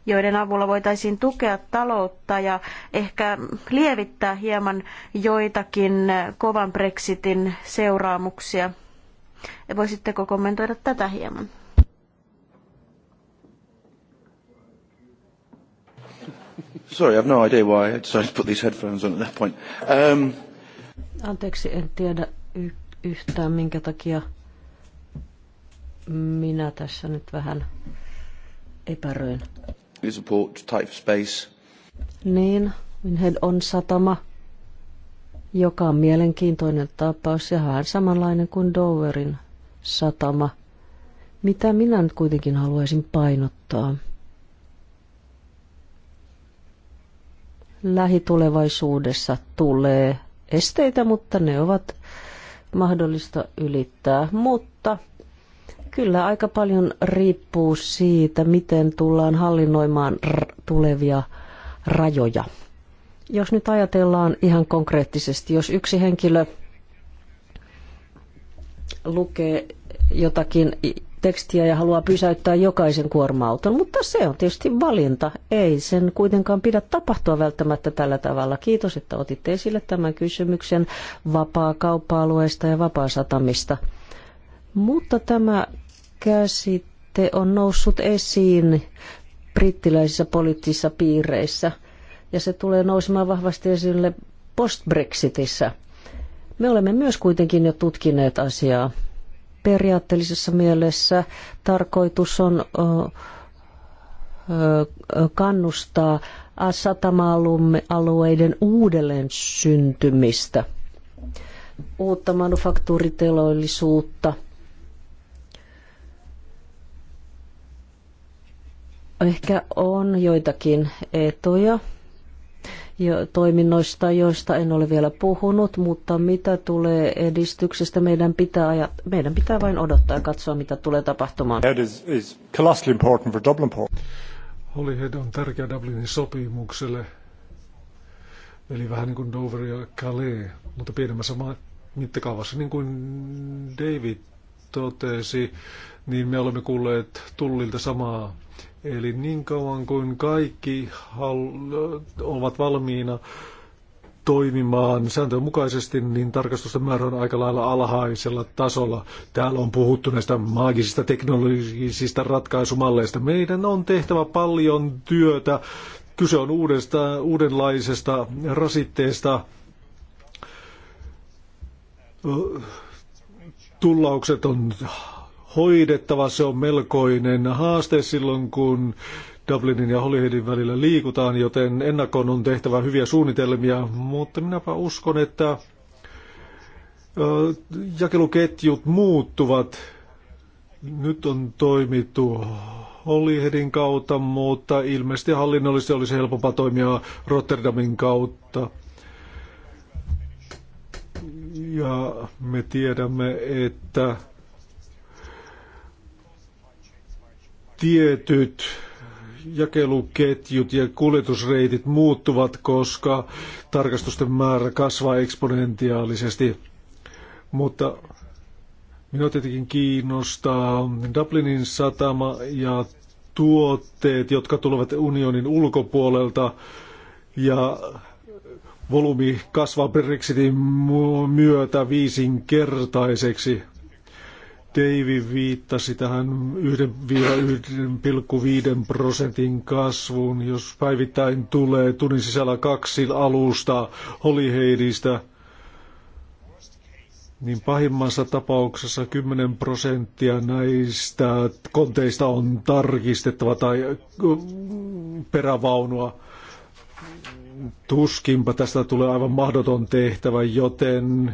joiden avulla voitaisiin tukea taloutta ja ehkä lievittää hieman joitakin kovan Brexitin seuraamuksia. Voisitteko kommentoida tätä hieman?
Sorry, I've no idea why I decided to put these headphones on at that point. Um...
Anteeksi, en tiedä y- yhtään minkä takia minä tässä nyt vähän epäröin.
Is a port type space.
Niin, Minhead on satama joka on mielenkiintoinen tapaus ja vähän samanlainen kuin Doverin satama. Mitä minä nyt kuitenkin haluaisin painottaa? Lähitulevaisuudessa tulee esteitä, mutta ne ovat mahdollista ylittää. Mutta kyllä aika paljon riippuu siitä, miten tullaan hallinnoimaan tulevia rajoja. Jos nyt ajatellaan ihan konkreettisesti, jos yksi henkilö lukee jotakin tekstiä ja haluaa pysäyttää jokaisen kuorma-auton, mutta se on tietysti valinta. Ei sen kuitenkaan pidä tapahtua välttämättä tällä tavalla. Kiitos, että otitte esille tämän kysymyksen vapaa kauppa-alueesta ja vapaasatamista. Mutta tämä käsite on noussut esiin brittiläisissä poliittisissa piireissä – ja se tulee nousemaan vahvasti esille post-Brexitissä. Me olemme myös kuitenkin jo tutkineet asiaa. Periaatteellisessa mielessä tarkoitus on kannustaa satama-alueiden uudelleen syntymistä, uutta manufaktuuriteloillisuutta. Ehkä on joitakin etuja jo, toiminnoista, joista en ole vielä puhunut, mutta mitä tulee edistyksestä, meidän pitää, ajat, meidän pitää vain odottaa ja katsoa, mitä tulee
tapahtumaan. Holyhead on tärkeä Dublinin sopimukselle, eli vähän niin kuin Dover ja Calais, mutta pienemmässä mittakaavassa. Niin kuin David totesi, niin me olemme kuulleet tullilta samaa Eli niin kauan kuin kaikki ovat valmiina toimimaan sääntöjen mukaisesti, niin tarkastusten määrä on aika lailla alhaisella tasolla. Täällä on puhuttu näistä maagisista teknologisista ratkaisumalleista. Meidän on tehtävä paljon työtä. Kyse on uudesta, uudenlaisesta rasitteesta. Tullaukset on hoidettava. Se on melkoinen haaste silloin, kun Dublinin ja Holyheadin välillä liikutaan, joten ennakkoon on tehtävä hyviä suunnitelmia, mutta minäpä uskon, että jakeluketjut muuttuvat. Nyt on toimittu Holyheadin kautta, mutta ilmeisesti hallinnollisesti olisi helpompaa toimia Rotterdamin kautta. Ja me tiedämme, että tietyt jakeluketjut ja kuljetusreitit muuttuvat, koska tarkastusten määrä kasvaa eksponentiaalisesti. Mutta minua tietenkin kiinnostaa Dublinin satama ja tuotteet, jotka tulevat unionin ulkopuolelta ja volyymi kasvaa Brexitin myötä viisinkertaiseksi. Teivi viittasi tähän 15 prosentin kasvuun, jos päivittäin tulee tunnin sisällä kaksi alusta Holiheidistä, niin pahimmassa tapauksessa 10 prosenttia näistä konteista on tarkistettava tai mm, perävaunua. Tuskinpa tästä tulee aivan mahdoton tehtävä, joten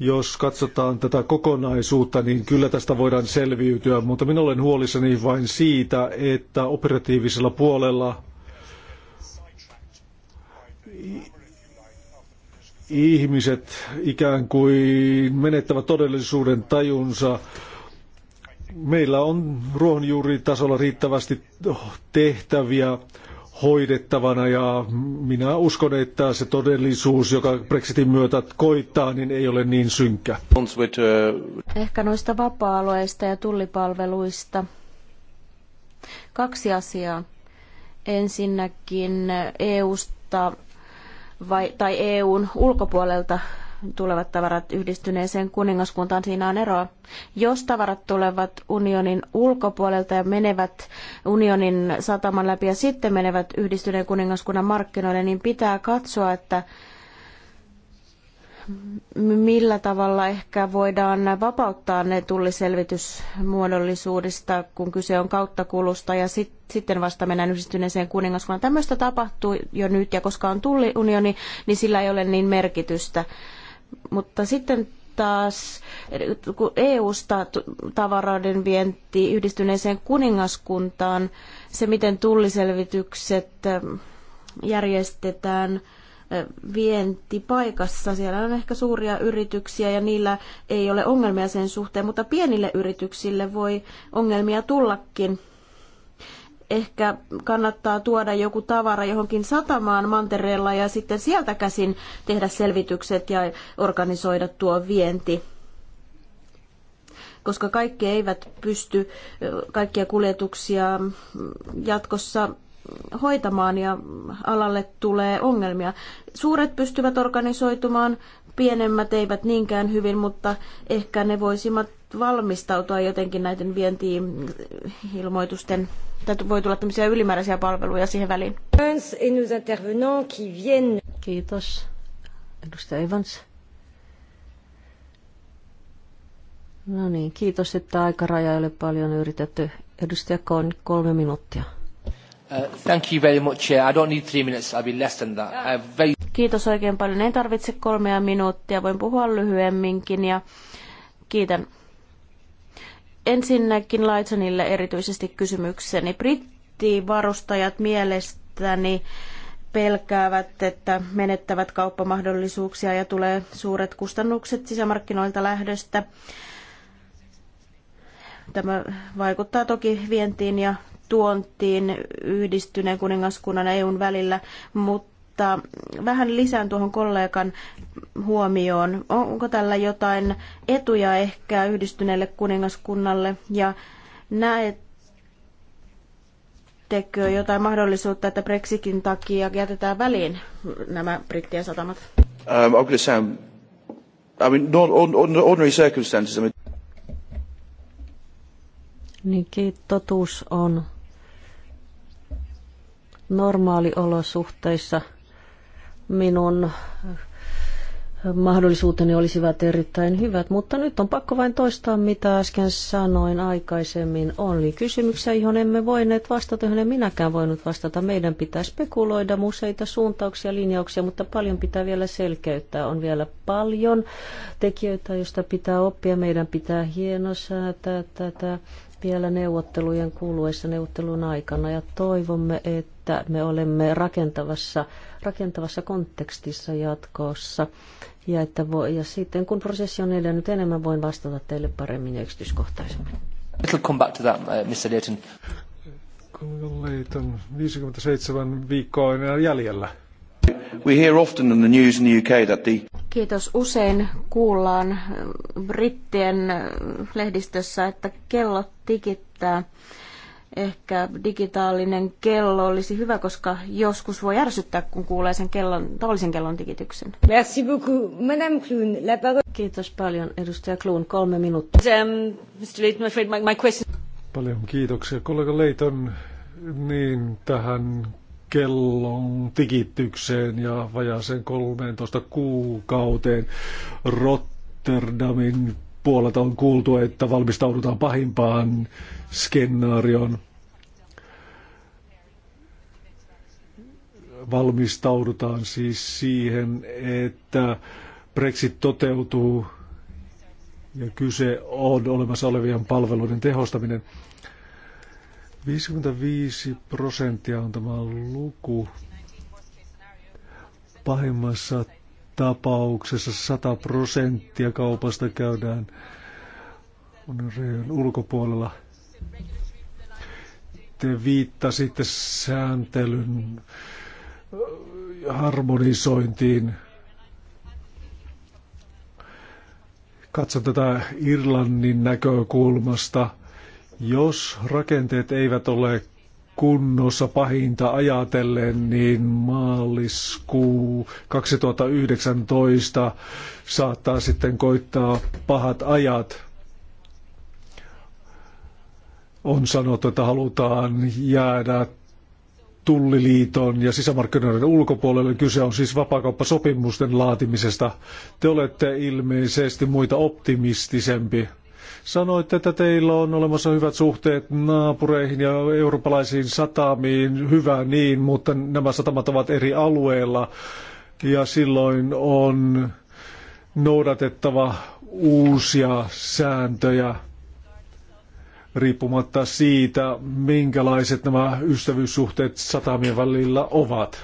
jos katsotaan tätä kokonaisuutta, niin kyllä tästä voidaan selviytyä, mutta minä olen huolissani vain siitä, että operatiivisella puolella ihmiset ikään kuin menettävät todellisuuden tajunsa. Meillä on ruohonjuuritasolla riittävästi tehtäviä, hoidettavana ja minä uskon, että se todellisuus, joka Brexitin myötä koittaa, niin ei ole niin synkkä.
Ehkä noista vapaa-alueista ja tullipalveluista. Kaksi asiaa. Ensinnäkin EUsta vai, tai EUn ulkopuolelta tulevat tavarat yhdistyneeseen kuningaskuntaan, siinä on eroa. Jos tavarat tulevat unionin ulkopuolelta ja menevät unionin sataman läpi ja sitten menevät yhdistyneen kuningaskunnan markkinoille, niin pitää katsoa, että millä tavalla ehkä voidaan vapauttaa ne tulliselvitysmuodollisuudesta, kun kyse on kauttakulusta ja sit, sitten vasta mennään yhdistyneeseen kuningaskunnan. Tämmöistä tapahtuu jo nyt ja koska on tulliunioni, niin sillä ei ole niin merkitystä. Mutta sitten taas kun EU-sta tavaroiden vienti yhdistyneeseen kuningaskuntaan, se miten tulliselvitykset ähm, järjestetään äh, vientipaikassa. Siellä on ehkä suuria yrityksiä ja niillä ei ole ongelmia sen suhteen, mutta pienille yrityksille voi ongelmia tullakin ehkä kannattaa tuoda joku tavara johonkin satamaan mantereella ja sitten sieltä käsin tehdä selvitykset ja organisoida tuo vienti. Koska kaikki eivät pysty kaikkia kuljetuksia jatkossa hoitamaan ja alalle tulee ongelmia. Suuret pystyvät organisoitumaan, pienemmät eivät niinkään hyvin, mutta ehkä ne voisivat valmistautua jotenkin näiden vientiin ilmoitusten että voi tulla tämmöisiä ylimääräisiä palveluja siihen väliin. Kiitos. Edustaja Evans.
No niin, kiitos, että aikaraja ei ole paljon yritetty. Edustaja Kohn, kolme minuuttia.
Uh, thank you very much. I don't need three minutes. I'll be less than that.
Kiitos oikein paljon. En tarvitse kolmea minuuttia. Voin puhua lyhyemminkin ja kiitän Ensinnäkin Laitsonille erityisesti kysymykseni. Brittivarustajat mielestäni pelkäävät, että menettävät kauppamahdollisuuksia ja tulee suuret kustannukset sisämarkkinoilta lähdöstä. Tämä vaikuttaa toki vientiin ja tuontiin yhdistyneen kuningaskunnan EUn välillä, mutta mutta vähän lisään tuohon kollegan huomioon. Onko tällä jotain etuja ehkä yhdistyneelle kuningaskunnalle ja näettekö jotain mahdollisuutta, että Brexitin takia jätetään väliin nämä brittien satamat?
Um, I mean, not ordinary circumstances. I mean...
Niin, totuus on normaaliolosuhteissa – minun mahdollisuuteni olisivat erittäin hyvät, mutta nyt on pakko vain toistaa, mitä äsken sanoin aikaisemmin. Oli kysymyksiä, johon emme voineet vastata, johon en minäkään voinut vastata. Meidän pitää spekuloida museita, suuntauksia, linjauksia, mutta paljon pitää vielä selkeyttää. On vielä paljon tekijöitä, joista pitää oppia. Meidän pitää hienosäätää tätä vielä neuvottelujen kuluessa neuvottelun aikana ja toivomme, että että me olemme rakentavassa, rakentavassa kontekstissa jatkossa. Ja, että voi, ja sitten kun prosessi on edennyt enemmän, voin vastata teille paremmin ja yksityiskohtaisemmin.
It'll come back to that, uh, Mr. Leighton.
Leighton, 57 viikkoa enää jäljellä. We hear often in the news in the UK that the...
Kiitos. Usein kuullaan äh, brittien äh, lehdistössä, että kello tikittää ehkä digitaalinen kello olisi hyvä, koska joskus voi ärsyttää, kun kuulee sen kellon, tavallisen kellon digityksen.
Merci beaucoup, Madame
La parole... Kiitos paljon, edustaja kloon Kolme minuuttia. Um, Mr. Leighton, afraid my, my question...
Paljon kiitoksia. Kollega Leiton, niin tähän kellon digitykseen ja vajaaseen 13 kuukauteen Rotterdamin puolelta on kuultu, että valmistaudutaan pahimpaan skenaarioon. valmistaudutaan siis siihen, että Brexit toteutuu ja kyse on olemassa olevien palveluiden tehostaminen. 55 prosenttia on tämä luku. Pahimmassa tapauksessa 100 prosenttia kaupasta käydään unionin ulkopuolella. Te viittasitte sääntelyn harmonisointiin. Katson tätä Irlannin näkökulmasta. Jos rakenteet eivät ole kunnossa pahinta ajatellen, niin maaliskuu 2019 saattaa sitten koittaa pahat ajat. On sanottu, että halutaan jäädä tulliliiton ja sisämarkkinoiden ulkopuolelle. Kyse on siis vapaakauppasopimusten laatimisesta. Te olette ilmeisesti muita optimistisempi. Sanoitte, että teillä on olemassa hyvät suhteet naapureihin ja eurooppalaisiin satamiin. Hyvä niin, mutta nämä satamat ovat eri alueilla ja silloin on noudatettava uusia sääntöjä riippumatta siitä, minkälaiset nämä ystävyyssuhteet satamien välillä ovat.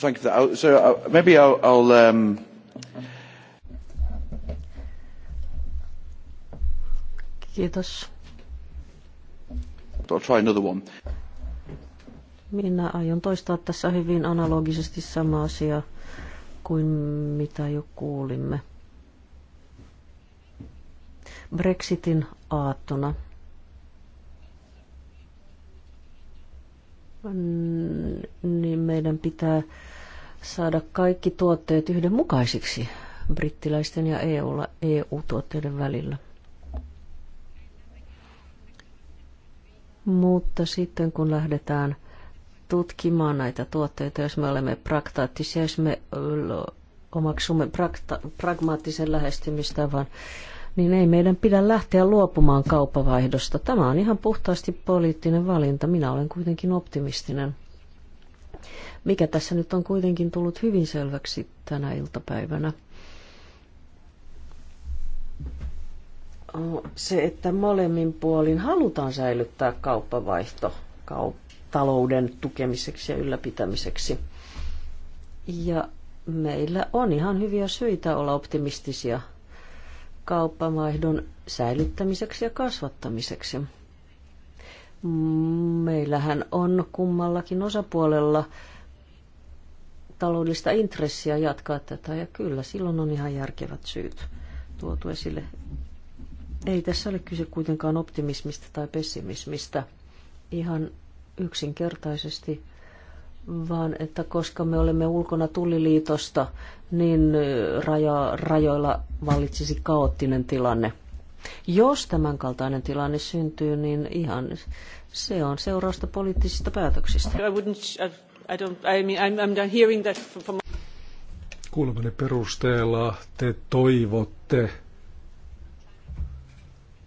Thank you. So uh, maybe I'll, I'll um... Kiitos. I'll try another one.
Minä aion toistaa tässä hyvin analogisesti sama asia kuin mitä jo kuulimme. Brexitin aattona. Niin meidän pitää saada kaikki tuotteet yhdenmukaisiksi brittiläisten ja EU-tuotteiden e välillä. Mutta sitten kun lähdetään tutkimaan näitä tuotteita, jos me olemme praktaattisia, jos me omaksumme pragmaattisen lähestymistavan, vaan niin ei meidän pidä lähteä luopumaan kauppavaihdosta. Tämä on ihan puhtaasti poliittinen valinta. Minä olen kuitenkin optimistinen. Mikä tässä nyt on kuitenkin tullut hyvin selväksi tänä iltapäivänä, se, että molemmin puolin halutaan säilyttää kauppavaihto kaup- talouden tukemiseksi ja ylläpitämiseksi. Ja meillä on ihan hyviä syitä olla optimistisia – kauppamaihdon säilyttämiseksi ja kasvattamiseksi. Meillähän on kummallakin osapuolella taloudellista intressiä jatkaa tätä ja kyllä silloin on ihan järkevät syyt tuotu esille. Ei tässä ole kyse kuitenkaan optimismista tai pessimismistä. Ihan yksinkertaisesti vaan että koska me olemme ulkona tulliliitosta, niin raja, rajoilla vallitsisi kaoottinen tilanne. Jos tämänkaltainen tilanne syntyy, niin ihan se on seurausta poliittisista päätöksistä.
Kuulemani perusteella te toivotte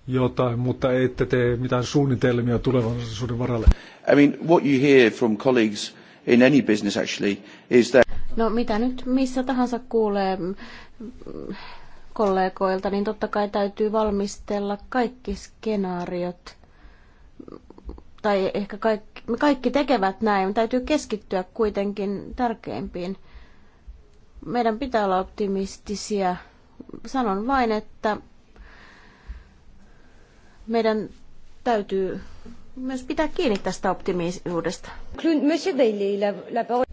jotain, mutta ette tee mitään suunnitelmia tulevaisuuden varalle.
I mean, what you hear from colleagues in any business actually is that No mitä nyt missä tahansa kuulee mm, kollegoilta, niin totta kai täytyy valmistella kaikki skenaariot. Tai ehkä kaikki, kaikki tekevät näin, mutta täytyy keskittyä kuitenkin tärkeimpiin. Meidän pitää olla optimistisia. Sanon vain, että meidän täytyy myös pitää kiinni tästä optimisuudesta. Monsieur Bailey,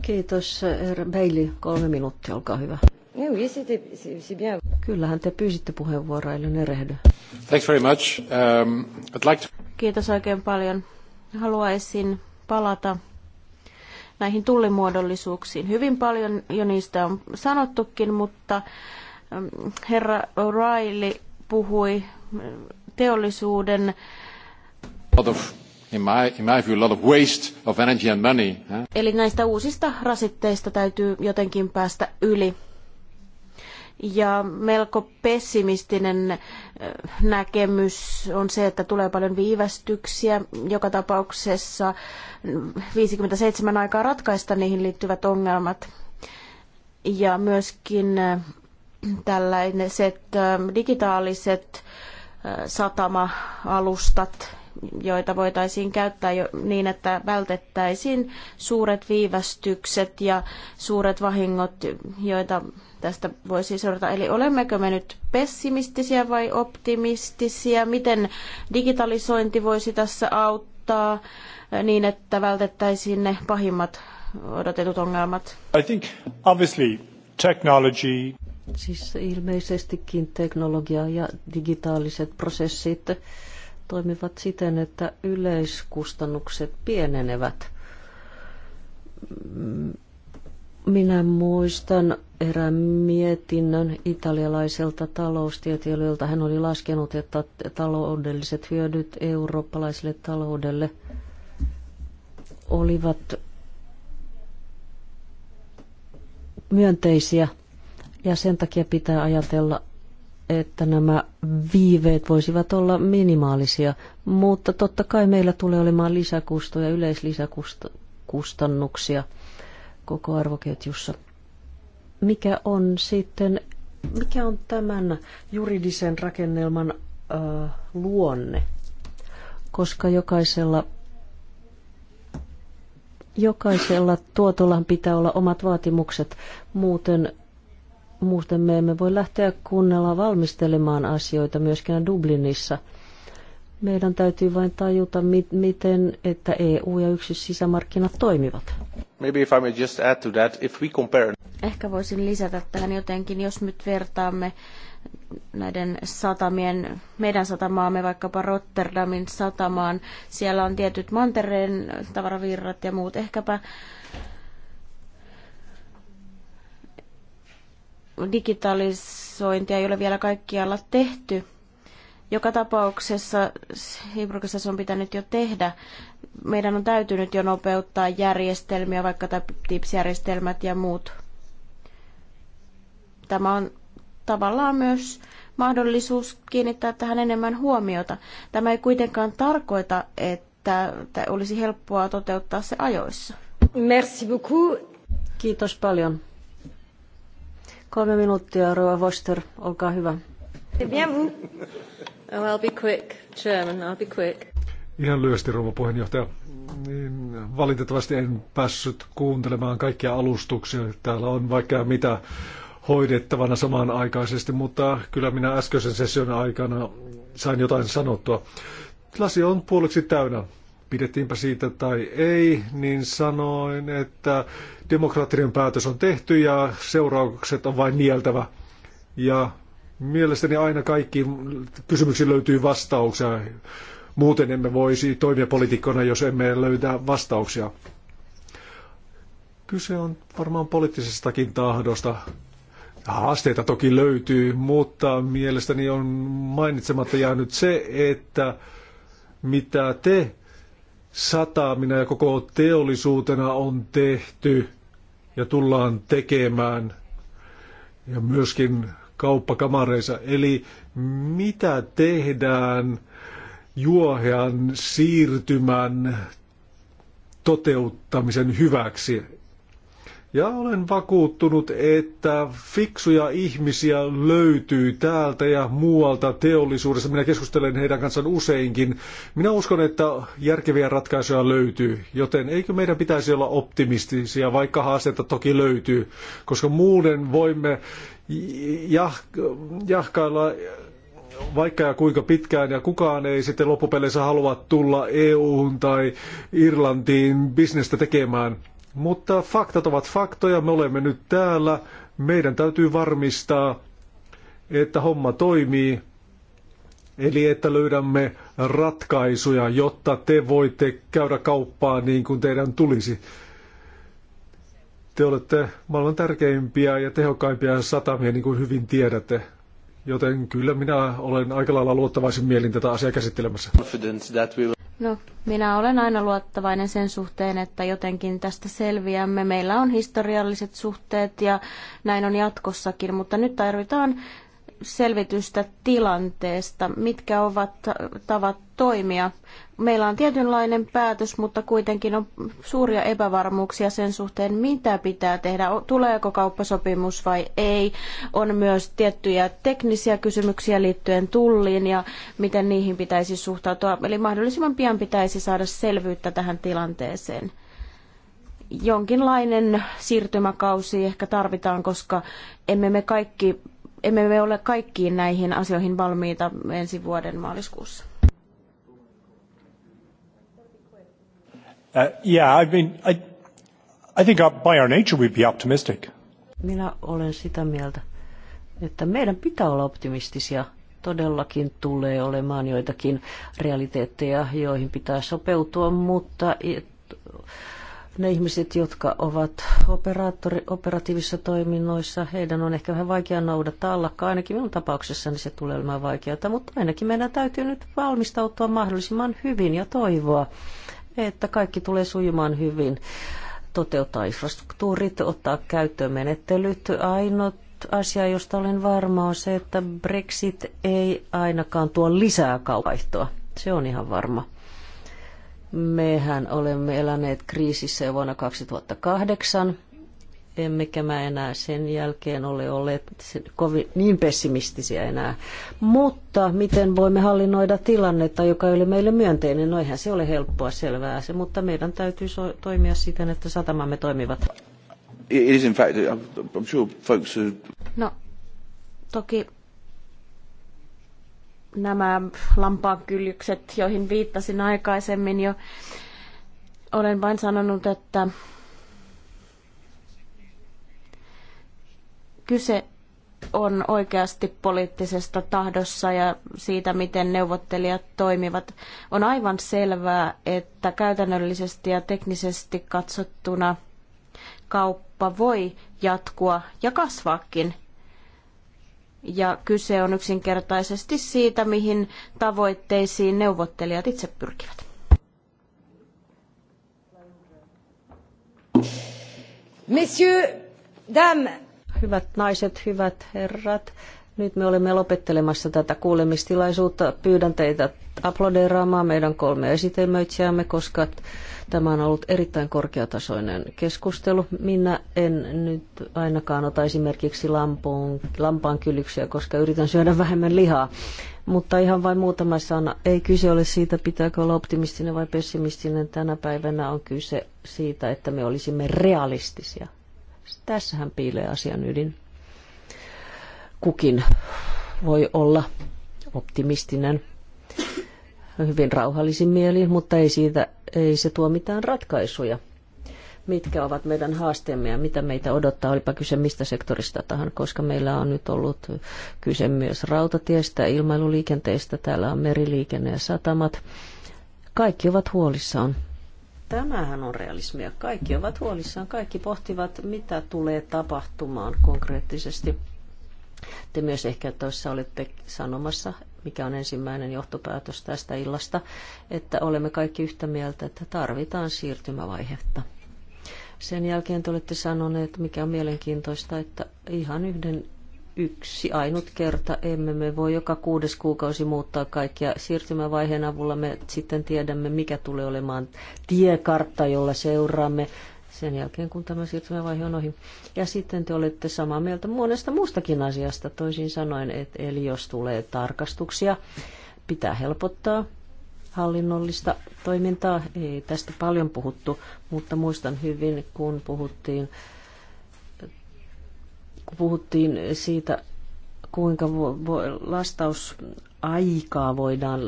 Kiitos, herra Bailey. Kolme minuuttia, olkaa hyvä.
Eh Kyllähän te pyysitte puheenvuoroa, eli ne
Thanks very much. Um, I'd like to...
Kiitos oikein paljon. Haluaisin palata näihin tullimuodollisuuksiin. Hyvin paljon jo niistä on sanottukin, mutta mm, herra O'Reilly puhui mm, teollisuuden Eli näistä uusista rasitteista täytyy jotenkin päästä yli. Ja melko pessimistinen äh, näkemys on se, että tulee paljon viivästyksiä. Joka tapauksessa 57 aikaa ratkaista niihin liittyvät ongelmat. Ja myöskin äh, tällaiset digitaaliset äh, satama-alustat joita voitaisiin käyttää jo niin, että vältettäisiin suuret viivästykset ja suuret vahingot, joita tästä voisi seurata. Eli olemmeko me nyt pessimistisiä vai optimistisia? Miten digitalisointi voisi tässä auttaa niin, että vältettäisiin ne pahimmat odotetut ongelmat?
I think obviously technology Siis
ilmeisestikin teknologia ja digitaaliset prosessit toimivat siten, että yleiskustannukset pienenevät. Minä muistan erään mietinnön italialaiselta taloustieteilijöiltä. Hän oli laskenut, että taloudelliset hyödyt eurooppalaiselle taloudelle olivat myönteisiä ja sen takia pitää ajatella että nämä viiveet voisivat olla minimaalisia, mutta totta kai meillä tulee olemaan lisäkustoja, yleislisäkustannuksia koko arvoketjussa. Mikä on sitten, mikä on tämän juridisen rakennelman äh, luonne? Koska jokaisella jokaisella tuotolla pitää olla omat vaatimukset, muuten Muuten me emme voi lähteä kunnella valmistelemaan asioita myöskään Dublinissa. Meidän täytyy vain tajuta, miten, että EU ja yksi sisämarkkinat toimivat.
Maybe if I may just add to that, if we compare...
Ehkä voisin lisätä tähän jotenkin, jos nyt vertaamme näiden satamien, meidän satamaamme vaikkapa Rotterdamin satamaan. Siellä on tietyt mantereen tavaravirrat ja muut. Ehkäpä digitalisointia ei ole vielä kaikkialla tehty. Joka tapauksessa Hibrokissa se on pitänyt jo tehdä. Meidän on täytynyt jo nopeuttaa järjestelmiä, vaikka TIPS-järjestelmät ja muut. Tämä on tavallaan myös mahdollisuus kiinnittää tähän enemmän huomiota. Tämä ei kuitenkaan tarkoita, että olisi helppoa toteuttaa se ajoissa. Merci beaucoup. Kiitos paljon. Kolme minuuttia, Rova Voster,
olkaa hyvä. Oh, I'll be quick, Chairman, I'll be quick.
Ihan lyhyesti, rouva puheenjohtaja. Niin, valitettavasti en päässyt kuuntelemaan kaikkia alustuksia. Täällä on vaikka mitä hoidettavana samanaikaisesti, mutta kyllä minä äskeisen session aikana sain jotain sanottua. Lasi on puoliksi täynnä pidettiinpä siitä tai ei, niin sanoin, että demokraattinen päätös on tehty ja seuraukset on vain nieltävä. Ja mielestäni aina kaikkiin kysymyksiin löytyy vastauksia. Muuten emme voisi toimia poliitikkona, jos emme löydä vastauksia. Kyse on varmaan poliittisestakin tahdosta. Haasteita toki löytyy, mutta mielestäni on mainitsematta jäänyt se, että mitä te satamina ja koko teollisuutena on tehty ja tullaan tekemään ja myöskin kauppakamareissa. Eli mitä tehdään juohean siirtymän toteuttamisen hyväksi? Ja olen vakuuttunut, että fiksuja ihmisiä löytyy täältä ja muualta teollisuudessa. Minä keskustelen heidän kanssaan useinkin. Minä uskon, että järkeviä ratkaisuja löytyy, joten eikö meidän pitäisi olla optimistisia, vaikka haasteita toki löytyy, koska muuten voimme jah- jahkailla vaikka ja kuinka pitkään ja kukaan ei sitten loppupeleissä halua tulla EU:hun tai Irlantiin bisnestä tekemään – mutta faktat ovat faktoja, me olemme nyt täällä. Meidän täytyy varmistaa, että homma toimii, eli että löydämme ratkaisuja, jotta te voitte käydä kauppaa niin kuin teidän tulisi. Te olette maailman tärkeimpiä ja tehokkaimpia satamia, niin kuin hyvin tiedätte. Joten kyllä minä olen aika lailla luottavaisin mielin tätä asiaa käsittelemässä.
No, minä olen aina luottavainen sen suhteen, että jotenkin tästä selviämme. Meillä on historialliset suhteet ja näin on jatkossakin, mutta nyt tarvitaan selvitystä tilanteesta, mitkä ovat tavat toimia. Meillä on tietynlainen päätös, mutta kuitenkin on suuria epävarmuuksia sen suhteen, mitä pitää tehdä, tuleeko kauppasopimus vai ei. On myös tiettyjä teknisiä kysymyksiä liittyen tulliin ja miten niihin pitäisi suhtautua. Eli mahdollisimman pian pitäisi saada selvyyttä tähän tilanteeseen jonkinlainen siirtymäkausi ehkä tarvitaan, koska emme me kaikki emme me ole kaikkiin näihin asioihin valmiita ensi vuoden maaliskuussa.
Uh, yeah, I mean, I, I think by our nature we'd be optimistic.
Minä olen sitä mieltä, että meidän pitää olla optimistisia. Todellakin tulee olemaan joitakin realiteetteja, joihin pitää sopeutua, mutta ne ihmiset, jotka ovat operaattori, operatiivisissa toiminnoissa, heidän on ehkä vähän vaikea noudattaa allakka. Ainakin minun tapauksessani se tulee olemaan vaikeaa, mutta ainakin meidän täytyy nyt valmistautua mahdollisimman hyvin ja toivoa, että kaikki tulee sujumaan hyvin. Toteuttaa infrastruktuurit, ottaa käyttöön menettelyt, ainot asia, josta olen varma, on se, että Brexit ei ainakaan tuo lisää kauppaihtoa. Se on ihan varma Mehän olemme eläneet kriisissä jo vuonna 2008, emmekä mä enää sen jälkeen ole olleet kovin niin pessimistisiä enää. Mutta miten voimme hallinnoida tilannetta, joka oli meille myönteinen? No eihän se ole helppoa, selvää se, mutta meidän täytyy so- toimia siten, että satamamme toimivat.
It is in fact, I'm sure folks are... No, toki nämä lampaankyljykset, joihin viittasin aikaisemmin jo. Olen vain sanonut, että kyse on oikeasti poliittisesta tahdossa ja siitä, miten neuvottelijat toimivat. On aivan selvää, että käytännöllisesti ja teknisesti katsottuna kauppa voi jatkua ja kasvaakin ja kyse on yksinkertaisesti siitä, mihin tavoitteisiin neuvottelijat itse pyrkivät.
Hyvät naiset, hyvät herrat, nyt me olemme lopettelemassa tätä kuulemistilaisuutta. Pyydän teitä aplodeeraamaan meidän kolme esitelmöitsijäämme, koska Tämä on ollut erittäin korkeatasoinen keskustelu. Minä en nyt ainakaan ota esimerkiksi lampaan, lampaan kylyksiä, koska yritän syödä vähemmän lihaa. Mutta ihan vain muutama sana. Ei kyse ole siitä, pitääkö olla optimistinen vai pessimistinen. Tänä päivänä on kyse siitä, että me olisimme realistisia. Tässähän piilee asian ydin. Kukin voi olla optimistinen hyvin rauhallisin mielin, mutta ei, siitä, ei se tuo mitään ratkaisuja. Mitkä ovat meidän haasteemme ja mitä meitä odottaa, olipa kyse mistä sektorista tahansa, koska meillä on nyt ollut kyse myös rautatiestä, ilmailuliikenteestä, täällä on meriliikenne ja satamat. Kaikki ovat huolissaan Tämähän on realismia. Kaikki ovat huolissaan. Kaikki pohtivat, mitä tulee tapahtumaan konkreettisesti. Te myös ehkä tuossa olette sanomassa, mikä on ensimmäinen johtopäätös tästä illasta, että olemme kaikki yhtä mieltä, että tarvitaan siirtymävaihetta. Sen jälkeen te olette sanoneet, mikä on mielenkiintoista, että ihan yhden yksi ainut kerta emme me voi joka kuudes kuukausi muuttaa kaikkia. Siirtymävaiheen avulla me sitten tiedämme, mikä tulee olemaan tiekartta, jolla seuraamme sen jälkeen, kun tämä siirtymävaihe on ohi. Ja sitten te olette samaa mieltä monesta muustakin asiasta, toisin sanoen, että eli jos tulee tarkastuksia, pitää helpottaa hallinnollista toimintaa. Ei tästä paljon puhuttu, mutta muistan hyvin, kun puhuttiin, kun puhuttiin siitä, kuinka vo, vo, lastausaikaa voidaan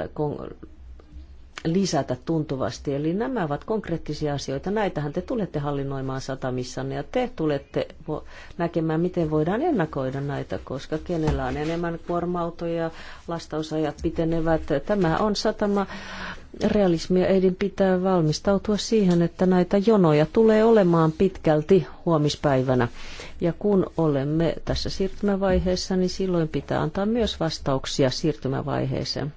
lisätä tuntuvasti. Eli nämä ovat konkreettisia asioita. Näitähän te tulette hallinnoimaan satamissanne ja te tulette näkemään, miten voidaan ennakoida näitä, koska kenellä on enemmän kuorma-autoja, lastausajat pitenevät. Tämä on satama realismia. Eidin pitää valmistautua siihen, että näitä jonoja tulee olemaan pitkälti huomispäivänä. Ja kun olemme tässä siirtymävaiheessa, niin silloin pitää antaa myös vastauksia siirtymävaiheeseen.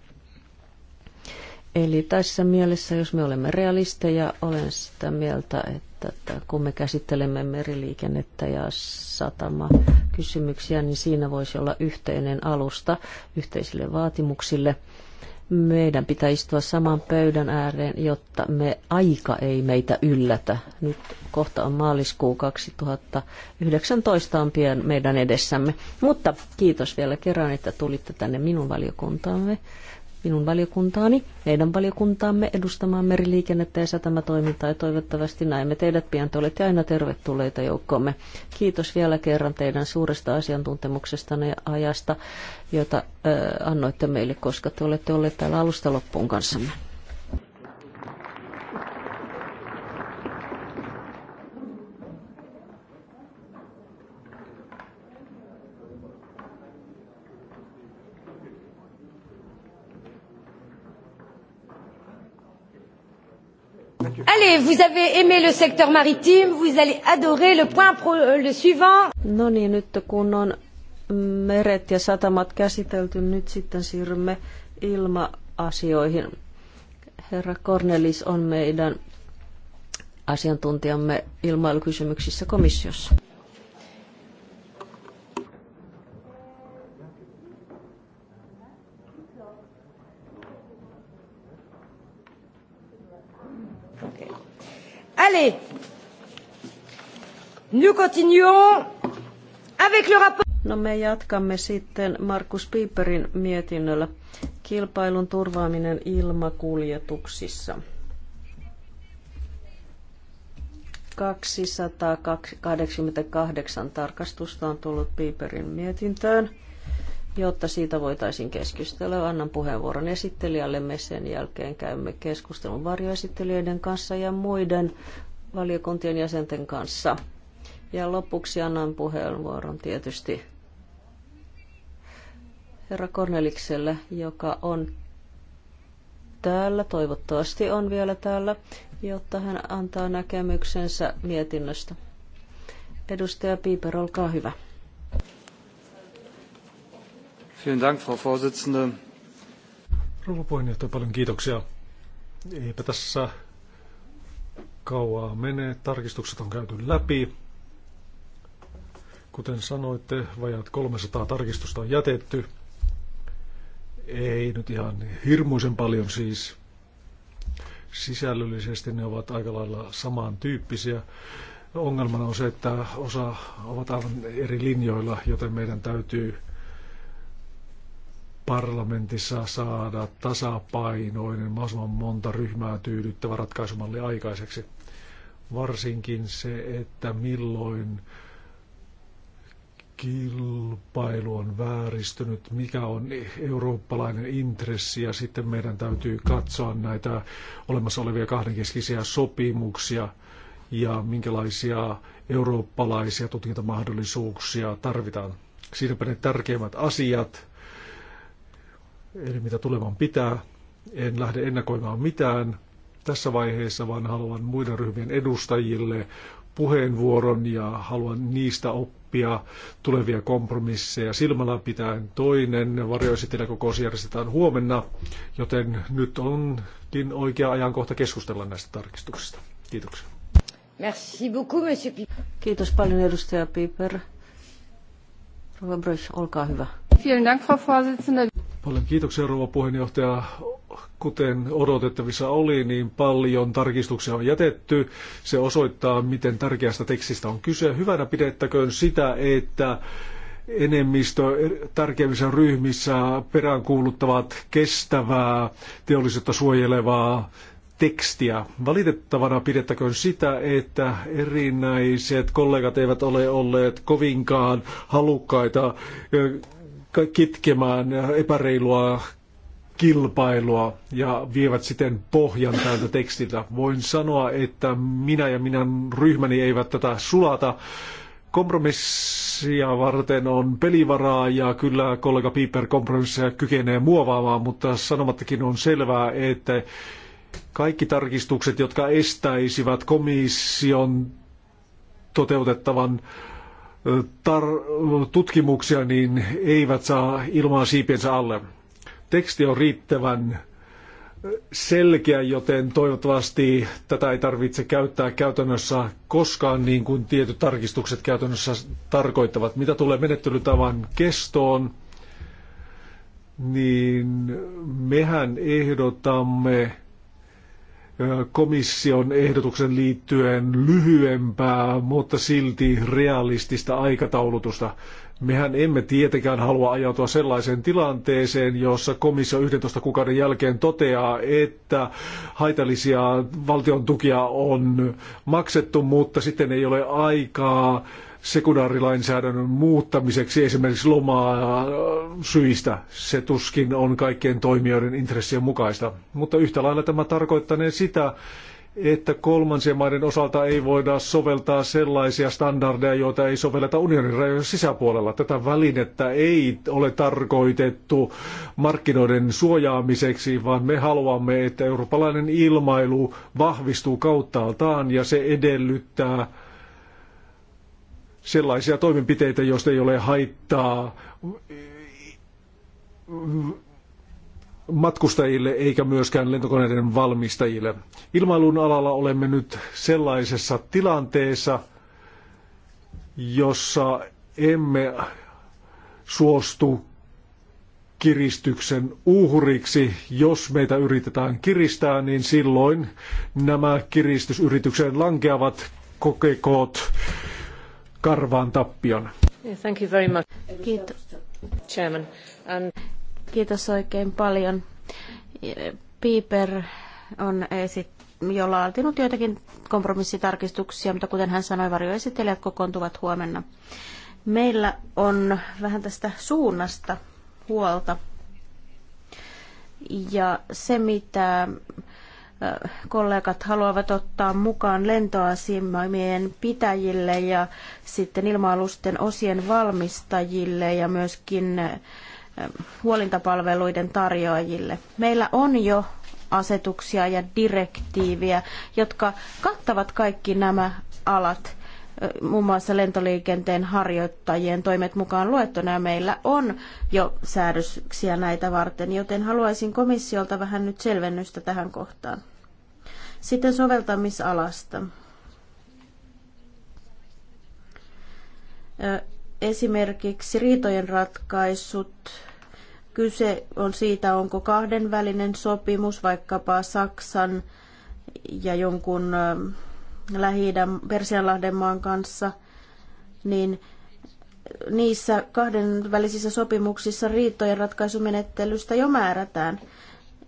Eli tässä mielessä, jos me olemme realisteja, olen sitä mieltä, että, kun me käsittelemme meriliikennettä ja satama kysymyksiä niin siinä voisi olla yhteinen alusta yhteisille vaatimuksille. Meidän pitää istua saman pöydän ääreen, jotta me aika ei meitä yllätä. Nyt kohta on maaliskuu 2019 on pian meidän edessämme. Mutta kiitos vielä kerran, että tulitte tänne minun valiokuntaamme minun valiokuntaani, meidän valiokuntaamme edustamaan meriliikennettä ja satamatoimintaa ja toivottavasti näemme teidät pian. Te olette aina tervetulleita joukkoomme. Kiitos vielä kerran teidän suuresta asiantuntemuksestanne ja ajasta, jota ö, annoitte meille, koska te olette olleet täällä alusta loppuun kanssamme.
Allez, vous avez aimé le secteur maritime, vous allez
adorer le point pro, euh, le suivant. No niin, nyt kun on meret ja satamat käsitelty, nyt sitten siirrymme ilma-asioihin. Herra Cornelis on meidän asiantuntijamme ilmailukysymyksissä komissiossa. Allez, nous continuons avec le rapport. No me jatkamme sitten Markus Piperin mietinnöllä kilpailun turvaaminen ilmakuljetuksissa. 288 tarkastusta on tullut Piperin mietintöön jotta siitä voitaisiin keskustella. Annan puheenvuoron esittelijällemme, sen jälkeen käymme keskustelun varjoesittelijöiden kanssa ja muiden valiokuntien jäsenten kanssa. Ja lopuksi annan puheenvuoron tietysti herra Kornelikselle, joka on täällä, toivottavasti on vielä täällä, jotta hän antaa näkemyksensä mietinnöstä. Edustaja Piiper, olkaa hyvä.
Vielen Dank, Frau Vorsitzende. Rouva puheenjohtaja, paljon kiitoksia. Eipä tässä kauaa mene. Tarkistukset on käyty läpi. Kuten sanoitte, vajaat 300 tarkistusta on jätetty. Ei nyt ihan hirmuisen paljon siis. Sisällöllisesti ne ovat aika lailla samantyyppisiä. Ongelmana on se, että osa ovat aivan eri linjoilla, joten meidän täytyy parlamentissa saada tasapainoinen, mahdollisimman monta ryhmää tyydyttävä ratkaisumalli aikaiseksi. Varsinkin se, että milloin kilpailu on vääristynyt, mikä on eurooppalainen intressi ja sitten meidän täytyy katsoa näitä olemassa olevia kahdenkeskisiä sopimuksia ja minkälaisia eurooppalaisia tutkintamahdollisuuksia tarvitaan. Siinäpä ne tärkeimmät asiat. Eli mitä tulevan pitää. En lähde ennakoimaan mitään tässä vaiheessa, vaan haluan muiden ryhmien edustajille puheenvuoron ja haluan niistä oppia tulevia kompromisseja. Silmällä pitäen toinen varjoesittelykokous järjestetään huomenna, joten nyt onkin oikea ajankohta keskustella näistä tarkistuksista. Kiitoksia.
Merci beaucoup, monsieur Piper.
Kiitos paljon edustaja Piper. Rova Brüch, olkaa hyvä. Vielen Dank, Frau Vorsitzende.
Paljon kiitoksia, rouva puheenjohtaja. Kuten odotettavissa oli, niin paljon tarkistuksia on jätetty. Se osoittaa, miten tärkeästä tekstistä on kyse. Hyvänä pidettäköön sitä, että enemmistö er- tärkeimmissä ryhmissä peräänkuuluttavat kestävää, teollisuutta suojelevaa tekstiä. Valitettavana pidettäköön sitä, että erinäiset kollegat eivät ole olleet kovinkaan halukkaita kitkemään epäreilua kilpailua ja vievät siten pohjan tältä tekstiltä. Voin sanoa, että minä ja minä ryhmäni eivät tätä sulata. Kompromissia varten on pelivaraa ja kyllä kollega Piper kompromissia kykenee muovaamaan, mutta sanomattakin on selvää, että kaikki tarkistukset, jotka estäisivät komission toteutettavan tutkimuksia, niin eivät saa ilmaa siipiensä alle. Teksti on riittävän selkeä, joten toivottavasti tätä ei tarvitse käyttää käytännössä koskaan niin kuin tietyt tarkistukset käytännössä tarkoittavat. Mitä tulee menettelytavan kestoon, niin mehän ehdotamme komission ehdotuksen liittyen lyhyempää, mutta silti realistista aikataulutusta. Mehän emme tietenkään halua ajautua sellaiseen tilanteeseen, jossa komissio 11 kuukauden jälkeen toteaa, että haitallisia valtion tukia on maksettu, mutta sitten ei ole aikaa sekundaarilainsäädännön muuttamiseksi esimerkiksi lomaa äh, syistä. Se tuskin on kaikkien toimijoiden intressien mukaista. Mutta yhtä lailla tämä tarkoittanee sitä, että kolmansien maiden osalta ei voida soveltaa sellaisia standardeja, joita ei sovelleta unionin rajojen sisäpuolella. Tätä välinettä ei ole tarkoitettu markkinoiden suojaamiseksi, vaan me haluamme, että eurooppalainen ilmailu vahvistuu kauttaaltaan ja se edellyttää sellaisia toimenpiteitä, joista ei ole haittaa matkustajille eikä myöskään lentokoneiden valmistajille. Ilmailun alalla olemme nyt sellaisessa tilanteessa, jossa emme suostu kiristyksen uhriksi. Jos meitä yritetään kiristää, niin silloin nämä kiristysyritykset lankeavat kokekoot karvaan tappion.
Thank you very much. Kiitos. Chairman. And... Kiitos oikein paljon. Piper on esittänyt jo laatinut joitakin kompromissitarkistuksia, mutta kuten hän sanoi, varjoesittelijät kokoontuvat huomenna. Meillä on vähän tästä suunnasta huolta. Ja se, mitä kollegat haluavat ottaa mukaan lentoasemien pitäjille ja sitten ilma-alusten osien valmistajille ja myöskin eh, huolintapalveluiden tarjoajille. Meillä on jo asetuksia ja direktiiviä, jotka kattavat kaikki nämä alat, eh, muun muassa lentoliikenteen harjoittajien toimet mukaan luettuna. Meillä on jo säädöksiä näitä varten, joten haluaisin komissiolta vähän nyt selvennystä tähän kohtaan. Sitten soveltamisalasta. Esimerkiksi riitojen ratkaisut. Kyse on siitä, onko kahdenvälinen sopimus vaikkapa Saksan ja jonkun Lähi-idän Persianlahden maan kanssa, niin niissä kahdenvälisissä sopimuksissa riitojen ratkaisumenettelystä jo määrätään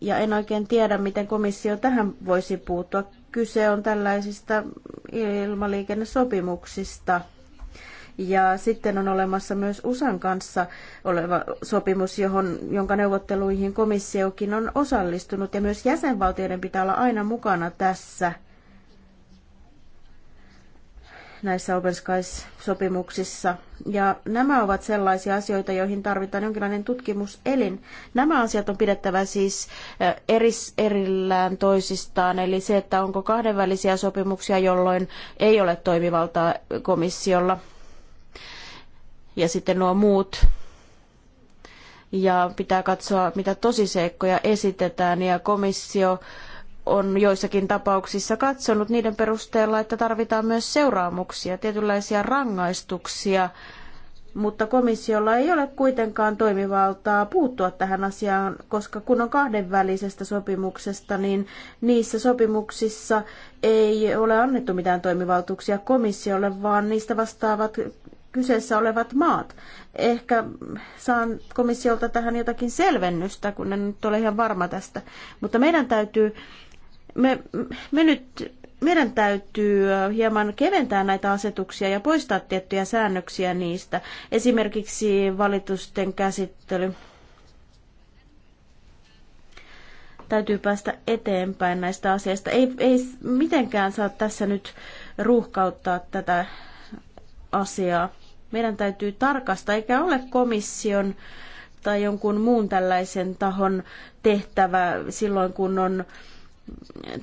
ja en oikein tiedä, miten komissio tähän voisi puuttua. Kyse on tällaisista ilmaliikennesopimuksista. Ja sitten on olemassa myös USAn kanssa oleva sopimus, johon, jonka neuvotteluihin komissiokin on osallistunut, ja myös jäsenvaltioiden pitää olla aina mukana tässä – näissä Open Skies-sopimuksissa. Ja nämä ovat sellaisia asioita, joihin tarvitaan jonkinlainen tutkimuselin. Nämä asiat on pidettävä siis eris, erillään toisistaan, eli se, että onko kahdenvälisiä sopimuksia, jolloin ei ole toimivaltaa komissiolla. Ja sitten nuo muut ja pitää katsoa, mitä tosiseikkoja esitetään, ja komissio on joissakin tapauksissa katsonut niiden perusteella, että tarvitaan myös seuraamuksia, tietynlaisia rangaistuksia, mutta komissiolla ei ole kuitenkaan toimivaltaa puuttua tähän asiaan, koska kun on kahdenvälisestä sopimuksesta, niin niissä sopimuksissa ei ole annettu mitään toimivaltuuksia komissiolle, vaan niistä vastaavat kyseessä olevat maat. Ehkä saan komissiolta tähän jotakin selvennystä, kun en nyt ole ihan varma tästä. Mutta meidän täytyy me, me nyt, meidän täytyy hieman keventää näitä asetuksia ja poistaa tiettyjä säännöksiä niistä, esimerkiksi valitusten käsittely. Täytyy päästä eteenpäin näistä asioista. Ei, ei mitenkään saa tässä nyt ruuhkauttaa tätä asiaa. Meidän täytyy tarkastaa, eikä ole komission tai jonkun muun tällaisen tahon tehtävä silloin, kun on äh,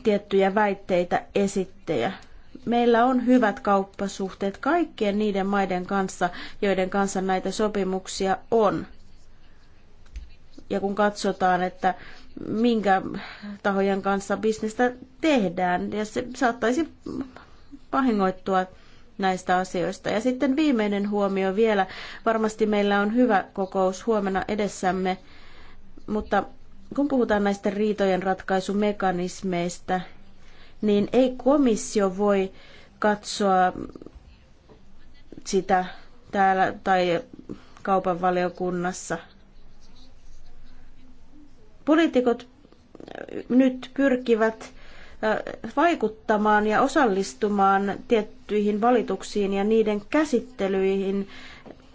tiettyjä väitteitä esittejä. Meillä on hyvät kauppasuhteet kaikkien niiden maiden kanssa, joiden kanssa näitä sopimuksia on. Ja kun katsotaan, että minkä tahojen kanssa bisnestä tehdään, ja se saattaisi vahingoittua näistä asioista. Ja sitten viimeinen huomio vielä. Varmasti meillä on hyvä kokous huomenna edessämme, mutta kun puhutaan näistä riitojen ratkaisumekanismeista, niin ei komissio voi katsoa sitä täällä tai kaupan valiokunnassa. Poliitikot nyt pyrkivät äh, vaikuttamaan ja osallistumaan tiettyihin valituksiin ja niiden käsittelyihin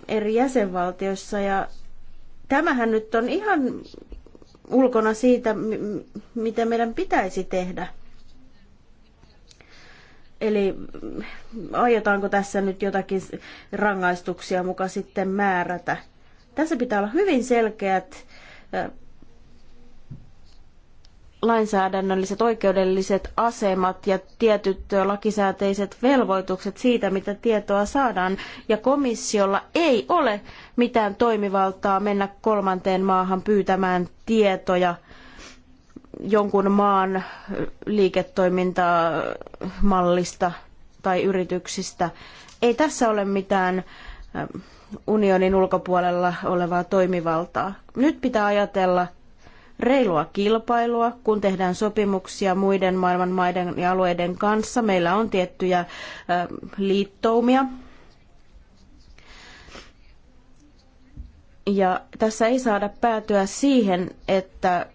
eri jäsenvaltioissa. Ja tämähän nyt on ihan ulkona siitä, mitä meidän pitäisi tehdä. Eli aiotaanko tässä nyt jotakin rangaistuksia muka sitten määrätä? Tässä pitää olla hyvin selkeät lainsäädännölliset oikeudelliset asemat ja tietyt lakisääteiset velvoitukset siitä, mitä tietoa saadaan. Ja komissiolla ei ole mitään toimivaltaa mennä kolmanteen maahan pyytämään tietoja jonkun maan liiketoimintamallista tai yrityksistä. Ei tässä ole mitään ähm, unionin ulkopuolella olevaa toimivaltaa. Nyt pitää ajatella reilua kilpailua, kun tehdään sopimuksia muiden maailman maiden ja alueiden kanssa. Meillä on tiettyjä liittoumia. Ja tässä ei saada päätyä siihen, että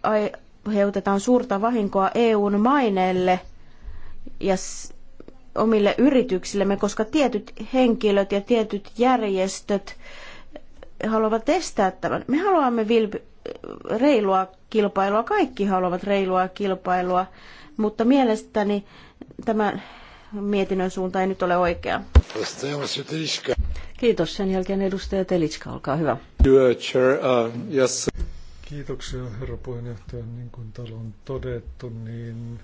aiheutetaan suurta vahinkoa EUn maineelle ja omille yrityksillemme, koska tietyt henkilöt ja tietyt järjestöt haluavat estää tämän. Me haluamme vilpi, reilua kilpailua, kaikki haluavat reilua kilpailua, mutta mielestäni tämä mietinnön suunta ei nyt ole oikea. Kiitos. Sen jälkeen edustaja Telitska, olkaa hyvä.
Kiitoksia herra puheenjohtaja. Niin kuin täällä on todettu, niin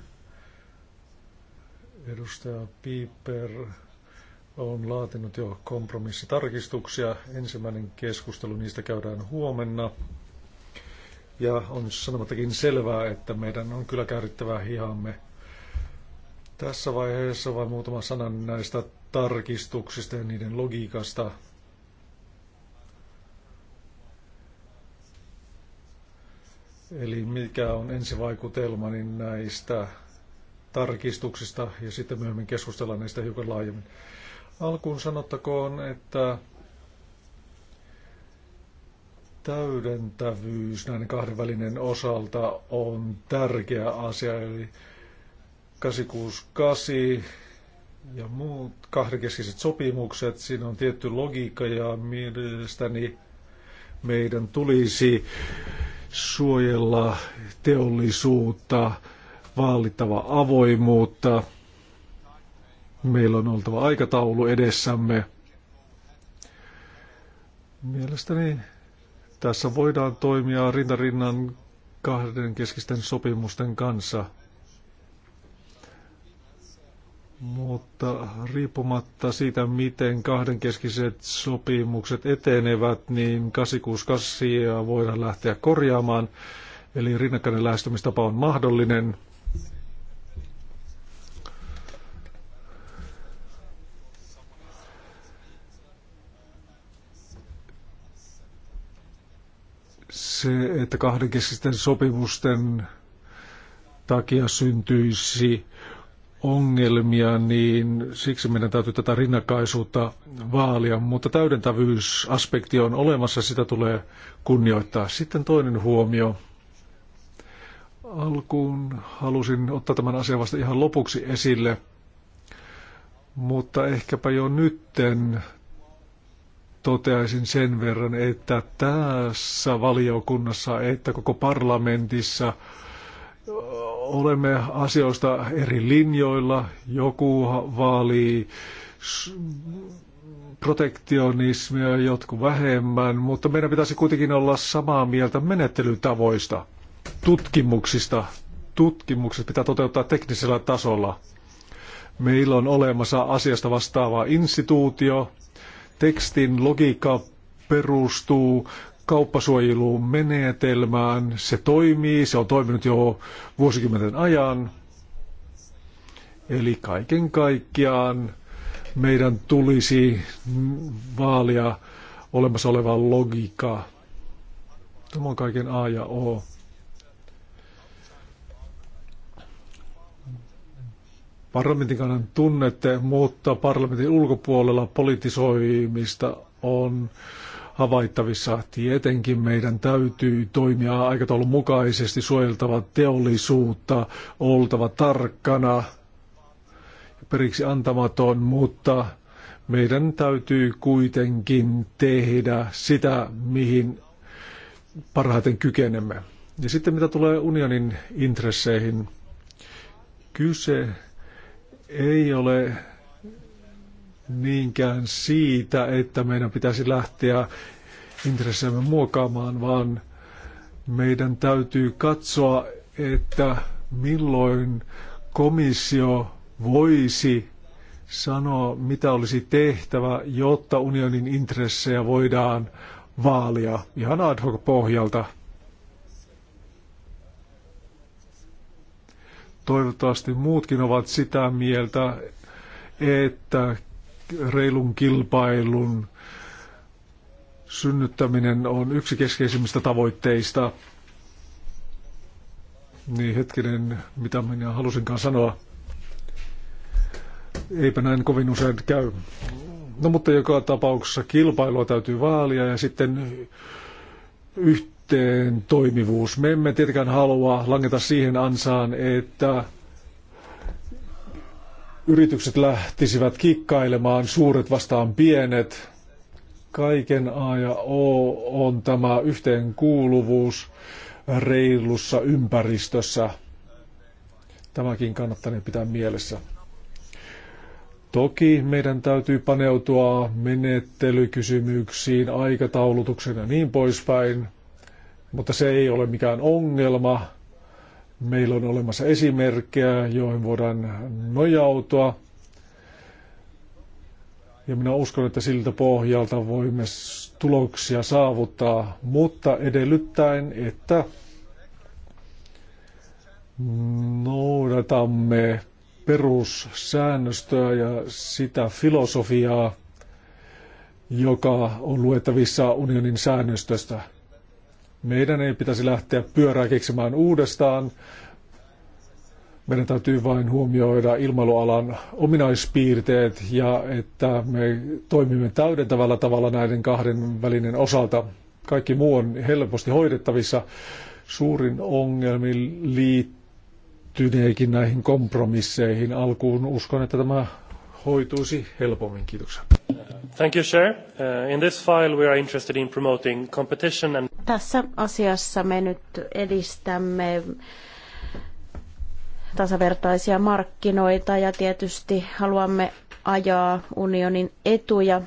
edustaja Piper on laatinut jo kompromissitarkistuksia. Ensimmäinen keskustelu niistä käydään huomenna. Ja on sanomattakin selvää, että meidän on kyllä käärittävä hihamme tässä vaiheessa vain muutama sana näistä tarkistuksista ja niiden logiikasta. Eli mikä on ensivaikutelma niin näistä tarkistuksista ja sitten myöhemmin keskustellaan näistä hiukan laajemmin. Alkuun sanottakoon, että täydentävyys näiden kahden välinen osalta on tärkeä asia, eli 868 ja muut kahdenkeskiset sopimukset, siinä on tietty logiikka ja mielestäni meidän tulisi suojella teollisuutta, vaalittava avoimuutta – Meillä on oltava aikataulu edessämme. Mielestäni tässä voidaan toimia rintarinnan kahden keskisten sopimusten kanssa. Mutta riippumatta siitä, miten kahdenkeskiset sopimukset etenevät, niin 868 voidaan lähteä korjaamaan. Eli rinnakkainen lähestymistapa on mahdollinen. se, että kahdenkeskisten sopimusten takia syntyisi ongelmia, niin siksi meidän täytyy tätä rinnakkaisuutta vaalia, mutta täydentävyysaspekti on olemassa, sitä tulee kunnioittaa. Sitten toinen huomio. Alkuun halusin ottaa tämän asian vasta ihan lopuksi esille, mutta ehkäpä jo nytten toteaisin sen verran, että tässä valiokunnassa, että koko parlamentissa olemme asioista eri linjoilla. Joku vaalii protektionismia, jotkut vähemmän, mutta meidän pitäisi kuitenkin olla samaa mieltä menettelytavoista, tutkimuksista. Tutkimukset pitää toteuttaa teknisellä tasolla. Meillä on olemassa asiasta vastaava instituutio, Tekstin logiikka perustuu kauppasuojeluun menetelmään. Se toimii, se on toiminut jo vuosikymmenten ajan. Eli kaiken kaikkiaan meidän tulisi vaalia olemassa olevaa logiikkaa. Tämä on kaiken A ja O. Parlamentin kannan tunnette, mutta parlamentin ulkopuolella politisoimista on havaittavissa. Tietenkin meidän täytyy toimia aikataulun mukaisesti, suojeltava teollisuutta, oltava tarkkana, periksi antamaton, mutta meidän täytyy kuitenkin tehdä sitä, mihin parhaiten kykenemme. Ja sitten mitä tulee unionin intresseihin, kyse ei ole niinkään siitä, että meidän pitäisi lähteä intressejämme muokkaamaan, vaan meidän täytyy katsoa, että milloin komissio voisi sanoa, mitä olisi tehtävä, jotta unionin intressejä voidaan vaalia ihan ad hoc pohjalta. Toivottavasti muutkin ovat sitä mieltä, että reilun kilpailun synnyttäminen on yksi keskeisimmistä tavoitteista. Niin hetkinen, mitä minä halusinkaan sanoa. Eipä näin kovin usein käy. No mutta joka tapauksessa kilpailua täytyy vaalia ja sitten yht- sitten toimivuus. Me emme tietenkään halua langeta siihen ansaan, että yritykset lähtisivät kikkailemaan suuret vastaan pienet. Kaiken A ja O on tämä yhteenkuuluvuus reilussa ympäristössä. Tämäkin kannattaa pitää mielessä. Toki meidän täytyy paneutua menettelykysymyksiin, aikataulutuksen ja niin poispäin. Mutta se ei ole mikään ongelma. Meillä on olemassa esimerkkejä, joihin voidaan nojautua. Ja minä uskon, että siltä pohjalta voimme tuloksia saavuttaa, mutta edellyttäen, että noudatamme perussäännöstöä ja sitä filosofiaa, joka on luettavissa unionin säännöstöstä. Meidän ei pitäisi lähteä pyörää keksimään uudestaan. Meidän täytyy vain huomioida ilmailualan ominaispiirteet ja että me toimimme täydentävällä tavalla näiden kahden välinen osalta. Kaikki muu on helposti hoidettavissa. Suurin ongelmi liittyneekin näihin kompromisseihin. Alkuun uskon, että tämä hoituisi helpommin. Kiitoksia.
Thank you, Chair. Uh, in this file we are interested in promoting competition and... Tässä asiassa me nyt edistämme tasavertaisia markkinoita ja tietysti haluamme ajaa unionin etuja.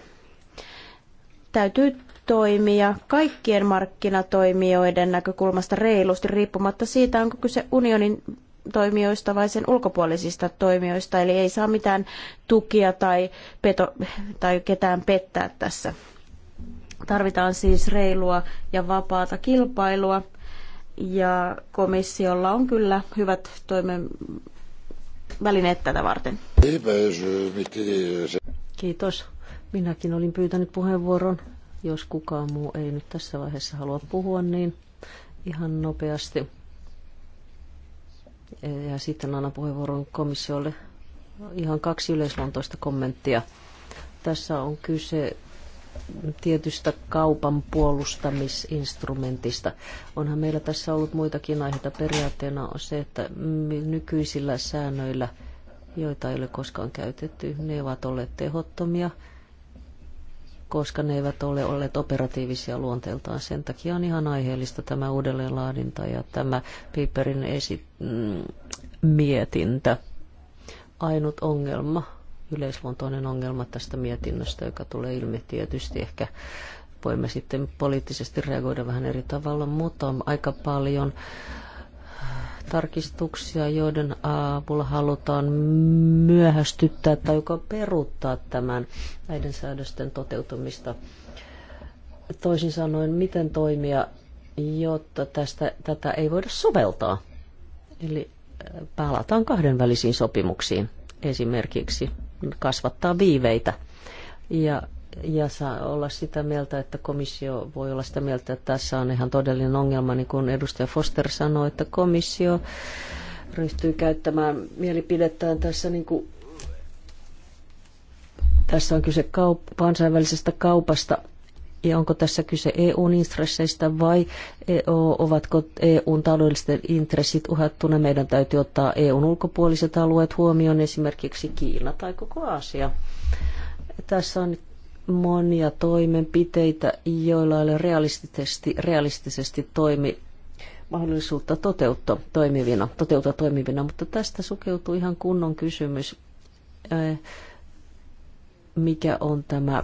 Täytyy toimia kaikkien markkinatoimijoiden näkökulmasta reilusti riippumatta siitä, onko kyse unionin toimijoista vai sen ulkopuolisista toimijoista, eli ei saa mitään tukia tai, peto, tai ketään pettää tässä. Tarvitaan siis reilua ja vapaata kilpailua, ja komissiolla on kyllä hyvät toimen välineet tätä varten. Kiitos. Minäkin
olin pyytänyt puheenvuoron. Jos kukaan muu ei nyt tässä vaiheessa halua puhua, niin ihan nopeasti ja sitten annan puheenvuoron komissiolle ihan kaksi yleisluontoista kommenttia. Tässä on kyse tietystä kaupan puolustamisinstrumentista. Onhan meillä tässä ollut muitakin aiheita. Periaatteena on se, että nykyisillä säännöillä, joita ei ole koskaan käytetty, ne ovat olleet tehottomia – koska ne eivät ole olleet operatiivisia luonteeltaan. Sen takia on ihan aiheellista tämä uudelleenlaadinta ja tämä Piperin esi- mm, mietintä. Ainut ongelma, yleisluontoinen ongelma tästä mietinnöstä, joka tulee ilmi tietysti ehkä voimme sitten poliittisesti reagoida vähän eri tavalla, mutta on aika paljon tarkistuksia, joiden avulla halutaan myöhästyttää tai joka peruuttaa tämän näiden säädösten toteutumista. Toisin sanoen, miten toimia, jotta tästä, tätä ei voida soveltaa. Eli äh, palataan kahdenvälisiin sopimuksiin esimerkiksi kasvattaa viiveitä ja ja saa olla sitä mieltä, että komissio voi olla sitä mieltä, että tässä on ihan todellinen ongelma, niin kuin edustaja Foster sanoi, että komissio ryhtyy käyttämään mielipidettään tässä niin kuin tässä on kyse kaup- kansainvälisestä kaupasta ja onko tässä kyse EUn intresseistä vai EU, ovatko EUn taloudelliset intressit uhattuna? Meidän täytyy ottaa EUn ulkopuoliset alueet huomioon, esimerkiksi Kiina tai koko Aasia. Tässä on monia toimenpiteitä, joilla ei ole realistisesti, realistisesti toimi mahdollisuutta toteuttaa toimivina, toteuttaa toimivina, mutta tästä sukeutuu ihan kunnon kysymys, eh, mikä on tämä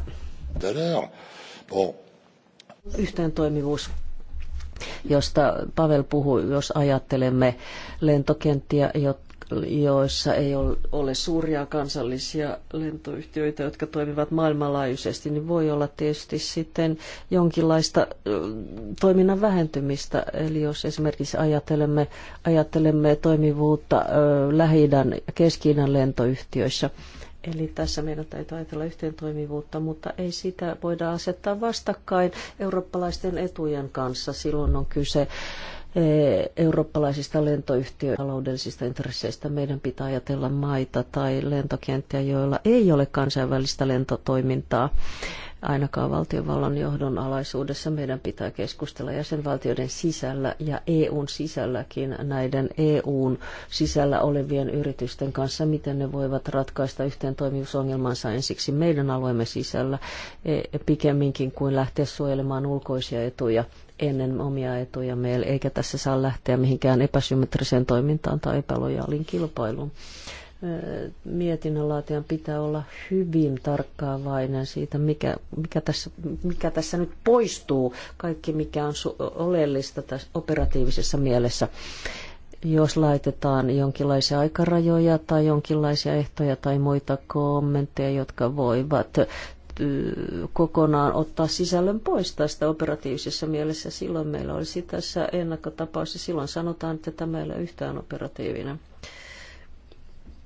yhteen toimivuus, josta Pavel puhui, jos ajattelemme lentokenttiä, jotta joissa ei ole suuria kansallisia lentoyhtiöitä, jotka toimivat maailmanlaajuisesti, niin voi olla tietysti sitten jonkinlaista toiminnan vähentymistä. Eli jos esimerkiksi ajattelemme, ajattelemme toimivuutta Lähi-idän ja keski lentoyhtiöissä, Eli tässä meidän täytyy ajatella yhteentoimivuutta, mutta ei sitä voida asettaa vastakkain eurooppalaisten etujen kanssa. Silloin on kyse Eh, eurooppalaisista lentoyhtiöistä taloudellisista intresseistä. Meidän pitää ajatella maita tai lentokenttiä, joilla ei ole kansainvälistä lentotoimintaa. Ainakaan valtiovallan johdon alaisuudessa meidän pitää keskustella jäsenvaltioiden sisällä ja EUn sisälläkin näiden EUn sisällä olevien yritysten kanssa, miten ne voivat ratkaista yhteen toimivuusongelmansa ensiksi meidän alueemme sisällä eh, pikemminkin kuin lähteä suojelemaan ulkoisia etuja ennen omia etuja meille, eikä tässä saa lähteä mihinkään epäsymmetriseen toimintaan tai epälojaaliin kilpailuun. Mietinnönlaatijan pitää olla hyvin tarkkaavainen siitä, mikä, mikä, tässä, mikä tässä nyt poistuu, kaikki mikä on oleellista tässä operatiivisessa mielessä jos laitetaan jonkinlaisia aikarajoja tai jonkinlaisia ehtoja tai muita kommentteja, jotka voivat kokonaan ottaa sisällön pois tästä operatiivisessa mielessä. Silloin meillä olisi tässä ennakkotapaus ja silloin sanotaan, että tämä ei ole yhtään operatiivinen.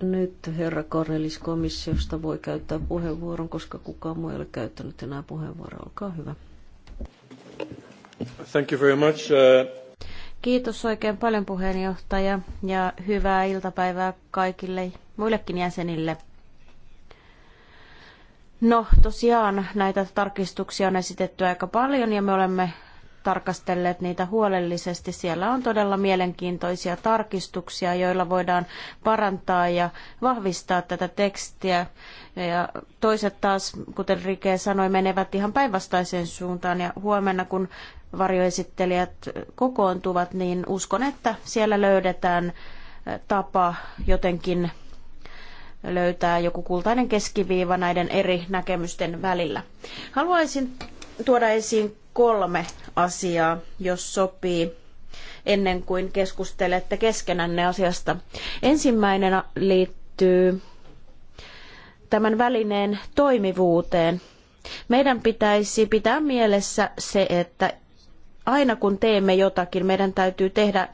Nyt herra Cornelis komissiosta voi käyttää puheenvuoron, koska kukaan muu ei ole
käyttänyt enää
puheenvuoroa. Olkaa hyvä.
Thank you very much. Uh,
Kiitos oikein paljon puheenjohtaja ja hyvää iltapäivää kaikille muillekin jäsenille. No tosiaan näitä tarkistuksia on esitetty aika paljon ja me olemme tarkastelleet niitä huolellisesti. Siellä on todella mielenkiintoisia tarkistuksia, joilla voidaan parantaa ja vahvistaa tätä tekstiä. Ja toiset taas, kuten Rike sanoi, menevät ihan päinvastaiseen suuntaan ja huomenna kun varjoesittelijät kokoontuvat, niin uskon, että siellä löydetään tapa jotenkin löytää joku kultainen keskiviiva näiden eri näkemysten välillä. Haluaisin tuoda esiin kolme asiaa, jos sopii, ennen kuin keskustelette keskenänne asiasta. Ensimmäinen liittyy tämän välineen toimivuuteen. Meidän pitäisi pitää mielessä se, että aina kun teemme jotakin, meidän täytyy tehdä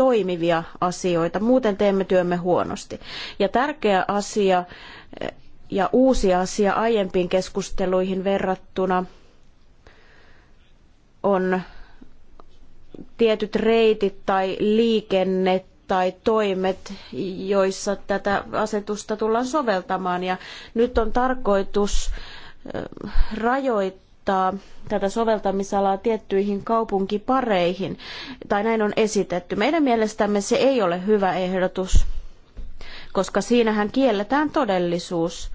toimivia asioita, muuten teemme työmme huonosti. Ja tärkeä asia eh, ja uusi asia aiempiin keskusteluihin verrattuna on tietyt reitit tai liikenne tai toimet, joissa tätä asetusta tullaan soveltamaan. Ja nyt on tarkoitus eh, rajoittaa rajoittaa tätä soveltamisalaa tiettyihin kaupunkipareihin, tai näin on esitetty. Meidän mielestämme se ei ole hyvä ehdotus, koska siinähän kielletään todellisuus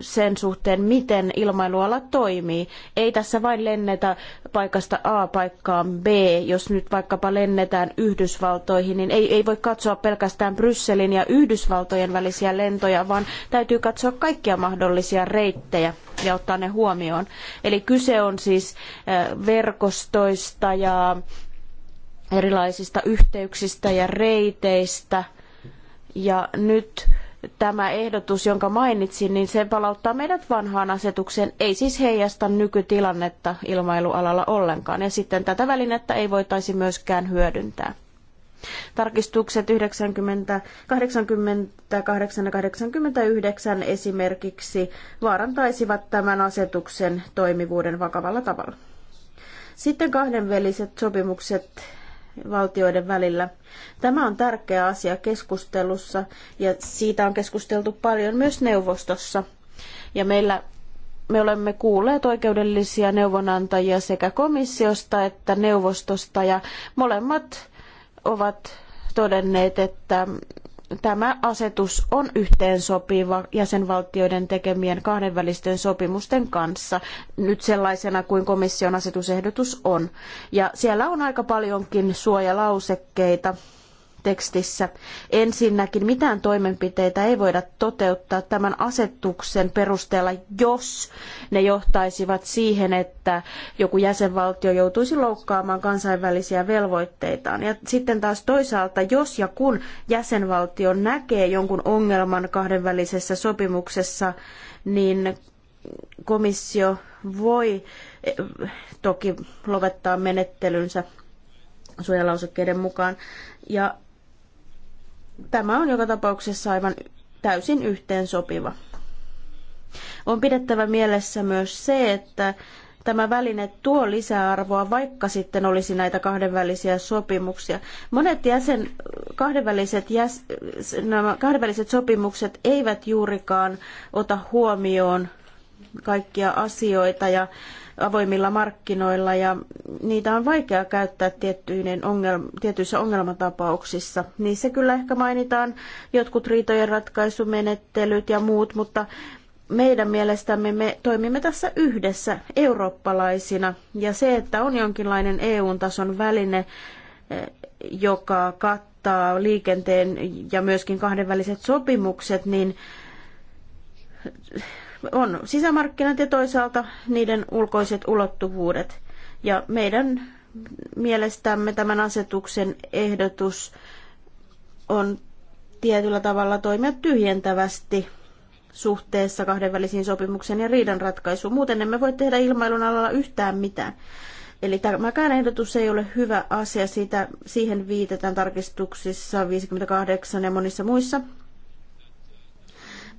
sen suhteen, miten ilmailuala toimii. Ei tässä vain lennetä paikasta A paikkaan B. Jos nyt vaikkapa lennetään Yhdysvaltoihin, niin ei, ei voi katsoa pelkästään Brysselin ja Yhdysvaltojen välisiä lentoja, vaan täytyy katsoa kaikkia mahdollisia reittejä ja ottaa ne huomioon. Eli kyse on siis verkostoista ja erilaisista yhteyksistä ja reiteistä. Ja nyt tämä ehdotus, jonka mainitsin, niin se palauttaa meidät vanhaan asetukseen, ei siis heijasta nykytilannetta ilmailualalla ollenkaan, ja sitten tätä välinettä ei voitaisi myöskään hyödyntää. Tarkistukset 90, ja 89 esimerkiksi vaarantaisivat tämän asetuksen toimivuuden vakavalla tavalla. Sitten kahdenväliset sopimukset valtioiden välillä. Tämä on tärkeä asia keskustelussa ja siitä on keskusteltu paljon myös neuvostossa. Ja meillä me olemme kuulleet oikeudellisia neuvonantajia sekä komissiosta että neuvostosta ja molemmat ovat todenneet, että tämä asetus on yhteensopiva jäsenvaltioiden tekemien kahdenvälisten sopimusten kanssa nyt sellaisena kuin komission asetusehdotus on. Ja siellä on aika paljonkin suojalausekkeita tekstissä. Ensinnäkin mitään toimenpiteitä ei voida toteuttaa tämän asetuksen perusteella, jos ne johtaisivat siihen, että joku jäsenvaltio joutuisi loukkaamaan kansainvälisiä velvoitteitaan. Ja sitten taas toisaalta, jos ja kun jäsenvaltio näkee jonkun ongelman kahdenvälisessä sopimuksessa, niin komissio voi eh, toki lopettaa menettelynsä suojalausekkeiden mukaan. Ja Tämä on joka tapauksessa aivan täysin yhteensopiva. On pidettävä mielessä myös se, että tämä väline tuo lisäarvoa, vaikka sitten olisi näitä kahdenvälisiä sopimuksia. Monet jäsen, kahdenväliset, jäs, nämä kahdenväliset sopimukset eivät juurikaan ota huomioon kaikkia asioita ja avoimilla markkinoilla ja niitä on vaikea käyttää ongelma, tietyissä ongelmatapauksissa. Niissä kyllä ehkä mainitaan jotkut riitojen ratkaisumenettelyt ja muut, mutta meidän mielestämme me toimimme tässä yhdessä eurooppalaisina ja se, että on jonkinlainen EU-tason väline, eh, joka kattaa liikenteen ja myöskin kahdenväliset sopimukset, niin on sisämarkkinat ja toisaalta niiden ulkoiset ulottuvuudet. Ja meidän mielestämme tämän asetuksen ehdotus on tietyllä tavalla toimia tyhjentävästi suhteessa kahdenvälisiin sopimuksen ja riidanratkaisuun. Muuten emme voi tehdä ilmailun alalla yhtään mitään. Eli tämäkään ehdotus ei ole hyvä asia, siitä siihen viitetään tarkistuksissa 58 ja monissa muissa.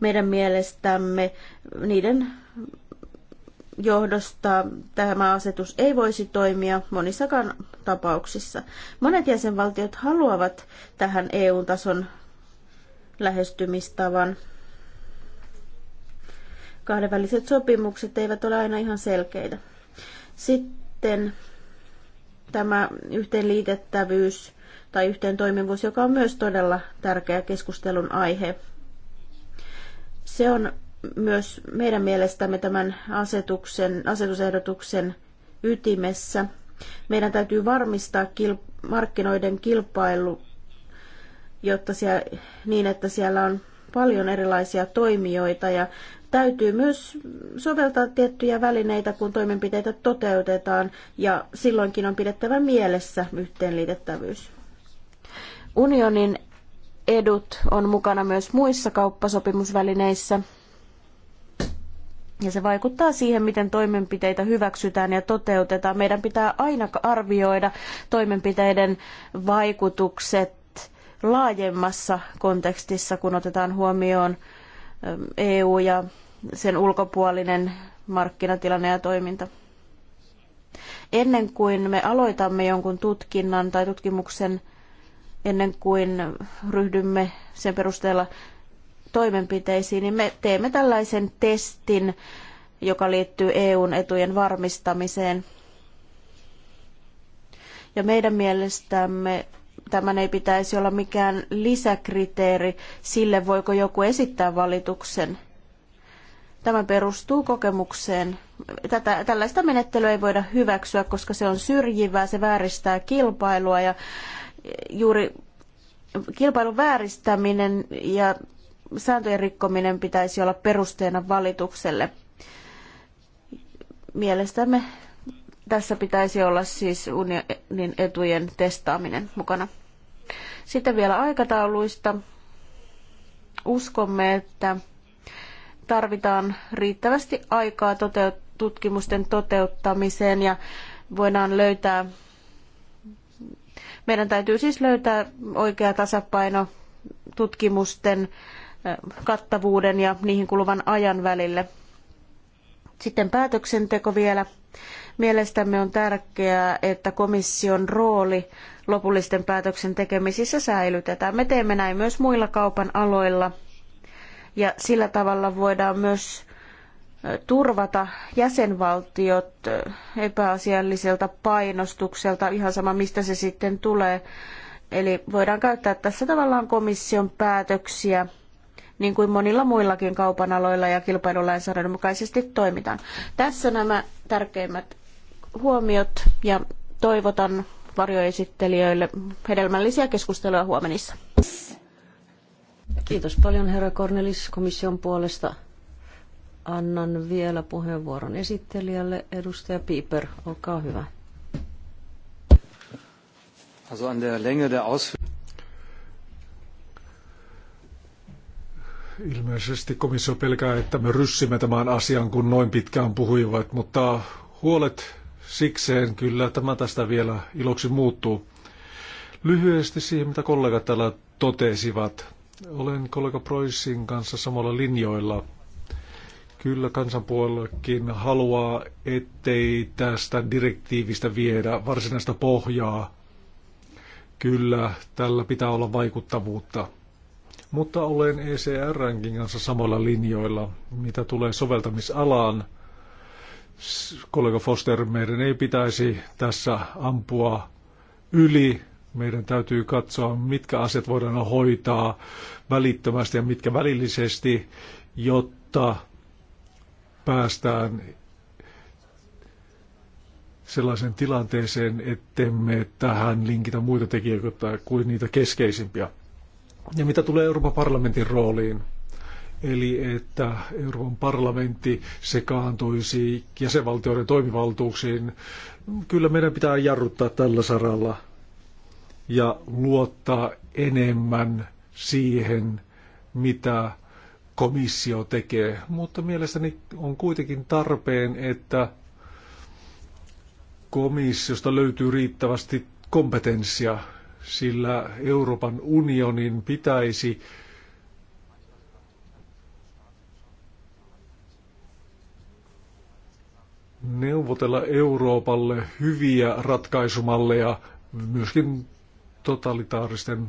Meidän mielestämme niiden johdosta tämä asetus ei voisi toimia monissakaan tapauksissa. Monet jäsenvaltiot haluavat tähän EU-tason lähestymistavan. Kahdenväliset sopimukset eivät ole aina ihan selkeitä. Sitten tämä yhteenliitettävyys tai toimivuus, joka on myös todella tärkeä keskustelun aihe. Se on myös meidän mielestämme tämän asetuksen, asetusehdotuksen ytimessä. Meidän täytyy varmistaa kil, markkinoiden kilpailu, jotta siellä, niin, että siellä on paljon erilaisia toimijoita ja täytyy myös soveltaa tiettyjä välineitä, kun toimenpiteitä toteutetaan ja silloinkin on pidettävä mielessä yhteenliitettävyys. Unionin edut on mukana myös muissa kauppasopimusvälineissä. Ja se vaikuttaa siihen, miten toimenpiteitä hyväksytään ja toteutetaan. Meidän pitää aina arvioida toimenpiteiden vaikutukset laajemmassa kontekstissa, kun otetaan huomioon ähm, EU ja sen ulkopuolinen markkinatilanne ja toiminta. Ennen kuin me aloitamme jonkun tutkinnan tai tutkimuksen ennen kuin ryhdymme sen perusteella toimenpiteisiin, niin me teemme tällaisen testin, joka liittyy EUn etujen varmistamiseen. Ja meidän mielestämme tämän ei pitäisi olla mikään lisäkriteeri sille, voiko joku esittää valituksen. Tämä perustuu kokemukseen. Tätä, tällaista menettelyä ei voida hyväksyä, koska se on syrjivää, se vääristää kilpailua ja juuri kilpailun vääristäminen ja sääntöjen rikkominen pitäisi olla perusteena valitukselle. Mielestämme tässä pitäisi olla siis unionin etujen testaaminen mukana. Sitten vielä aikatauluista. Uskomme, että tarvitaan riittävästi aikaa tutkimusten toteuttamiseen ja voidaan löytää meidän täytyy siis löytää oikea tasapaino tutkimusten kattavuuden ja niihin kuluvan ajan välille. Sitten päätöksenteko vielä. Mielestämme on tärkeää, että komission rooli lopullisten päätöksen tekemisissä säilytetään. Me teemme näin myös muilla kaupan aloilla ja sillä tavalla voidaan myös turvata jäsenvaltiot epäasialliselta painostukselta, ihan sama mistä se sitten tulee. Eli voidaan käyttää tässä tavallaan komission päätöksiä, niin kuin monilla muillakin kaupan aloilla ja kilpailulainsäädännön mukaisesti toimitaan. Tässä nämä tärkeimmät huomiot ja toivotan varjoesittelijöille hedelmällisiä keskusteluja huomenissa. Kiitos paljon herra
Cornelis komission puolesta. Annan vielä puheenvuoron esittelijälle, edustaja Piper, olkaa hyvä.
Also an der Länge der
Ilmeisesti komissio pelkää, että me ryssimme tämän asian, kun noin pitkään puhuivat, mutta huolet sikseen kyllä tämä tästä vielä iloksi muuttuu. Lyhyesti siihen, mitä kollegat täällä totesivat. Olen kollega Proissin kanssa samalla linjoilla Kyllä kansanpuoluekin haluaa, ettei tästä direktiivistä viedä varsinaista pohjaa. Kyllä, tällä pitää olla vaikuttavuutta. Mutta olen ECRnkin kanssa samoilla linjoilla, mitä tulee soveltamisalaan. Kollega Foster, meidän ei pitäisi tässä ampua yli. Meidän täytyy katsoa, mitkä asiat voidaan hoitaa välittömästi ja mitkä välillisesti, jotta päästään sellaisen tilanteeseen, ettemme tähän linkitä muita tekijöitä kuin niitä keskeisimpiä. Ja mitä tulee Euroopan parlamentin rooliin, eli että Euroopan parlamentti sekaantuisi jäsenvaltioiden toimivaltuuksiin, kyllä meidän pitää jarruttaa tällä saralla ja luottaa enemmän siihen, mitä komissio tekee, mutta mielestäni on kuitenkin tarpeen, että komissiosta löytyy riittävästi kompetenssia, sillä Euroopan unionin pitäisi neuvotella Euroopalle hyviä ratkaisumalleja myöskin totalitaaristen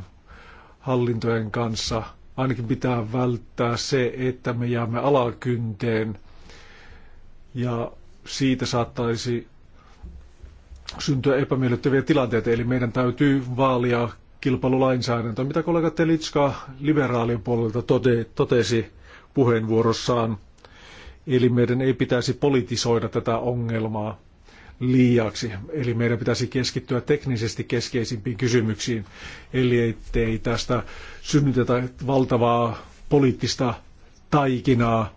hallintojen kanssa – Ainakin pitää välttää se, että me jäämme alakynteen ja siitä saattaisi syntyä epämiellyttäviä tilanteita. Eli meidän täytyy vaalia kilpailulainsäädäntöä, mitä kollega Telitska liberaalien puolelta tote, totesi puheenvuorossaan. Eli meidän ei pitäisi politisoida tätä ongelmaa liiaksi. Eli meidän pitäisi keskittyä teknisesti keskeisimpiin kysymyksiin, eli ettei tästä synnytetä valtavaa poliittista taikinaa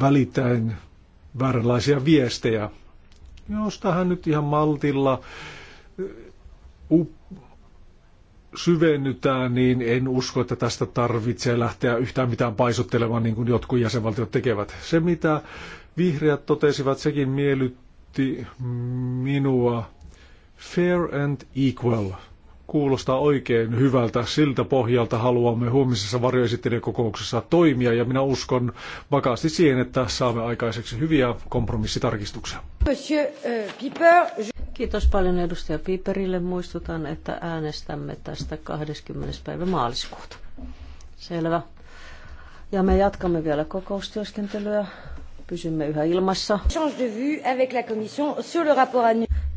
välittäen vääränlaisia viestejä. Jos tähän nyt ihan maltilla syvennytään, niin en usko, että tästä tarvitsee lähteä yhtään mitään paisuttelemaan, niin kuin jotkut jäsenvaltiot tekevät. Se, mitä Vihreät totesivat, sekin miellytti minua. Fair and equal. Kuulostaa oikein hyvältä. Siltä pohjalta haluamme huomisessa varjoesittelijäkokouksessa toimia ja minä uskon vakaasti siihen, että saamme aikaiseksi hyviä kompromissitarkistuksia.
Monsieur, uh, Piper, Kiitos paljon edustaja Piperille. Muistutan, että äänestämme tästä 20. päivä maaliskuuta. Selvä. Ja me jatkamme vielä kokoustyöskentelyä pysymme yhä ilmassa.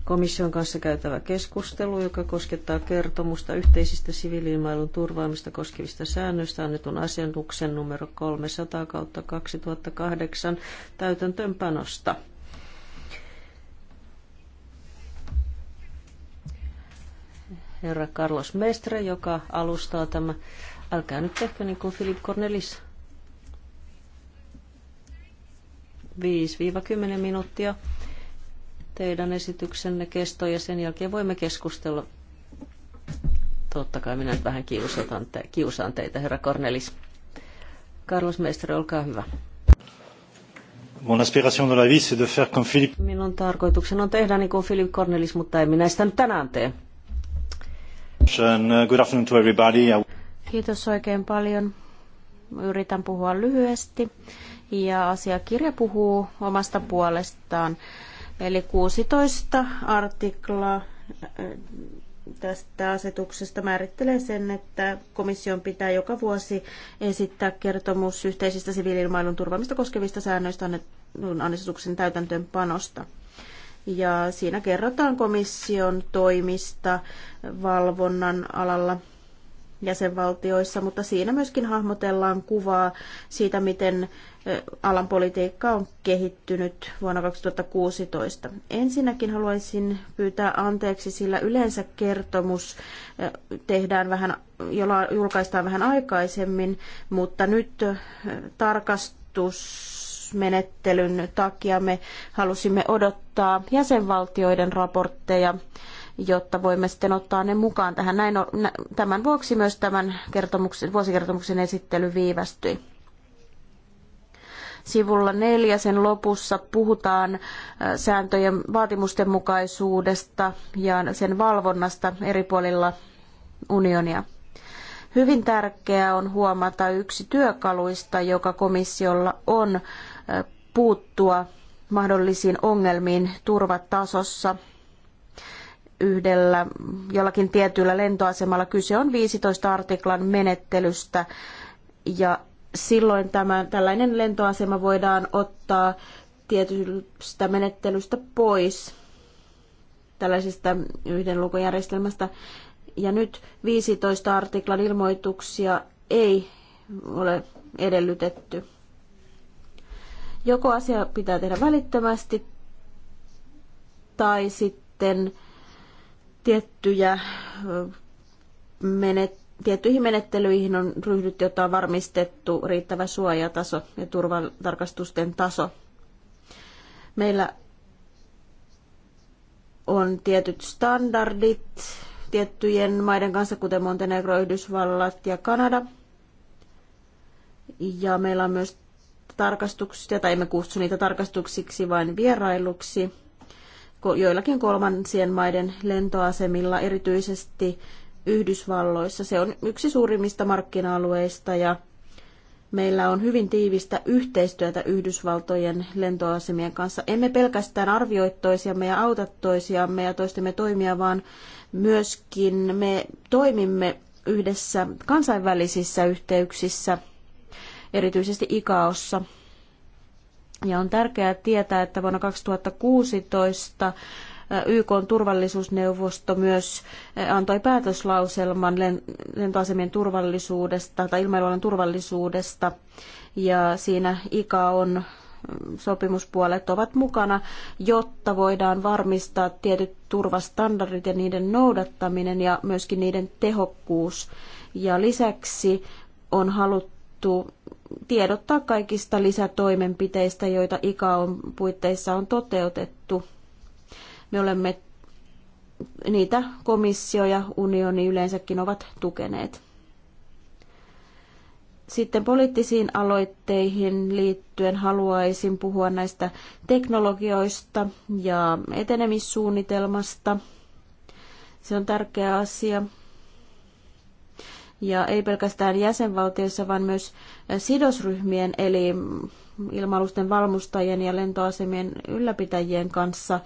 Komission kanssa käytävä keskustelu, joka koskettaa kertomusta yhteisistä siviiliilmailun turvaamista koskevista säännöistä annetun asennuksen numero 300 kautta 2008 täytäntöönpanosta. Herra Carlos Mestre, joka alustaa tämä. Älkää nyt tehkö niin kuin Filip Cornelis 5-10 minuuttia teidän esityksenne kesto ja sen jälkeen voimme keskustella. Totta kai minä nyt vähän kiusataan te, kiusaan teitä, herra Cornelis. Carlos Mestre, olkaa hyvä.
Mon aspiration dans la vie, c'est de faire comme Philippe.
Minun tarkoituksen on tehdä niin kuin Philip Cornelis, mutta ei minä sitä nyt tänään tee.
Uh, good afternoon to everybody.
Kiitos oikein paljon. Yritän puhua lyhyesti ja asiakirja puhuu omasta puolestaan. Eli 16 artikla äh, tästä asetuksesta määrittelee sen, että komission pitää joka vuosi esittää kertomus yhteisistä siviiliilmailun turvaamista koskevista säännöistä annetun asetuksen täytäntöönpanosta. Ja siinä kerrotaan komission toimista valvonnan alalla jäsenvaltioissa, mutta siinä myöskin hahmotellaan kuvaa siitä, miten alan politiikka on kehittynyt vuonna 2016. Ensinnäkin haluaisin pyytää anteeksi, sillä yleensä kertomus tehdään vähän, jolla julkaistaan vähän aikaisemmin, mutta nyt tarkastus menettelyn takia me halusimme odottaa jäsenvaltioiden raportteja jotta voimme sitten ottaa ne mukaan tähän. Näin on, tämän vuoksi myös tämän kertomuksen, vuosikertomuksen esittely viivästyi. Sivulla neljä sen lopussa puhutaan äh, sääntöjen vaatimusten mukaisuudesta ja sen valvonnasta eri puolilla unionia. Hyvin tärkeää on huomata yksi työkaluista, joka komissiolla on äh, puuttua mahdollisiin ongelmiin turvatasossa yhdellä jollakin tietyllä lentoasemalla. Kyse on 15 artiklan menettelystä ja silloin tämä, tällainen lentoasema voidaan ottaa tietystä menettelystä pois tällaisesta yhden lukujärjestelmästä. Ja nyt 15 artiklan ilmoituksia ei ole edellytetty. Joko asia pitää tehdä välittömästi tai sitten Tiettyjä menet, tiettyihin menettelyihin on ryhdytty, jotta on varmistettu riittävä suojataso ja turvatarkastusten taso. Meillä on tietyt standardit tiettyjen maiden kanssa, kuten Montenegro, Yhdysvallat ja Kanada. Ja meillä on myös tarkastuksia, tai emme kutsu niitä tarkastuksiksi, vain vierailuksi joillakin kolmansien maiden lentoasemilla, erityisesti Yhdysvalloissa. Se on yksi suurimmista markkina-alueista ja meillä on hyvin tiivistä yhteistyötä Yhdysvaltojen lentoasemien kanssa. Emme pelkästään arvioi toisiamme ja auta toisiamme ja toistemme toimia, vaan myöskin me toimimme yhdessä kansainvälisissä yhteyksissä, erityisesti ICAOssa – ja on tärkeää tietää, että vuonna 2016 YK turvallisuusneuvosto myös antoi päätöslauselman lentoasemien turvallisuudesta tai ilmailualan turvallisuudesta. Ja siinä IKA on sopimuspuolet ovat mukana, jotta voidaan varmistaa tietyt turvastandardit ja niiden noudattaminen ja myöskin niiden tehokkuus. Ja lisäksi on haluttu tiedottaa kaikista lisätoimenpiteistä, joita ICAO puitteissa on toteutettu. Me olemme niitä komissio ja unioni yleensäkin ovat tukeneet. Sitten poliittisiin aloitteihin liittyen haluaisin puhua näistä teknologioista ja etenemissuunnitelmasta. Se on tärkeä asia ja ei pelkästään jäsenvaltioissa, vaan myös eh, sidosryhmien eli ilmailusten valmustajien ja lentoasemien ylläpitäjien kanssa.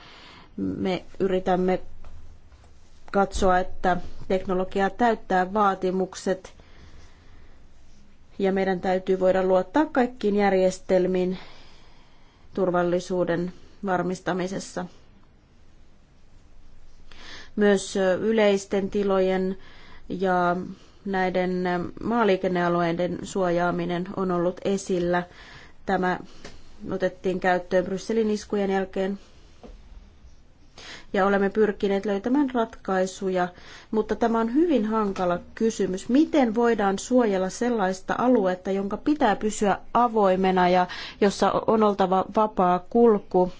Me yritämme katsoa, että teknologia täyttää vaatimukset ja meidän täytyy voida luottaa kaikkiin järjestelmiin turvallisuuden varmistamisessa. Myös eh, yleisten tilojen ja näiden maaliikennealueiden suojaaminen on ollut esillä. Tämä otettiin käyttöön Brysselin iskujen jälkeen. Ja olemme pyrkineet löytämään ratkaisuja, mutta tämä on hyvin hankala kysymys. Miten voidaan suojella sellaista aluetta, jonka pitää pysyä avoimena ja jossa on oltava vapaa kulku?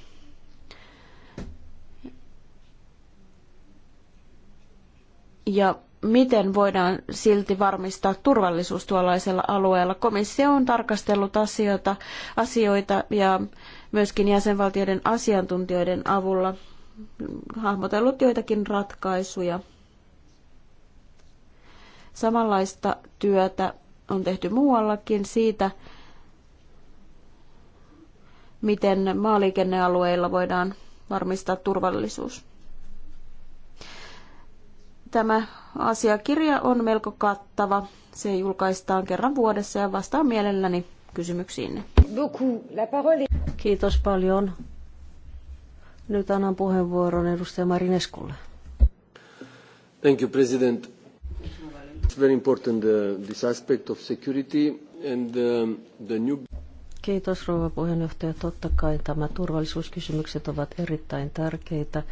Ja miten voidaan silti varmistaa turvallisuus tuollaisella alueella. Komissio on tarkastellut asioita, asioita ja myöskin jäsenvaltioiden asiantuntijoiden avulla hahmotellut joitakin ratkaisuja. Samanlaista työtä on tehty muuallakin siitä, miten maaliikennealueilla voidaan varmistaa turvallisuus. Tämä asiakirja on melko kattava. Se julkaistaan kerran vuodessa ja vastaan mielelläni kysymyksiinne.
Kiitos paljon. Nyt annan puheenvuoron edustaja Marineskulle.
Thank you, President. It's very important uh, this aspect of security and uh, the new...
Kiitos rouva puheenjohtaja. Totta kai tämä turvallisuuskysymykset ovat erittäin tärkeitä.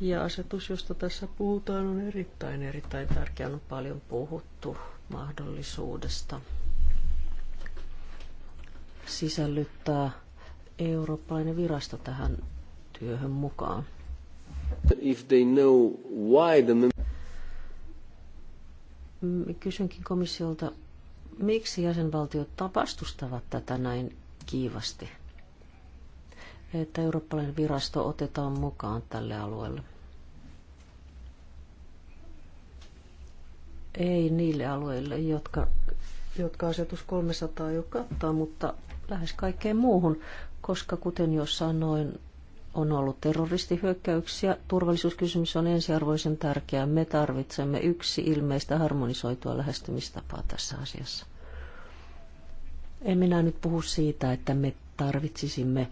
Ja asetus, josta tässä puhutaan, on erittäin, erittäin tärkeä. On paljon puhuttu mahdollisuudesta sisällyttää eurooppalainen virasto tähän työhön mukaan. If they know why the... Mm, kysynkin komissiolta, miksi jäsenvaltiot vastustavat tätä näin kiivasti? että eurooppalainen virasto otetaan mukaan tälle alueelle. Ei niille alueille, jotka, jotka asetus 300 jo kattaa, mutta lähes kaikkeen muuhun, koska kuten jo sanoin, on ollut terroristihyökkäyksiä. Turvallisuuskysymys on ensiarvoisen tärkeä. Me tarvitsemme yksi ilmeistä harmonisoitua lähestymistapaa tässä asiassa. En minä nyt puhu siitä, että me tarvitsisimme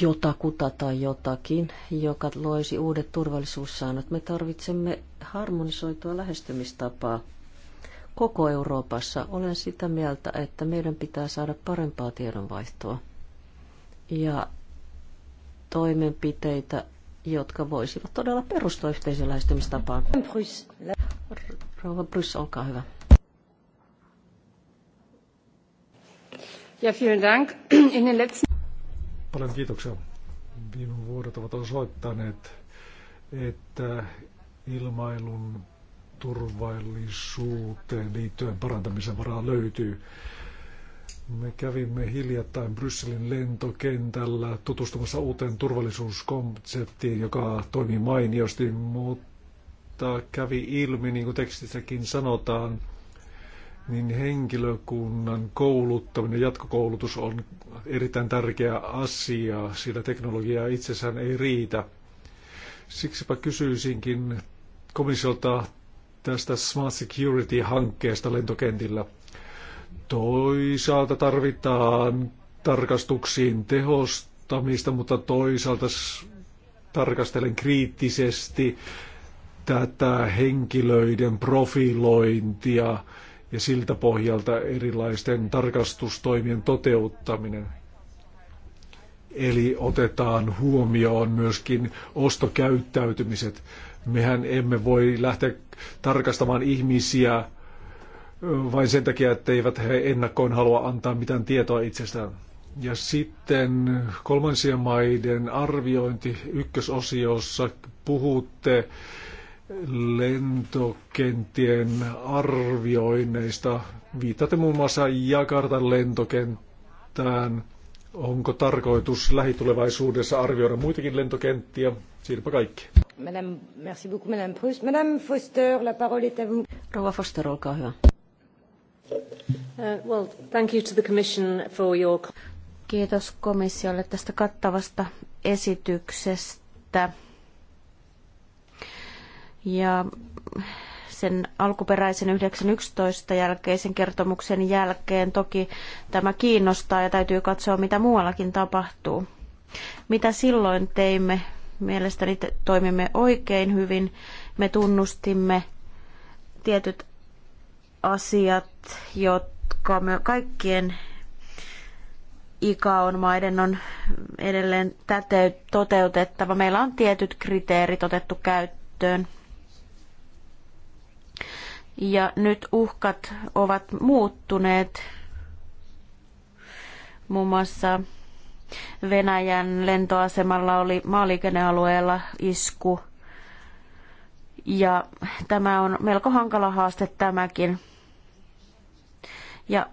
jotakuta tai jotakin, joka loisi uudet turvallisuussäännöt. Me tarvitsemme harmonisoitua lähestymistapaa koko Euroopassa. Olen sitä mieltä, että meidän pitää saada parempaa tiedonvaihtoa ja toimenpiteitä, jotka voisivat todella perustua yhteiseen lähestymistapaan. Rouva Brys, olkaa hyvä. Ja, vielen Dank. In den letzten
Paljon kiitoksia. Viime vuodet ovat osoittaneet, että ilmailun turvallisuuteen liittyen parantamisen varaa löytyy. Me kävimme hiljattain Brysselin lentokentällä tutustumassa uuteen turvallisuuskonseptiin, joka toimi mainiosti, mutta kävi ilmi, niin kuin tekstissäkin sanotaan, niin henkilökunnan kouluttaminen, jatkokoulutus on erittäin tärkeä asia, sillä teknologiaa itsessään ei riitä. Siksipä kysyisinkin komissiolta tästä Smart Security-hankkeesta lentokentillä. Toisaalta tarvitaan tarkastuksiin tehostamista, mutta toisaalta tarkastelen kriittisesti tätä henkilöiden profilointia ja siltä pohjalta erilaisten tarkastustoimien toteuttaminen. Eli otetaan huomioon myöskin ostokäyttäytymiset. Mehän emme voi lähteä tarkastamaan ihmisiä vain sen takia, että eivät he ennakkoon halua antaa mitään tietoa itsestään. Ja sitten kolmansien maiden arviointi ykkösosiossa puhutte lentokenttien arvioinneista. Viitatte muun muassa Jakartan lentokenttään. Onko tarkoitus lähitulevaisuudessa arvioida muitakin lentokenttiä? Siinäpä kaikki.
Madame, merci beaucoup, Madame
Proust. Madame Foster, la parole est à vous. Rouva Foster, olkaa hyvä.
Uh, well, thank you to the Commission for your... Kiitos komissiolle tästä kattavasta esityksestä. Ja sen alkuperäisen 9.11 jälkeisen kertomuksen jälkeen toki tämä kiinnostaa ja täytyy katsoa, mitä muuallakin tapahtuu. Mitä silloin teimme? Mielestäni toimimme oikein hyvin. Me tunnustimme tietyt asiat, jotka me kaikkien ICAON maiden on edelleen täte- toteutettava. Meillä on tietyt kriteerit otettu käyttöön. Ja nyt uhkat ovat muuttuneet. Muun muassa Venäjän lentoasemalla oli maaliikennealueella isku. Ja tämä on melko hankala haaste tämäkin. Ja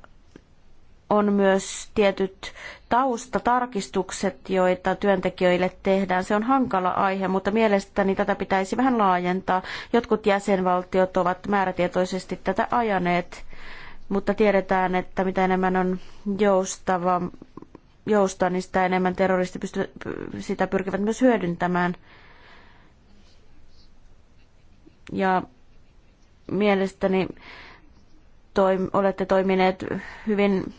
on myös tietyt taustatarkistukset, joita työntekijöille tehdään. Se on hankala aihe, mutta mielestäni tätä pitäisi vähän laajentaa. Jotkut jäsenvaltiot ovat määrätietoisesti tätä ajaneet, mutta tiedetään, että mitä enemmän on joustava, joustaa, niin sitä enemmän terroristi pysty, sitä pyrkivät myös hyödyntämään. Ja mielestäni toim, olette toimineet hyvin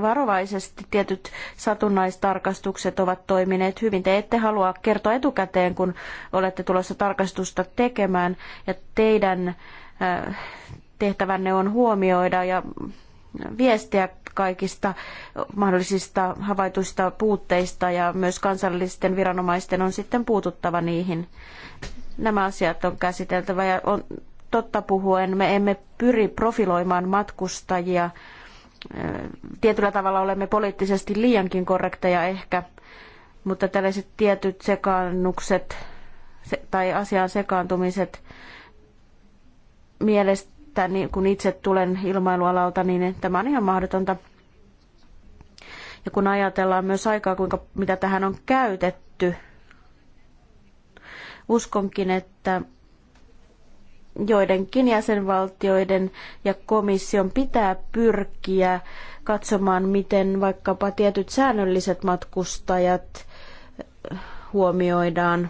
varovaisesti. Tietyt satunnaistarkastukset ovat toimineet hyvin. Te ette halua kertoa etukäteen, kun olette tulossa tarkastusta tekemään ja teidän äh, tehtävänne on huomioida ja viestiä kaikista mahdollisista havaituista puutteista ja myös kansallisten viranomaisten on sitten puututtava niihin. Nämä asiat on käsiteltävä ja on totta puhuen me emme pyri profiloimaan matkustajia tietyllä tavalla olemme poliittisesti liiankin korrekteja ehkä, mutta tällaiset tietyt sekaannukset se, tai asiaan sekaantumiset mielestäni, kun itse tulen ilmailualalta, niin tämä on ihan mahdotonta. Ja kun ajatellaan myös aikaa, kuinka, mitä tähän on käytetty, uskonkin, että joidenkin jäsenvaltioiden ja komission pitää pyrkiä katsomaan, miten vaikkapa tietyt säännölliset matkustajat eh, huomioidaan,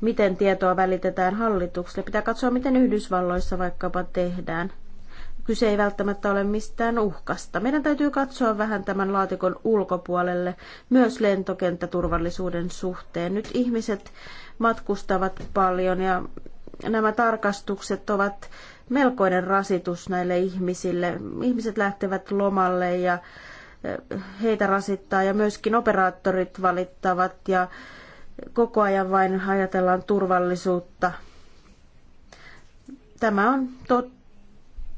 miten tietoa välitetään hallitukselle. Pitää katsoa, miten Yhdysvalloissa vaikkapa tehdään. Kyse ei välttämättä ole mistään uhkasta. Meidän täytyy katsoa vähän tämän laatikon ulkopuolelle myös lentokenttäturvallisuuden suhteen. Nyt ihmiset matkustavat paljon ja nämä tarkastukset ovat melkoinen rasitus näille ihmisille. Ihmiset lähtevät lomalle ja eh, heitä rasittaa ja myöskin operaattorit valittavat ja koko ajan vain ajatellaan turvallisuutta. Tämä on to-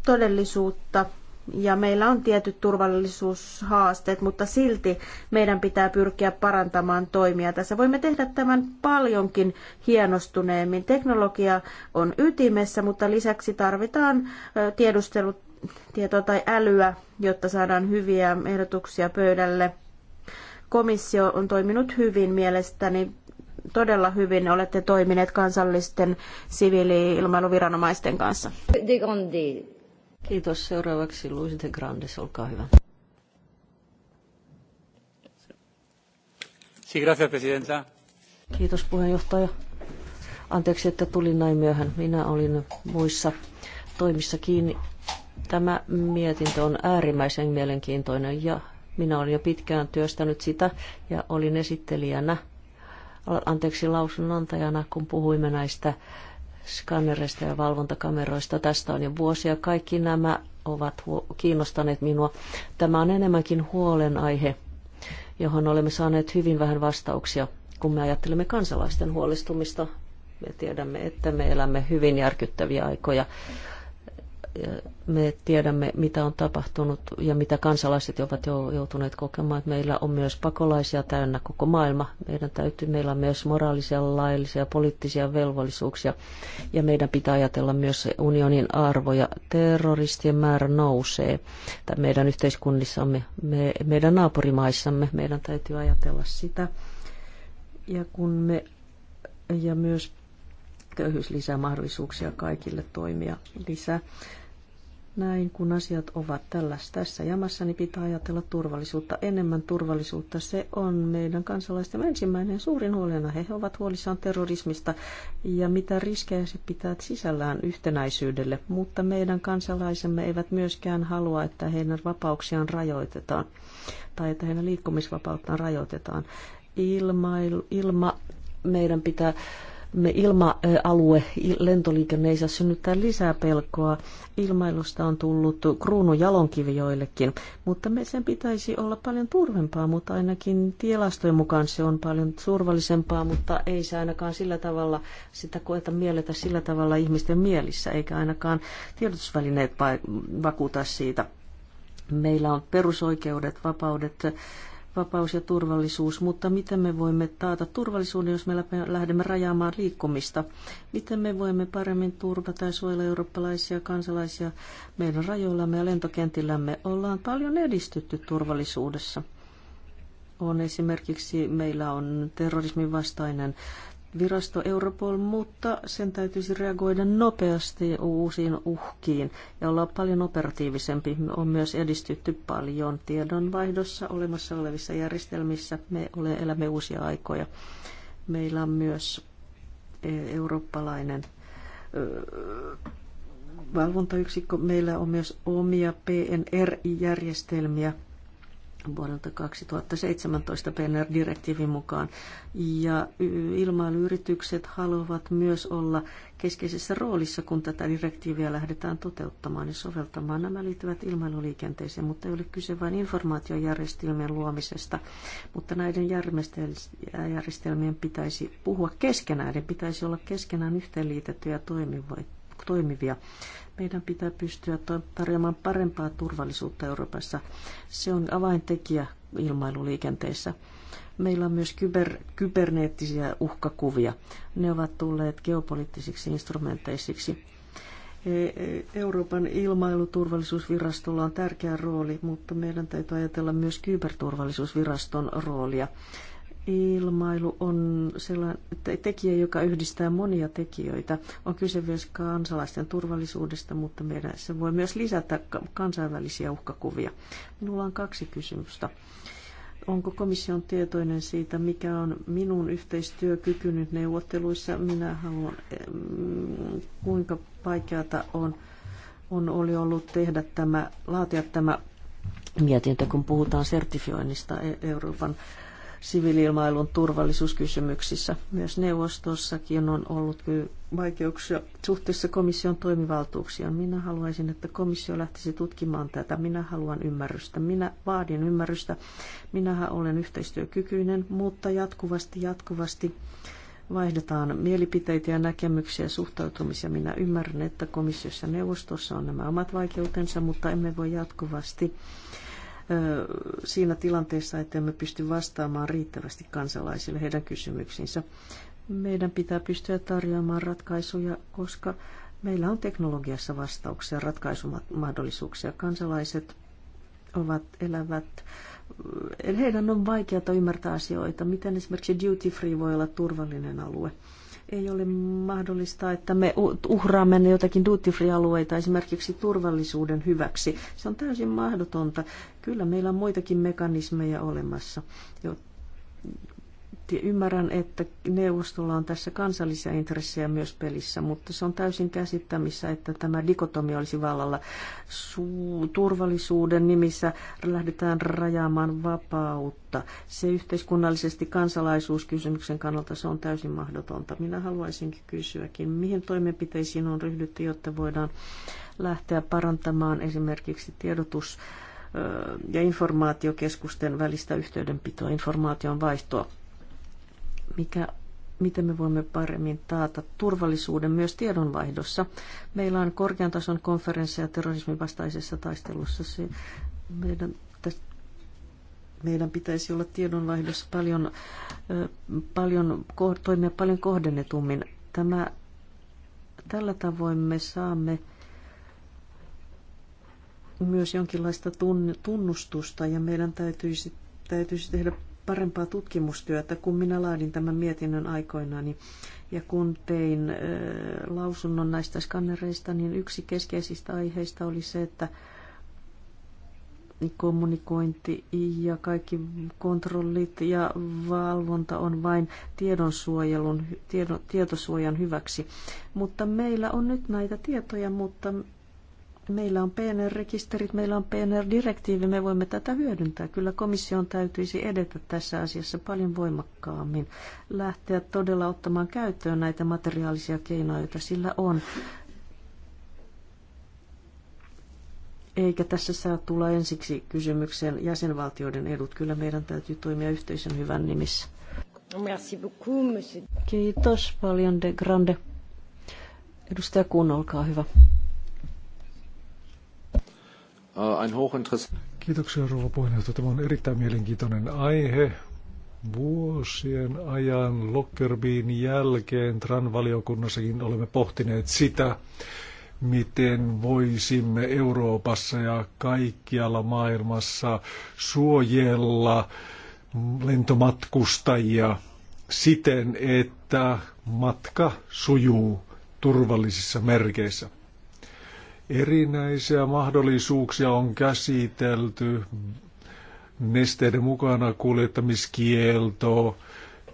todellisuutta ja meillä on tietyt turvallisuushaasteet, mutta silti meidän pitää pyrkiä parantamaan toimia tässä. Voimme tehdä tämän paljonkin hienostuneemmin. Teknologia on ytimessä, mutta lisäksi tarvitaan tiedustelutietoa tai älyä, jotta saadaan hyviä ehdotuksia pöydälle. Komissio on toiminut hyvin mielestäni todella hyvin olette toimineet kansallisten siviili-ilmailuviranomaisten kanssa. Kiitos. Seuraavaksi Luis de Grandes, olkaa hyvä.
Kiitos puheenjohtaja. Anteeksi, että tulin näin myöhään. Minä olin muissa toimissa kiinni. Tämä mietintö on äärimmäisen mielenkiintoinen ja minä olin jo pitkään työstänyt sitä ja olin esittelijänä, anteeksi lausunnantajana, kun puhuimme näistä skannereista ja valvontakameroista. Tästä on jo vuosia. Kaikki nämä ovat kiinnostaneet minua. Tämä on enemmänkin huolenaihe, johon olemme saaneet hyvin vähän vastauksia, kun me ajattelemme kansalaisten huolestumista. Me tiedämme, että me elämme hyvin järkyttäviä aikoja me tiedämme, mitä on tapahtunut ja mitä kansalaiset ovat jo joutuneet kokemaan. Meillä on myös pakolaisia täynnä koko maailma. Meidän täytyy, meillä on myös moraalisia, laillisia ja poliittisia velvollisuuksia. Ja meidän pitää ajatella myös unionin arvoja. Terroristien määrä nousee Tämä meidän yhteiskunnissamme, me, meidän naapurimaissamme. Meidän täytyy ajatella sitä. Ja kun me ja myös köyhyys lisää mahdollisuuksia kaikille toimia lisää. Näin, kun asiat ovat tällässä tässä jamassa, niin pitää ajatella turvallisuutta, enemmän turvallisuutta. Se on meidän kansalaisten ensimmäinen suurin huolena. He ovat huolissaan terrorismista ja mitä riskejä se pitää sisällään yhtenäisyydelle. Mutta meidän kansalaisemme eivät myöskään halua, että heidän vapauksiaan rajoitetaan tai että heidän liikkumisvapauttaan rajoitetaan. Ilma, ilma meidän pitää me ilma-alue, lentoliikenne ei saa synnyttää lisää pelkoa. Ilmailusta on tullut kruunu jalonkivijoillekin, mutta me sen pitäisi olla paljon turvempaa, mutta ainakin tilastojen mukaan se on paljon turvallisempaa, mutta ei se ainakaan sillä tavalla sitä koeta mieletä sillä tavalla ihmisten mielissä, eikä ainakaan tiedotusvälineet vakuuta siitä. Meillä on perusoikeudet, vapaudet, vapaus ja turvallisuus, mutta miten me voimme taata turvallisuuden, jos me lähdemme rajaamaan liikkumista? Miten me voimme paremmin turvata ja suojella eurooppalaisia kansalaisia meidän rajoillamme ja lentokentillämme? Ollaan paljon edistytty turvallisuudessa. On esimerkiksi, meillä on terrorismin vastainen virasto Europol, mutta sen täytyisi reagoida nopeasti uusiin uhkiin ja olla paljon operatiivisempi. On myös edistytty paljon tiedonvaihdossa olemassa olevissa järjestelmissä. Me ole, elämme uusia aikoja. Meillä on myös e, eurooppalainen valvontayksikkö. Meillä on myös omia PNR-järjestelmiä, vuodelta 2017 PNR-direktiivin mukaan. Ja ilmailuyritykset haluavat myös olla keskeisessä roolissa, kun tätä direktiiviä lähdetään toteuttamaan ja soveltamaan. Nämä liittyvät ilmailuliikenteeseen, mutta ei ole kyse vain informaatiojärjestelmien luomisesta, mutta näiden järjestelmien pitäisi puhua keskenään, ne pitäisi olla keskenään yhteenliitettyjä ja toimivia meidän pitää pystyä tarjoamaan parempaa turvallisuutta Euroopassa. Se on avaintekijä ilmailuliikenteessä. Meillä on myös kyber, kyberneettisiä uhkakuvia. Ne ovat tulleet geopoliittisiksi instrumenteisiksi. E- e- Euroopan ilmailuturvallisuusvirastolla on tärkeä rooli, mutta meidän täytyy ajatella myös kyberturvallisuusviraston roolia ilmailu on sellainen tekijä, joka yhdistää monia tekijöitä. On kyse myös kansalaisten turvallisuudesta, mutta meidän, se voi myös lisätä kansainvälisiä uhkakuvia. Minulla on kaksi kysymystä. Onko komission tietoinen siitä, mikä on minun yhteistyökyky nyt neuvotteluissa? Minä haluan, mm, kuinka vaikeata on, on oli ollut tehdä tämä, laatia tämä mietintö, kun puhutaan sertifioinnista e-, Euroopan siviiliilmailun turvallisuuskysymyksissä. Myös neuvostossakin on ollut vaikeuksia suhteessa komission toimivaltuuksiin. Minä haluaisin, että komissio lähtisi tutkimaan tätä. Minä haluan ymmärrystä. Minä vaadin ymmärrystä. Minähän olen yhteistyökykyinen, mutta jatkuvasti, jatkuvasti vaihdetaan mielipiteitä ja näkemyksiä ja suhtautumisia. Minä ymmärrän, että komissiossa ja neuvostossa on nämä omat vaikeutensa, mutta emme voi jatkuvasti siinä tilanteessa, että emme pysty vastaamaan riittävästi kansalaisille heidän kysymyksiinsä. Meidän pitää pystyä tarjoamaan ratkaisuja, koska meillä on teknologiassa vastauksia, ratkaisumahdollisuuksia. Kansalaiset ovat elävät heidän on vaikeaa ymmärtää asioita, miten esimerkiksi duty free voi olla turvallinen alue. Ei ole mahdollista, että me uhraamme ne jotakin duty free-alueita esimerkiksi turvallisuuden hyväksi. Se on täysin mahdotonta. Kyllä meillä on muitakin mekanismeja olemassa, Ymmärrän, että neuvostolla on tässä kansallisia intressejä myös pelissä, mutta se on täysin käsittämissä, että tämä dikotomi olisi vallalla. Su- turvallisuuden nimissä lähdetään rajaamaan vapautta. Se yhteiskunnallisesti kansalaisuuskysymyksen kannalta se on täysin mahdotonta. Minä haluaisinkin kysyäkin, mihin toimenpiteisiin on ryhdytty, jotta voidaan lähteä parantamaan esimerkiksi tiedotus- ja informaatiokeskusten välistä yhteydenpitoa, informaation vaihtoa mikä, miten me voimme paremmin taata turvallisuuden myös tiedonvaihdossa. Meillä on korkean tason konferensseja terrorismin vastaisessa taistelussa. Se, meidän, täst, meidän pitäisi olla tiedonvaihdossa paljon, paljon toimia paljon kohdennetummin. Tämä, tällä tavoin me saamme myös jonkinlaista tunnustusta ja meidän täytyisi, täytyisi tehdä parempaa tutkimustyötä, kun minä laadin tämän mietinnön aikoinaan. Ja kun tein lausunnon näistä skannereista, niin yksi keskeisistä aiheista oli se, että kommunikointi ja kaikki kontrollit ja valvonta on vain tiedonsuojelun, tiedon, tietosuojan hyväksi. Mutta meillä on nyt näitä tietoja, mutta Meillä on PNR-rekisterit, meillä on PNR-direktiivi, me voimme tätä hyödyntää. Kyllä komission täytyisi edetä tässä asiassa paljon voimakkaammin, lähteä todella ottamaan käyttöön näitä materiaalisia keinoja, joita sillä on. Eikä tässä saa tulla ensiksi kysymyksen jäsenvaltioiden edut. Kyllä meidän täytyy toimia yhteisön hyvän nimissä. Merci beaucoup, monsieur. Kiitos paljon, De Grande.
Edustaja Kuun, olkaa hyvä. Äh, Kiitoksia rouva puheenjohtaja. Tämä on erittäin mielenkiintoinen aihe. Vuosien ajan Lockerbin jälkeen TRAN-valiokunnassakin olemme pohtineet sitä, miten voisimme Euroopassa ja kaikkialla maailmassa suojella lentomatkustajia siten, että matka sujuu turvallisissa merkeissä. Erinäisiä mahdollisuuksia on käsitelty, nesteiden mukana kuljettamiskielto,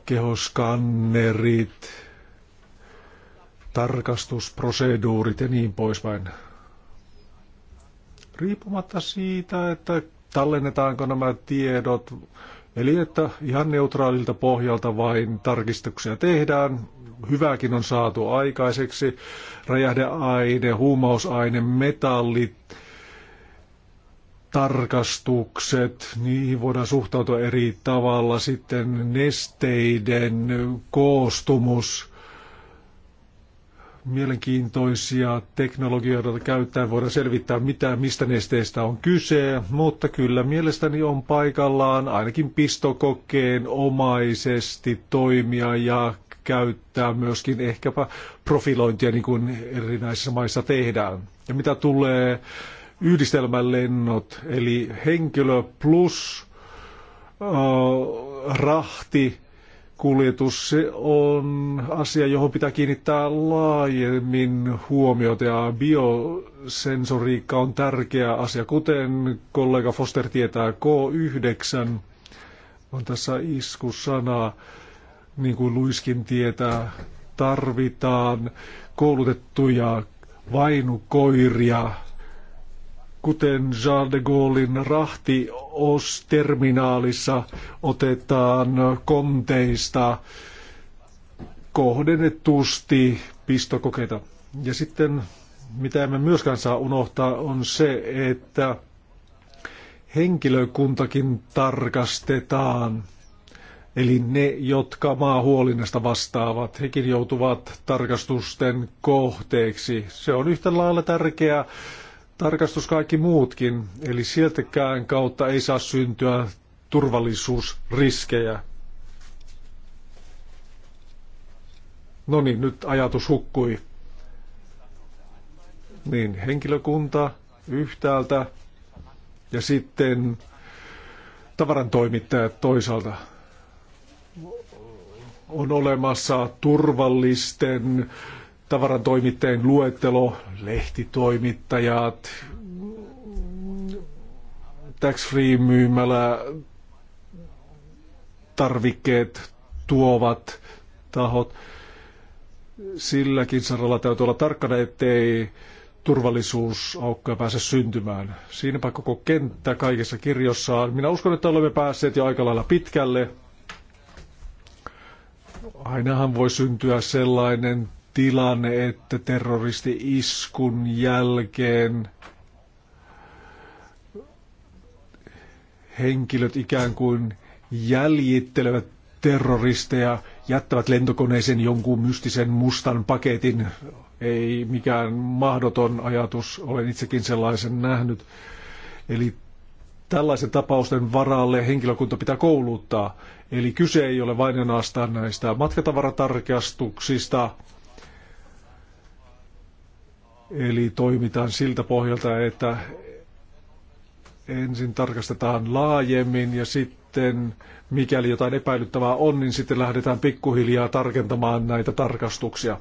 kehoskannerit, tarkastusproseduurit ja niin poispäin. Riippumatta siitä, että tallennetaanko nämä tiedot, eli että ihan neutraalilta pohjalta vain tarkistuksia tehdään, hyvääkin on saatu aikaiseksi. Räjähdeaine, huumausaine, metallit, tarkastukset, niihin voidaan suhtautua eri tavalla. Sitten nesteiden koostumus, mielenkiintoisia teknologioita käyttäen voidaan selvittää, mitä, mistä nesteistä on kyse, mutta kyllä mielestäni on paikallaan ainakin pistokokeen omaisesti toimia ja käyttää myöskin ehkäpä profilointia, niin kuin erinäisissä maissa tehdään. Ja mitä tulee yhdistelmälennot, eli henkilö plus äh, rahti, kuljetus se on asia, johon pitää kiinnittää laajemmin huomiota ja biosensoriikka on tärkeä asia, kuten kollega Foster tietää K9 on tässä iskusanaa niin kuin Luiskin tietää, tarvitaan koulutettuja vainukoiria, kuten Charles de Gaullein terminaalissa otetaan konteista kohdennetusti pistokokeita. Ja sitten mitä emme myöskään saa unohtaa on se, että henkilökuntakin tarkastetaan – Eli ne, jotka maahuolinnasta vastaavat, hekin joutuvat tarkastusten kohteeksi. Se on yhtä lailla tärkeä tarkastus kaikki muutkin, eli sieltäkään kautta ei saa syntyä turvallisuusriskejä. No niin, nyt ajatus hukkui. Niin, henkilökunta yhtäältä ja sitten tavarantoimittajat toisaalta on olemassa turvallisten tavarantoimittajien luettelo, lehtitoimittajat, tax-free myymälä, tarvikkeet tuovat tahot. Silläkin saralla täytyy olla tarkkana, ettei turvallisuusaukkoja pääse syntymään. Siinäpä koko kenttä kaikessa kirjossaan. Minä uskon, että olemme päässeet jo aika lailla pitkälle. Ainahan voi syntyä sellainen tilanne, että terroristi-iskun jälkeen henkilöt ikään kuin jäljittelevät terroristeja, jättävät lentokoneeseen jonkun mystisen mustan paketin. Ei mikään mahdoton ajatus, olen itsekin sellaisen nähnyt. Eli tällaisen tapausten varalle henkilökunta pitää kouluttaa. Eli kyse ei ole vain ainoastaan näistä matkatavaratarkastuksista, eli toimitaan siltä pohjalta, että ensin tarkastetaan laajemmin ja sitten mikäli jotain epäilyttävää on, niin sitten lähdetään pikkuhiljaa tarkentamaan näitä tarkastuksia.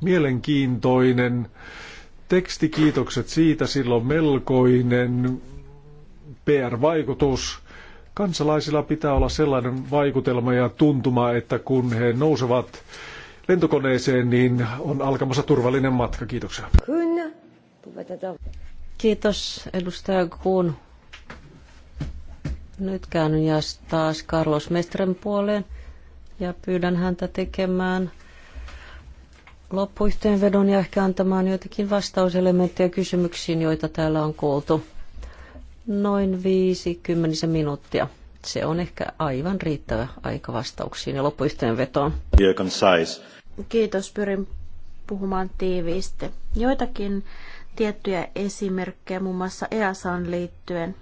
Mielenkiintoinen teksti, kiitokset siitä, silloin melkoinen PR-vaikutus. Kansalaisilla pitää olla sellainen vaikutelma ja tuntuma, että kun he nousevat lentokoneeseen, niin on alkamassa turvallinen matka. Kiitoksia.
Kiitos edustaja Kuun. Nyt käännyn taas Carlos Mestren puoleen ja pyydän häntä tekemään loppuyhteenvedon ja ehkä antamaan joitakin vastauselementtejä kysymyksiin, joita täällä on kuultu noin 50 minuuttia. Se on ehkä aivan riittävä aika vastauksiin ja loppuyhteenvetoon.
Kiitos, pyrin puhumaan tiiviisti. Joitakin tiettyjä esimerkkejä muun muassa EASAan liittyen.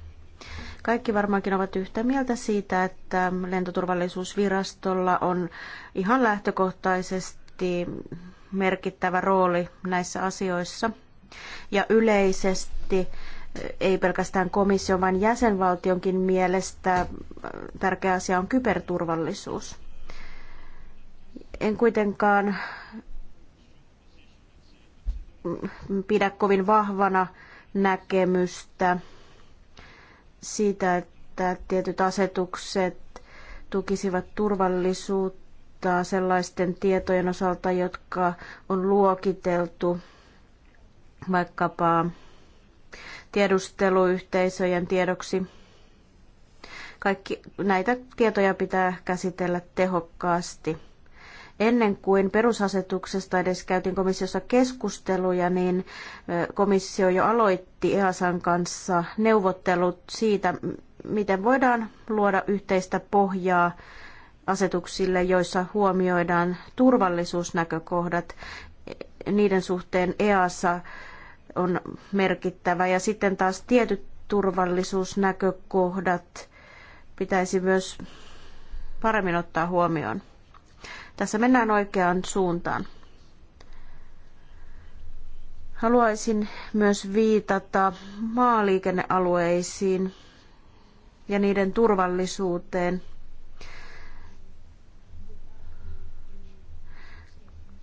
Kaikki varmaankin ovat yhtä mieltä siitä, että lentoturvallisuusvirastolla on ihan lähtökohtaisesti merkittävä rooli näissä asioissa. Ja yleisesti ei pelkästään komission, vaan jäsenvaltionkin mielestä tärkeä asia on kyberturvallisuus. En kuitenkaan pidä kovin vahvana näkemystä siitä, että tietyt asetukset tukisivat turvallisuutta sellaisten tietojen osalta, jotka on luokiteltu vaikkapa tiedusteluyhteisöjen tiedoksi. Kaikki näitä tietoja pitää käsitellä tehokkaasti. Ennen kuin perusasetuksesta edes käytiin komissiossa keskusteluja, niin komissio jo aloitti EASan kanssa neuvottelut siitä, miten voidaan luoda yhteistä pohjaa asetuksille, joissa huomioidaan turvallisuusnäkökohdat. E, niiden suhteen EASA on merkittävä. Ja sitten taas tietyt turvallisuusnäkökohdat pitäisi myös paremmin ottaa huomioon. Tässä mennään oikeaan suuntaan. Haluaisin myös viitata maaliikennealueisiin ja niiden turvallisuuteen.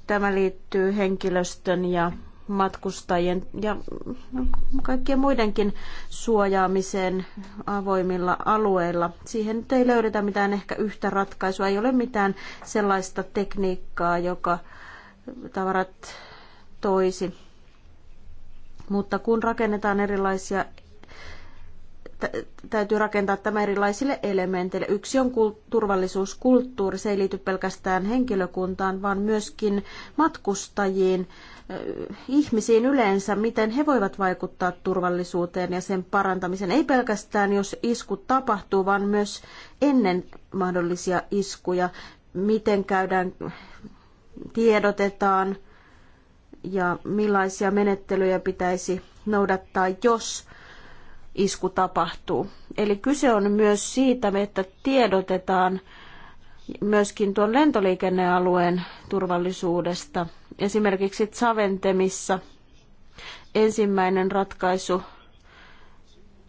Tämä liittyy henkilöstön ja matkustajien ja kaikkien muidenkin suojaamiseen avoimilla alueilla. Siihen ei löydetä mitään ehkä yhtä ratkaisua. Ei ole mitään sellaista tekniikkaa, joka tavarat toisi. Mutta kun rakennetaan erilaisia täytyy rakentaa tämä erilaisille elementeille. Yksi on kul- turvallisuus, kulttuuri. Se ei liity pelkästään henkilökuntaan, vaan myöskin matkustajiin, ihmisiin yleensä, miten he voivat vaikuttaa turvallisuuteen ja sen parantamiseen. Ei pelkästään, jos isku tapahtuu, vaan myös ennen mahdollisia iskuja, miten käydään, tiedotetaan ja millaisia menettelyjä pitäisi noudattaa, jos isku tapahtuu. Eli kyse on myös siitä, että tiedotetaan myöskin tuon lentoliikennealueen turvallisuudesta. Esimerkiksi Saventemissa ensimmäinen ratkaisu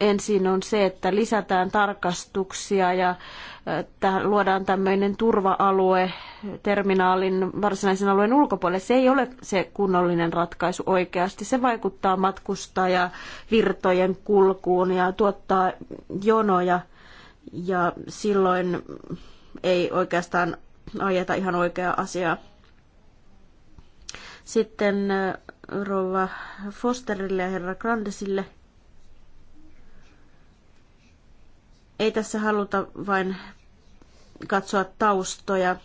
ensin on se, että lisätään tarkastuksia ja äh, tähän luodaan tämmöinen turva-alue terminaalin varsinaisen alueen ulkopuolelle. Se ei ole se kunnollinen ratkaisu oikeasti. Se vaikuttaa virtojen kulkuun ja tuottaa jonoja ja silloin ei oikeastaan ajeta ihan oikeaa asiaa. Sitten äh, rouva Fosterille ja herra Grandesille – Ei tässä haluta vain katsoa taustoja,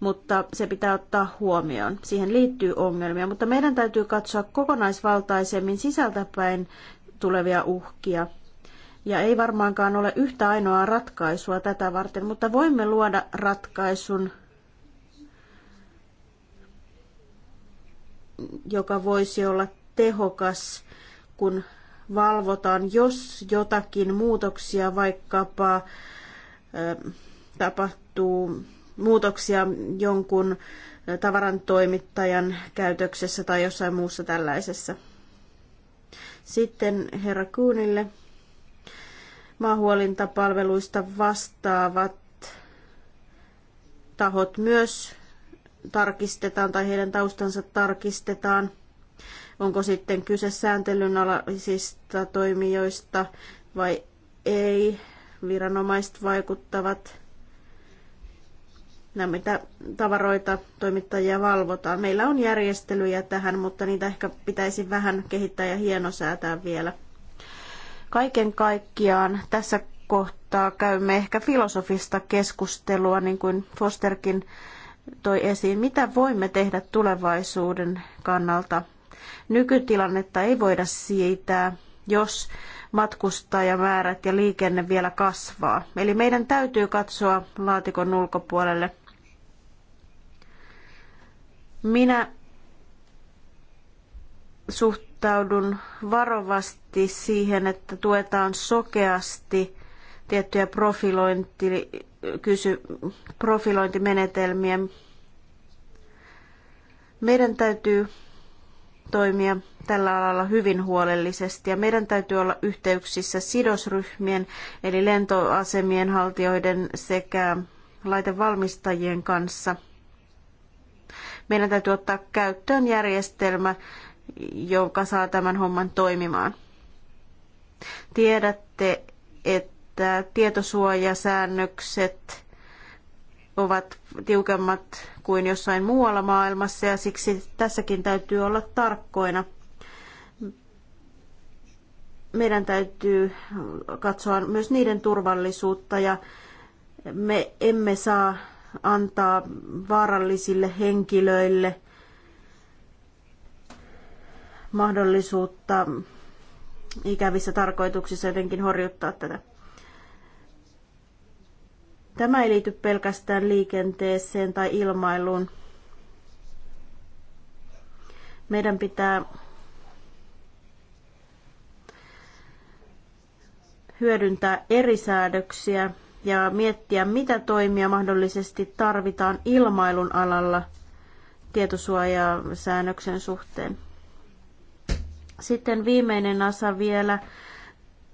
mutta se pitää ottaa huomioon. Siihen liittyy ongelmia, mutta meidän täytyy katsoa kokonaisvaltaisemmin sisältäpäin tulevia uhkia. Ja ei varmaankaan ole yhtä ainoaa ratkaisua tätä varten, mutta voimme luoda ratkaisun, joka voisi olla tehokas, kun valvotaan, jos jotakin muutoksia vaikkapa tapahtuu muutoksia jonkun tavaran toimittajan käytöksessä tai jossain muussa tällaisessa. Sitten herra Kuunille maahuolintapalveluista vastaavat tahot myös tarkistetaan tai heidän taustansa tarkistetaan – onko sitten kyse sääntelyn alaisista toimijoista vai ei. Viranomaiset vaikuttavat nämä tavaroita toimittajia valvotaan. Meillä on järjestelyjä tähän, mutta niitä ehkä pitäisi vähän kehittää ja hienosäätää vielä. Kaiken kaikkiaan tässä kohtaa käymme ehkä filosofista keskustelua, niin kuin Fosterkin toi esiin, mitä voimme tehdä tulevaisuuden kannalta. Nykytilannetta ei voida sietää, jos matkustajamäärät ja liikenne vielä kasvaa. Eli meidän täytyy katsoa laatikon ulkopuolelle. Minä suhtaudun varovasti siihen, että tuetaan sokeasti tiettyjä profilointi, kysy, profilointimenetelmiä. Meidän täytyy toimia tällä alalla hyvin huolellisesti ja meidän täytyy olla yhteyksissä sidosryhmien eli lentoasemien haltijoiden sekä laitevalmistajien kanssa. Meidän täytyy ottaa käyttöön järjestelmä, joka saa tämän homman toimimaan. Tiedätte, että tietosuojasäännökset ovat tiukemmat kuin jossain muualla maailmassa ja siksi tässäkin täytyy olla tarkkoina. Meidän täytyy katsoa myös niiden turvallisuutta ja me emme saa antaa vaarallisille henkilöille mahdollisuutta ikävissä tarkoituksissa jotenkin horjuttaa tätä. Tämä ei liity pelkästään liikenteeseen tai ilmailuun. Meidän pitää hyödyntää eri säädöksiä ja miettiä, mitä toimia mahdollisesti tarvitaan ilmailun alalla tietosuojasäännöksen suhteen. Sitten viimeinen asa vielä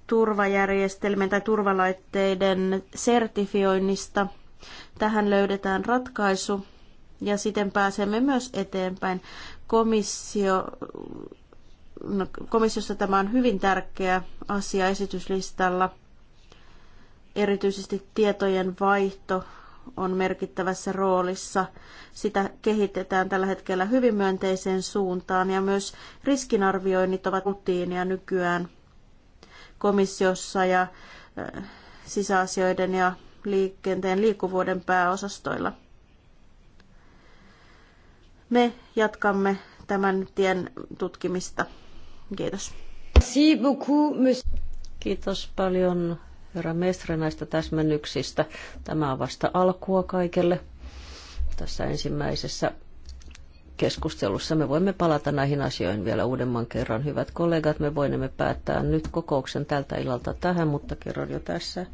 turvajärjestelmien tai turvalaitteiden sertifioinnista. Tähän löydetään ratkaisu ja siten pääsemme myös eteenpäin. Komissio, no, komissiossa tämä on hyvin tärkeä asia esityslistalla. Erityisesti tietojen vaihto on merkittävässä roolissa. Sitä kehitetään tällä hetkellä hyvin myönteiseen suuntaan ja myös riskinarvioinnit ovat rutiinia nykyään komissiossa ja äh, sisäasioiden ja liikenteen liikkuvuuden pääosastoilla. Me jatkamme tämän tien tutkimista. Kiitos.
Kiitos paljon herra Mestre näistä täsmennyksistä. Tämä on vasta alkua kaikelle tässä ensimmäisessä keskustelussa. Me voimme palata näihin asioihin vielä uudemman kerran. Hyvät kollegat, me voimme päättää nyt kokouksen tältä illalta tähän, mutta kerron jo tässä.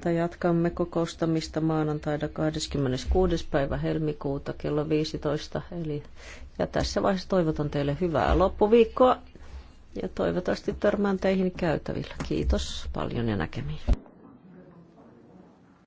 Tai jatkamme kokoustamista maanantaina 26. päivä helmikuuta kello 15. Eli, ja tässä vaiheessa toivotan teille hyvää loppuviikkoa ja toivottavasti törmään teihin käytävillä. Kiitos paljon ja näkemiin.